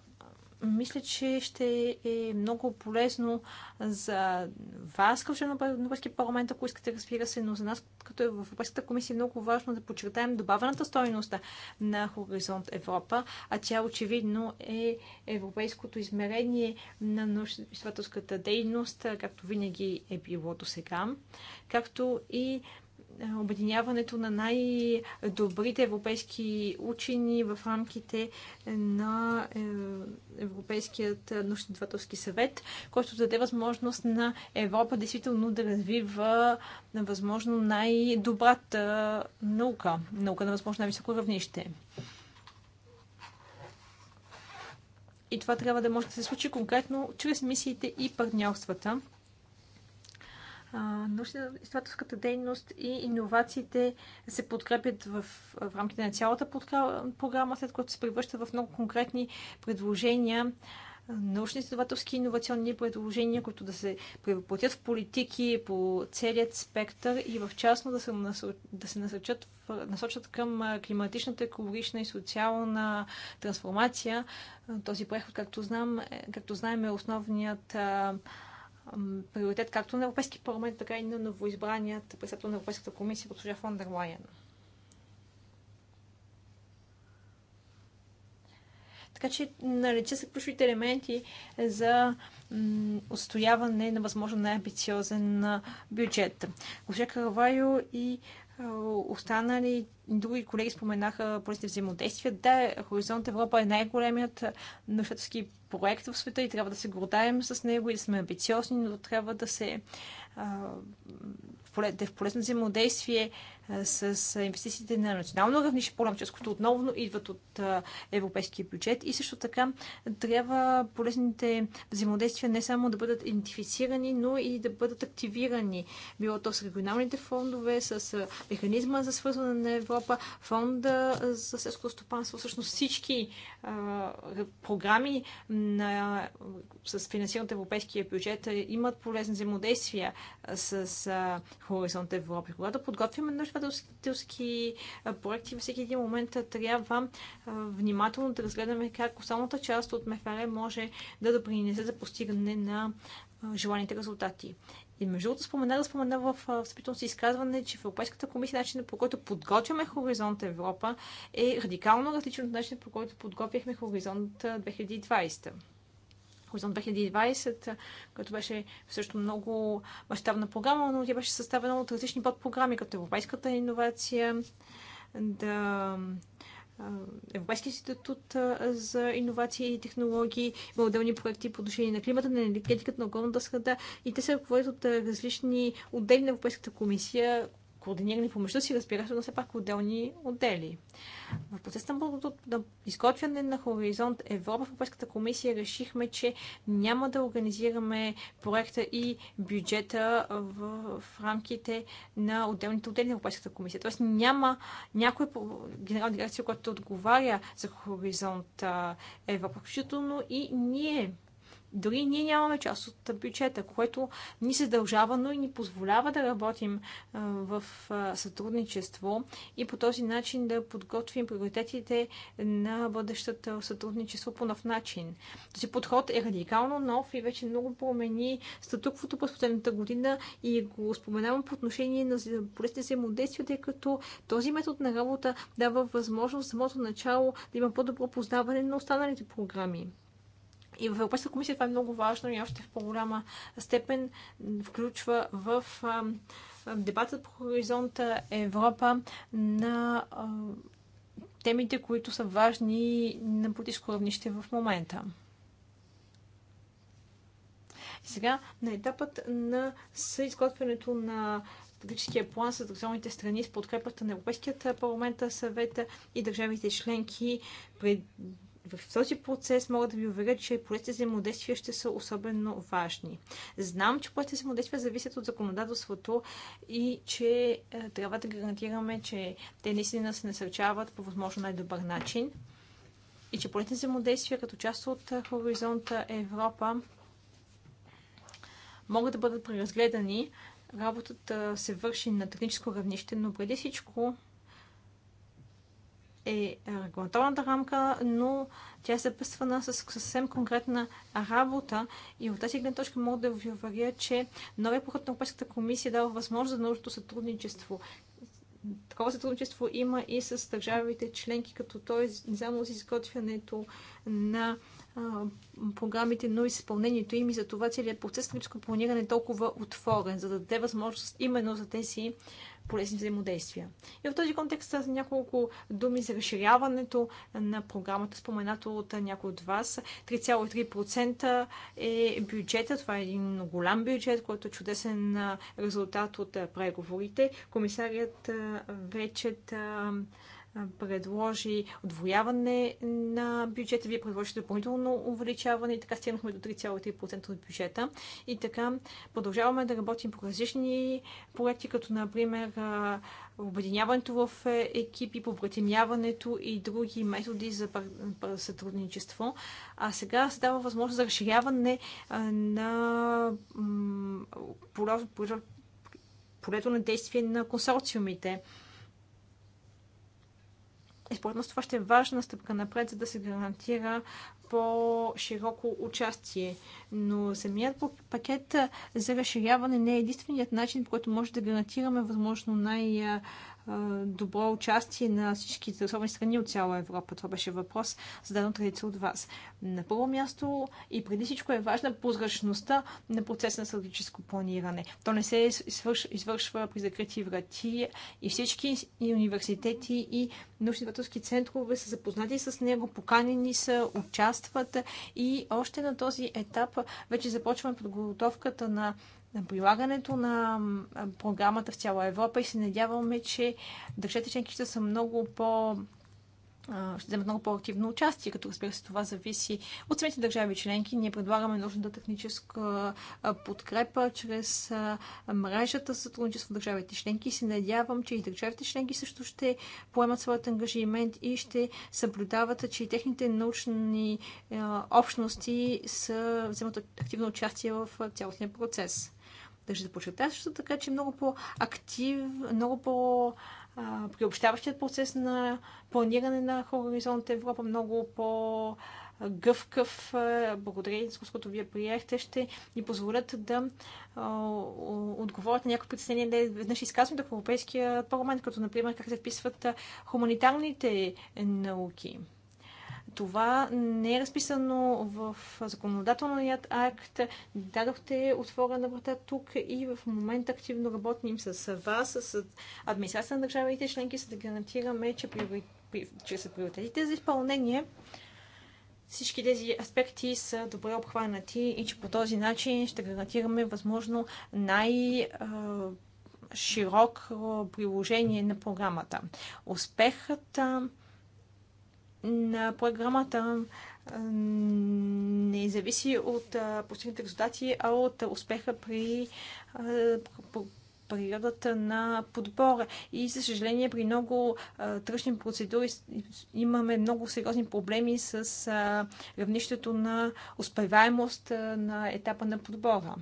мисля, че ще е много полезно за вас, като на Българския парламент, ако искате, разбира се, но за нас, като е в Европейската комисия, е много важно да подчертаем добавената стойност на Хоризонт Европа, а тя очевидно е европейското измерение на научно-изследователската дейност, както винаги е било до сега, както и обединяването на най-добрите европейски учени в рамките на е, Европейският научно-изследователски съвет, който даде възможност на Европа действително да развива на възможно най-добрата наука, наука на възможно най-високо равнище. И това трябва да може да се случи конкретно чрез мисиите и партньорствата научно-изследователската дейност и иновациите се подкрепят в, в рамките на цялата програма, след което се превръща в много конкретни предложения, научно-изследователски иновационни предложения, които да се превъплатят в политики по целият спектър и в частно да се, да се насърчат, насочат към климатичната, екологична и социална трансформация. Този преход, както, знам, е, както знаем, е основният приоритет както на Европейски парламент, така и на новоизбраният председател на Европейската комисия, госпожа Фон дер Лайен. Така че налече са ключовите елементи за отстояване на възможно най-амбициозен бюджет. Госпожа Каравайо и Останали други колеги споменаха полезните взаимодействия. Да, Хоризонт Европа е най-големият нашатовски проект в света и трябва да се гордаем с него и да сме амбициозни, но трябва да се да е в полезно взаимодействие с инвестициите на национално равнище, по-голям част, които отново идват от европейския бюджет. И също така трябва полезните взаимодействия не само да бъдат идентифицирани, но и да бъдат активирани. Било то с регионалните фондове, с механизма за свързване на Европа, фонда за селско стопанство, всъщност всички програми на, с финансиран от европейския бюджет имат полезни взаимодействия с Хоризонт Европа. Когато подготвяме нужда изследователски проекти. Във всеки един момент трябва внимателно да разгледаме как останалата част от МФР може да допринесе за постигане на желаните резултати. И между другото спомена да спомена в встъпителното си изказване, че в Европейската комисия начинът по който подготвяме Хоризонт Европа е радикално различен от начинът по който подготвяхме Хоризонт 2020. Хоризонт 2020, като беше също много мащабна програма, но тя беше съставена от различни подпрограми, като Европейската иновация, да, Европейския институт за иновации и технологии, има отделни проекти по отношение на климата, на енергетиката, на околната среда и те се ръководят от различни отдели на Европейската комисия, координирани помежду си, разбира се, но все пак отделни отдели. В процес на, изготвяне на Хоризонт Европа в Европейската комисия решихме, че няма да организираме проекта и бюджета в, в рамките на отделните отдели на Европейската комисия. Тоест няма някой генерална дирекция, който отговаря за Хоризонт Европа, включително и ние дори ние нямаме част от бюджета, което ни дължава, но и ни позволява да работим в сътрудничество и по този начин да подготвим приоритетите на бъдещата сътрудничество по нов начин. Този подход е радикално нов и вече много промени статуквото през последната година и го споменавам по отношение на полезните взаимодействия, тъй като този метод на работа дава възможност самото начало да има по-добро познаване на останалите програми. И в Европейска комисия това е много важно и още в по-голяма степен включва в дебата по хоризонта Европа на темите, които са важни на политическо равнище в момента. И сега на етапът на съизготвянето на стратегическия план с държавните страни с подкрепата на Европейският парламент, съвета и държавите членки пред в този процес мога да ви уверя, че полетите взаимодействия ще са особено важни. Знам, че полетите взаимодействия зависят от законодателството и че е, трябва да гарантираме, че те наистина се насърчават по възможно най-добър начин и че полетите взаимодействия като част от е, Хоризонта Европа могат да бъдат преразгледани. Работата се върши на техническо равнище, но преди всичко е, е регулаторната рамка, но тя е съпъствана с съвсем конкретна работа и от тази гледна точка мога да ви уверя, че новия поход на Европейската комисия дава възможност за нужното сътрудничество. Такова сътрудничество има и с държавите членки, като той е с изготвянето на програмите, но и изпълнението им и за това целият процес на стратегическо планиране е толкова отворен, за да даде възможност именно за тези полезни взаимодействия. И в този контекст са няколко думи за разширяването на програмата, споменато от някой от вас. 3,3% е бюджета. Това е един голям бюджет, който е чудесен резултат от преговорите. Комисарият вече да предложи отвояване на бюджета, вие предложите допълнително увеличаване и така стигнахме до 3,3% от бюджета. И така продължаваме да работим по различни проекти, като например обединяването в е, екипи, побратимяването и други методи за сътрудничество. А сега се дава възможност за разширяване на полето на действие на консорциумите и според нас това ще е важна стъпка напред, за да се гарантира по-широко участие. Но самият пакет за разширяване не е единственият начин, по който може да гарантираме възможно най- добро участие на всички особени страни от цяла Европа. Това беше въпрос, зададен редица от вас. На първо място и преди всичко е важна прозрачността на процес на стратегическо планиране. То не се извършва, извършва при закрити врати и всички и университети и научни изследователски центрове са запознати с него, поканени са, участват и още на този етап вече започваме подготовката на на прилагането на програмата в цяла Европа и се надяваме, че държавите членки ще са много по- ще вземат много по-активно участие, като разбира се това зависи от самите държави членки. Ние предлагаме нужната техническа подкрепа чрез мрежата за сътрудничество в държавите членки. Се надявам, че и държавите членки също ще поемат своят ангажимент и ще съблюдават, че и техните научни общности са, вземат активно участие в цялостния процес. Държа да подчертая също така, че е много по-актив, много по- приобщаващият процес на планиране на Хоризонт Европа, много по- гъвкав, благодарение за което вие приехте, ще ни позволят да отговорят на някои притеснения, да веднъж да в Европейския парламент, като например как се вписват хуманитарните науки. Това не е разписано в законодателният акт. Дадохте отворена врата тук и в момента активно работим с вас, с администрация на държавите членки, за да гарантираме, че, приори... че са приоритетите за изпълнение всички тези аспекти са добре обхванати и че по този начин ще гарантираме възможно най- широк приложение на програмата. Успехът на програмата не зависи от постигнатите резултати, а от успеха при природата на подбора. И, за съжаление, при много тръжни процедури имаме много сериозни проблеми с равнището на успеваемост на етапа на подбора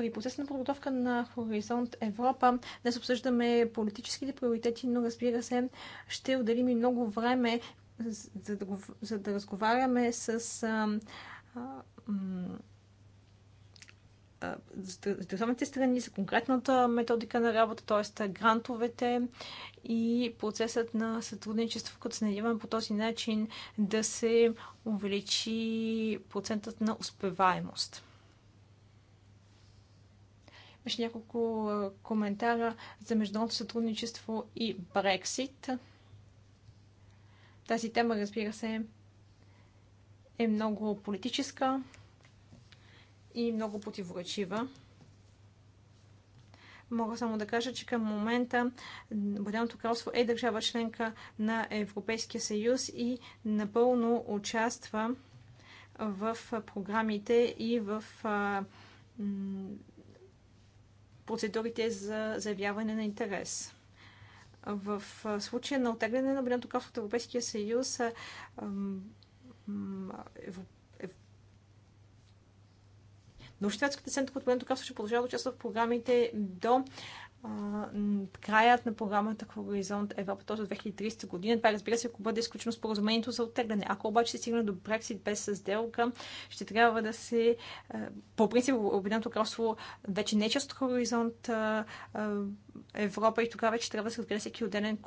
при процеса на подготовка на Хоризонт Европа днес обсъждаме политическите приоритети, но разбира се, ще отделим и много време за да, за да разговаряме с а, а, държавните страни за конкретната методика на работа, т.е. грантовете и процесът на сътрудничество, като се надяваме по този начин да се увеличи процентът на успеваемост. Имаше няколко коментара за международното сътрудничество и Брексит. Тази тема, разбира се, е много политическа и много противоречива. Мога само да кажа, че към момента Обединеното кралство е държава членка на Европейския съюз и напълно участва в програмите и в процедурите за заявяване на интерес. В случая на отегляне на Обединеното кралство от Европейския съюз, научно център от Обединеното кралство ще продължава да участва в програмите до краят на програмата Хоризонт Европа, т.е. 2030 година. Това разбира се, ако бъде изключено споразумението за оттегляне. Ако обаче се стигне до Брексит без сделка, ще трябва да се... По принцип, Обединеното кралство вече не е част от Хоризонт Европа и тогава вече трябва да се разгледа всеки отделен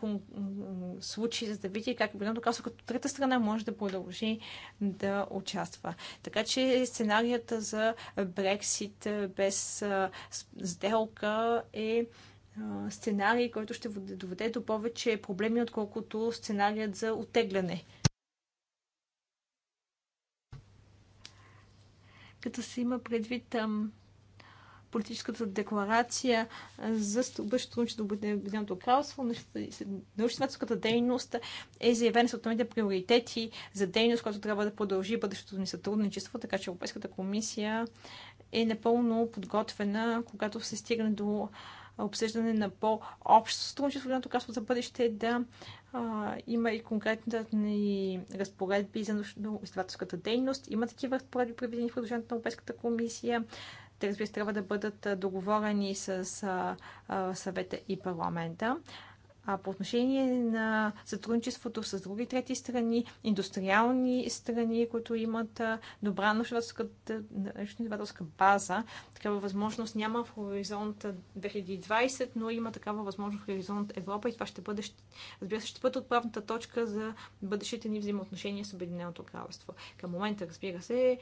случай, за да види как Обединеното кралство като трета страна може да продължи да участва. Така че сценарията за Брексит без сделка е сценарий, който ще доведе до повече проблеми, отколкото сценарият за отегляне. Като се има предвид политическата декларация за бъдещето на Обединеното кралство. научно дейност е заявена с основните приоритети за дейност, която трябва да продължи бъдещото ни сътрудничество, така че Европейската комисия е напълно подготвена, когато се стигне до обсъждане на по-общо сътрудничество, когато казва за бъдеще да а, има и конкретни разпоредби за научно дейност. Има такива разпоредби, предвидени в предложението на Европейската комисия. Те, разбира се, трябва да бъдат договорени с а, а, съвета и парламента. А по отношение на сътрудничеството с други трети страни, индустриални страни, които имат добра научно-изследователска база, такава възможност няма в хоризонт 2020, но има такава възможност в хоризонт Европа и това ще бъде, разбира се, ще бъде отправната точка за бъдещите ни взаимоотношения с Обединеното кралство. Към момента, разбира се,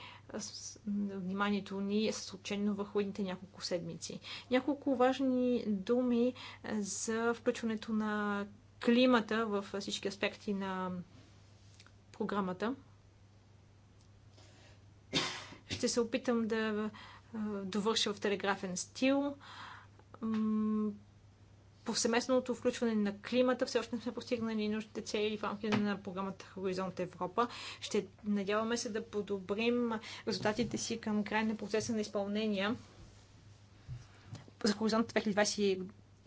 вниманието ни е съсредоточено върху едните няколко седмици. Няколко важни думи за включването на на климата в всички аспекти на програмата. Ще се опитам да довърша в телеграфен стил. Повсеместното включване на климата все още не сме постигнали нужните цели в рамките на програмата Хоризонт Европа. Ще надяваме се да подобрим резултатите си към край на процеса на изпълнение за Хоризонт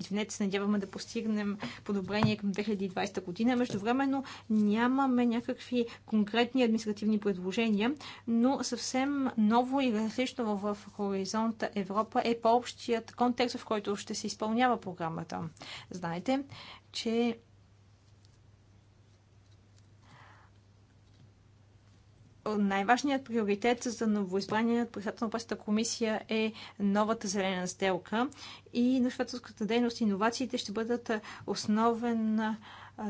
Извинете, се надяваме да постигнем подобрение към 2020 година. Междувременно нямаме някакви конкретни административни предложения, но съвсем ново и различно в Хоризонта Европа е по-общият контекст, в който ще се изпълнява програмата. Знаете, че най-важният приоритет за новоизбраният председател на Пъстата комисия е новата зелена сделка и на изследователската дейност и иновациите ще бъдат основен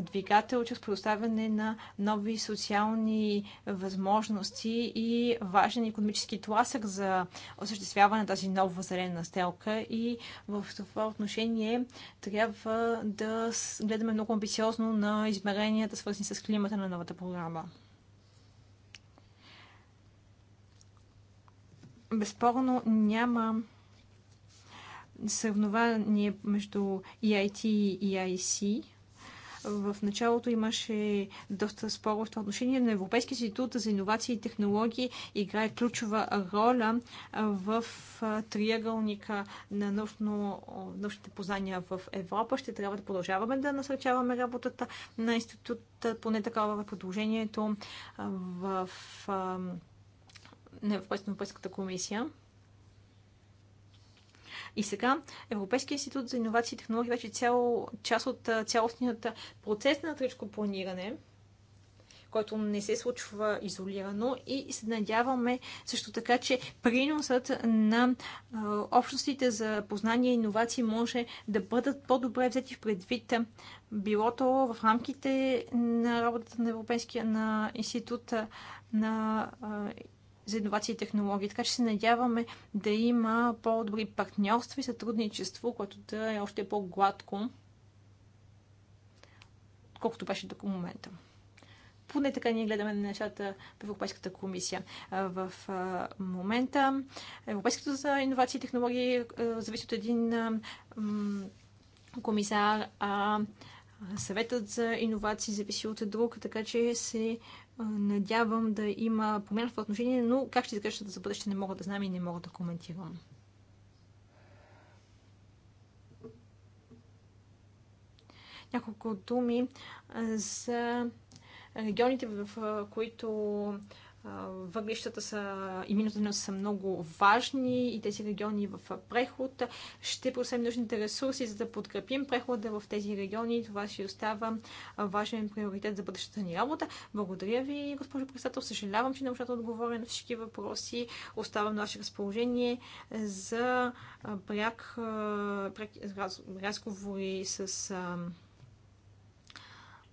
двигател чрез предоставяне на нови социални възможности и важен економически тласък за осъществяване на тази нова зелена сделка. И в това отношение трябва да гледаме много амбициозно на измеренията, свързани с климата на новата програма. Безспорно няма съревнование между EIT и EIC. В началото имаше доста споро в това отношение, но Европейския институт за иновации и технологии играе ключова роля в триъгълника на научно, научните познания в Европа. Ще трябва да продължаваме да насърчаваме работата на института, поне такова е предложението в на Европейската комисия. И сега Европейския институт за инновации и технологии вече цяло, част от цялостният процес на тръчко планиране, който не се случва изолирано и се надяваме също така, че приносът на общностите за познание и иновации може да бъдат по-добре взети в предвид било то в рамките на работата на Европейския на институт на за иновации и технологии. Така че се надяваме да има по-добри партньорства и сътрудничество, което да е още по-гладко, колкото беше до момента. Поне така ние гледаме на нещата в Европейската комисия. В момента Европейското за иновации и технологии зависи от един комисар, а съветът за иновации зависи от друг, така че се надявам да има промяна в това отношение, но как ще изглежда за бъдеще не мога да знам и не мога да коментирам. Няколко думи за регионите, в които въглищата са и минутата са много важни и тези региони в преход. Ще просим нужните ресурси, за да подкрепим прехода в тези региони. Това ще остава важен приоритет за бъдещата ни работа. Благодаря ви, госпожо председател. Съжалявам, че не можах да отговоря на всички въпроси. Оставам на ваше разположение за пряк, пряк раз, разговори с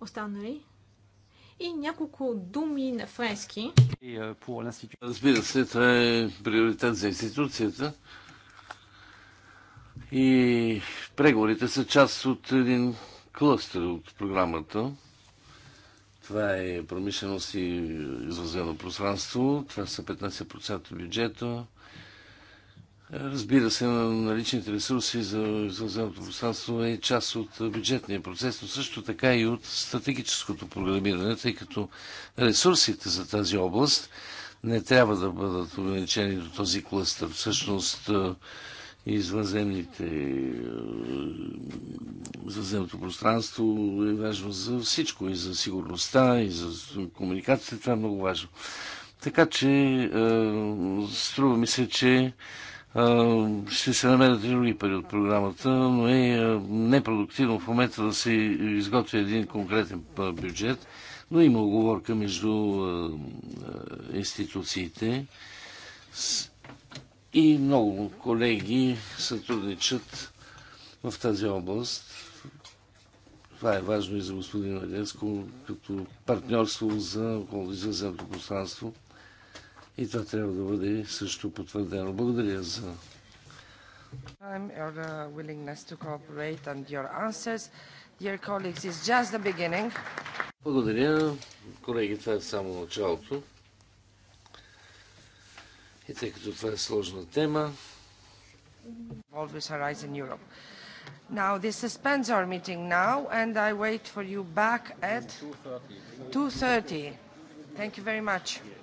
останали и няколко думи на френски. Е, Разбира се, това е приоритет за институцията. И преговорите са част от един клъстър от програмата. Това е промишленост и извъзвено пространство. Това са 15% бюджета. Разбира се, наличните ресурси за земното пространство е част от бюджетния процес, но също така и от стратегическото програмиране, тъй като ресурсите за тази област не трябва да бъдат ограничени до този клъстър. Всъщност, е, извънземните, извънземното е, пространство е важно за всичко, и за сигурността, и за комуникацията. Това е много важно. Така че, е, струва ми се, че ще се намерят и други пари от програмата, но е непродуктивно в момента да се изготви един конкретен бюджет, но има оговорка между институциите и много колеги сътрудничат в тази област. Това е важно и за господин Радецко, като партньорство за околоизразеното пространство. И това трябва да бъде също потвърдено. Благодаря за time or uh, willingness to cooperate and your answers. Dear colleagues, it's just the beginning. Благодаря. Колеги, това е само началото. И тъй като това е сложна тема. Always arise in Europe. Now, this suspends our meeting now, and I wait for you back at 2.30. Thank you very much.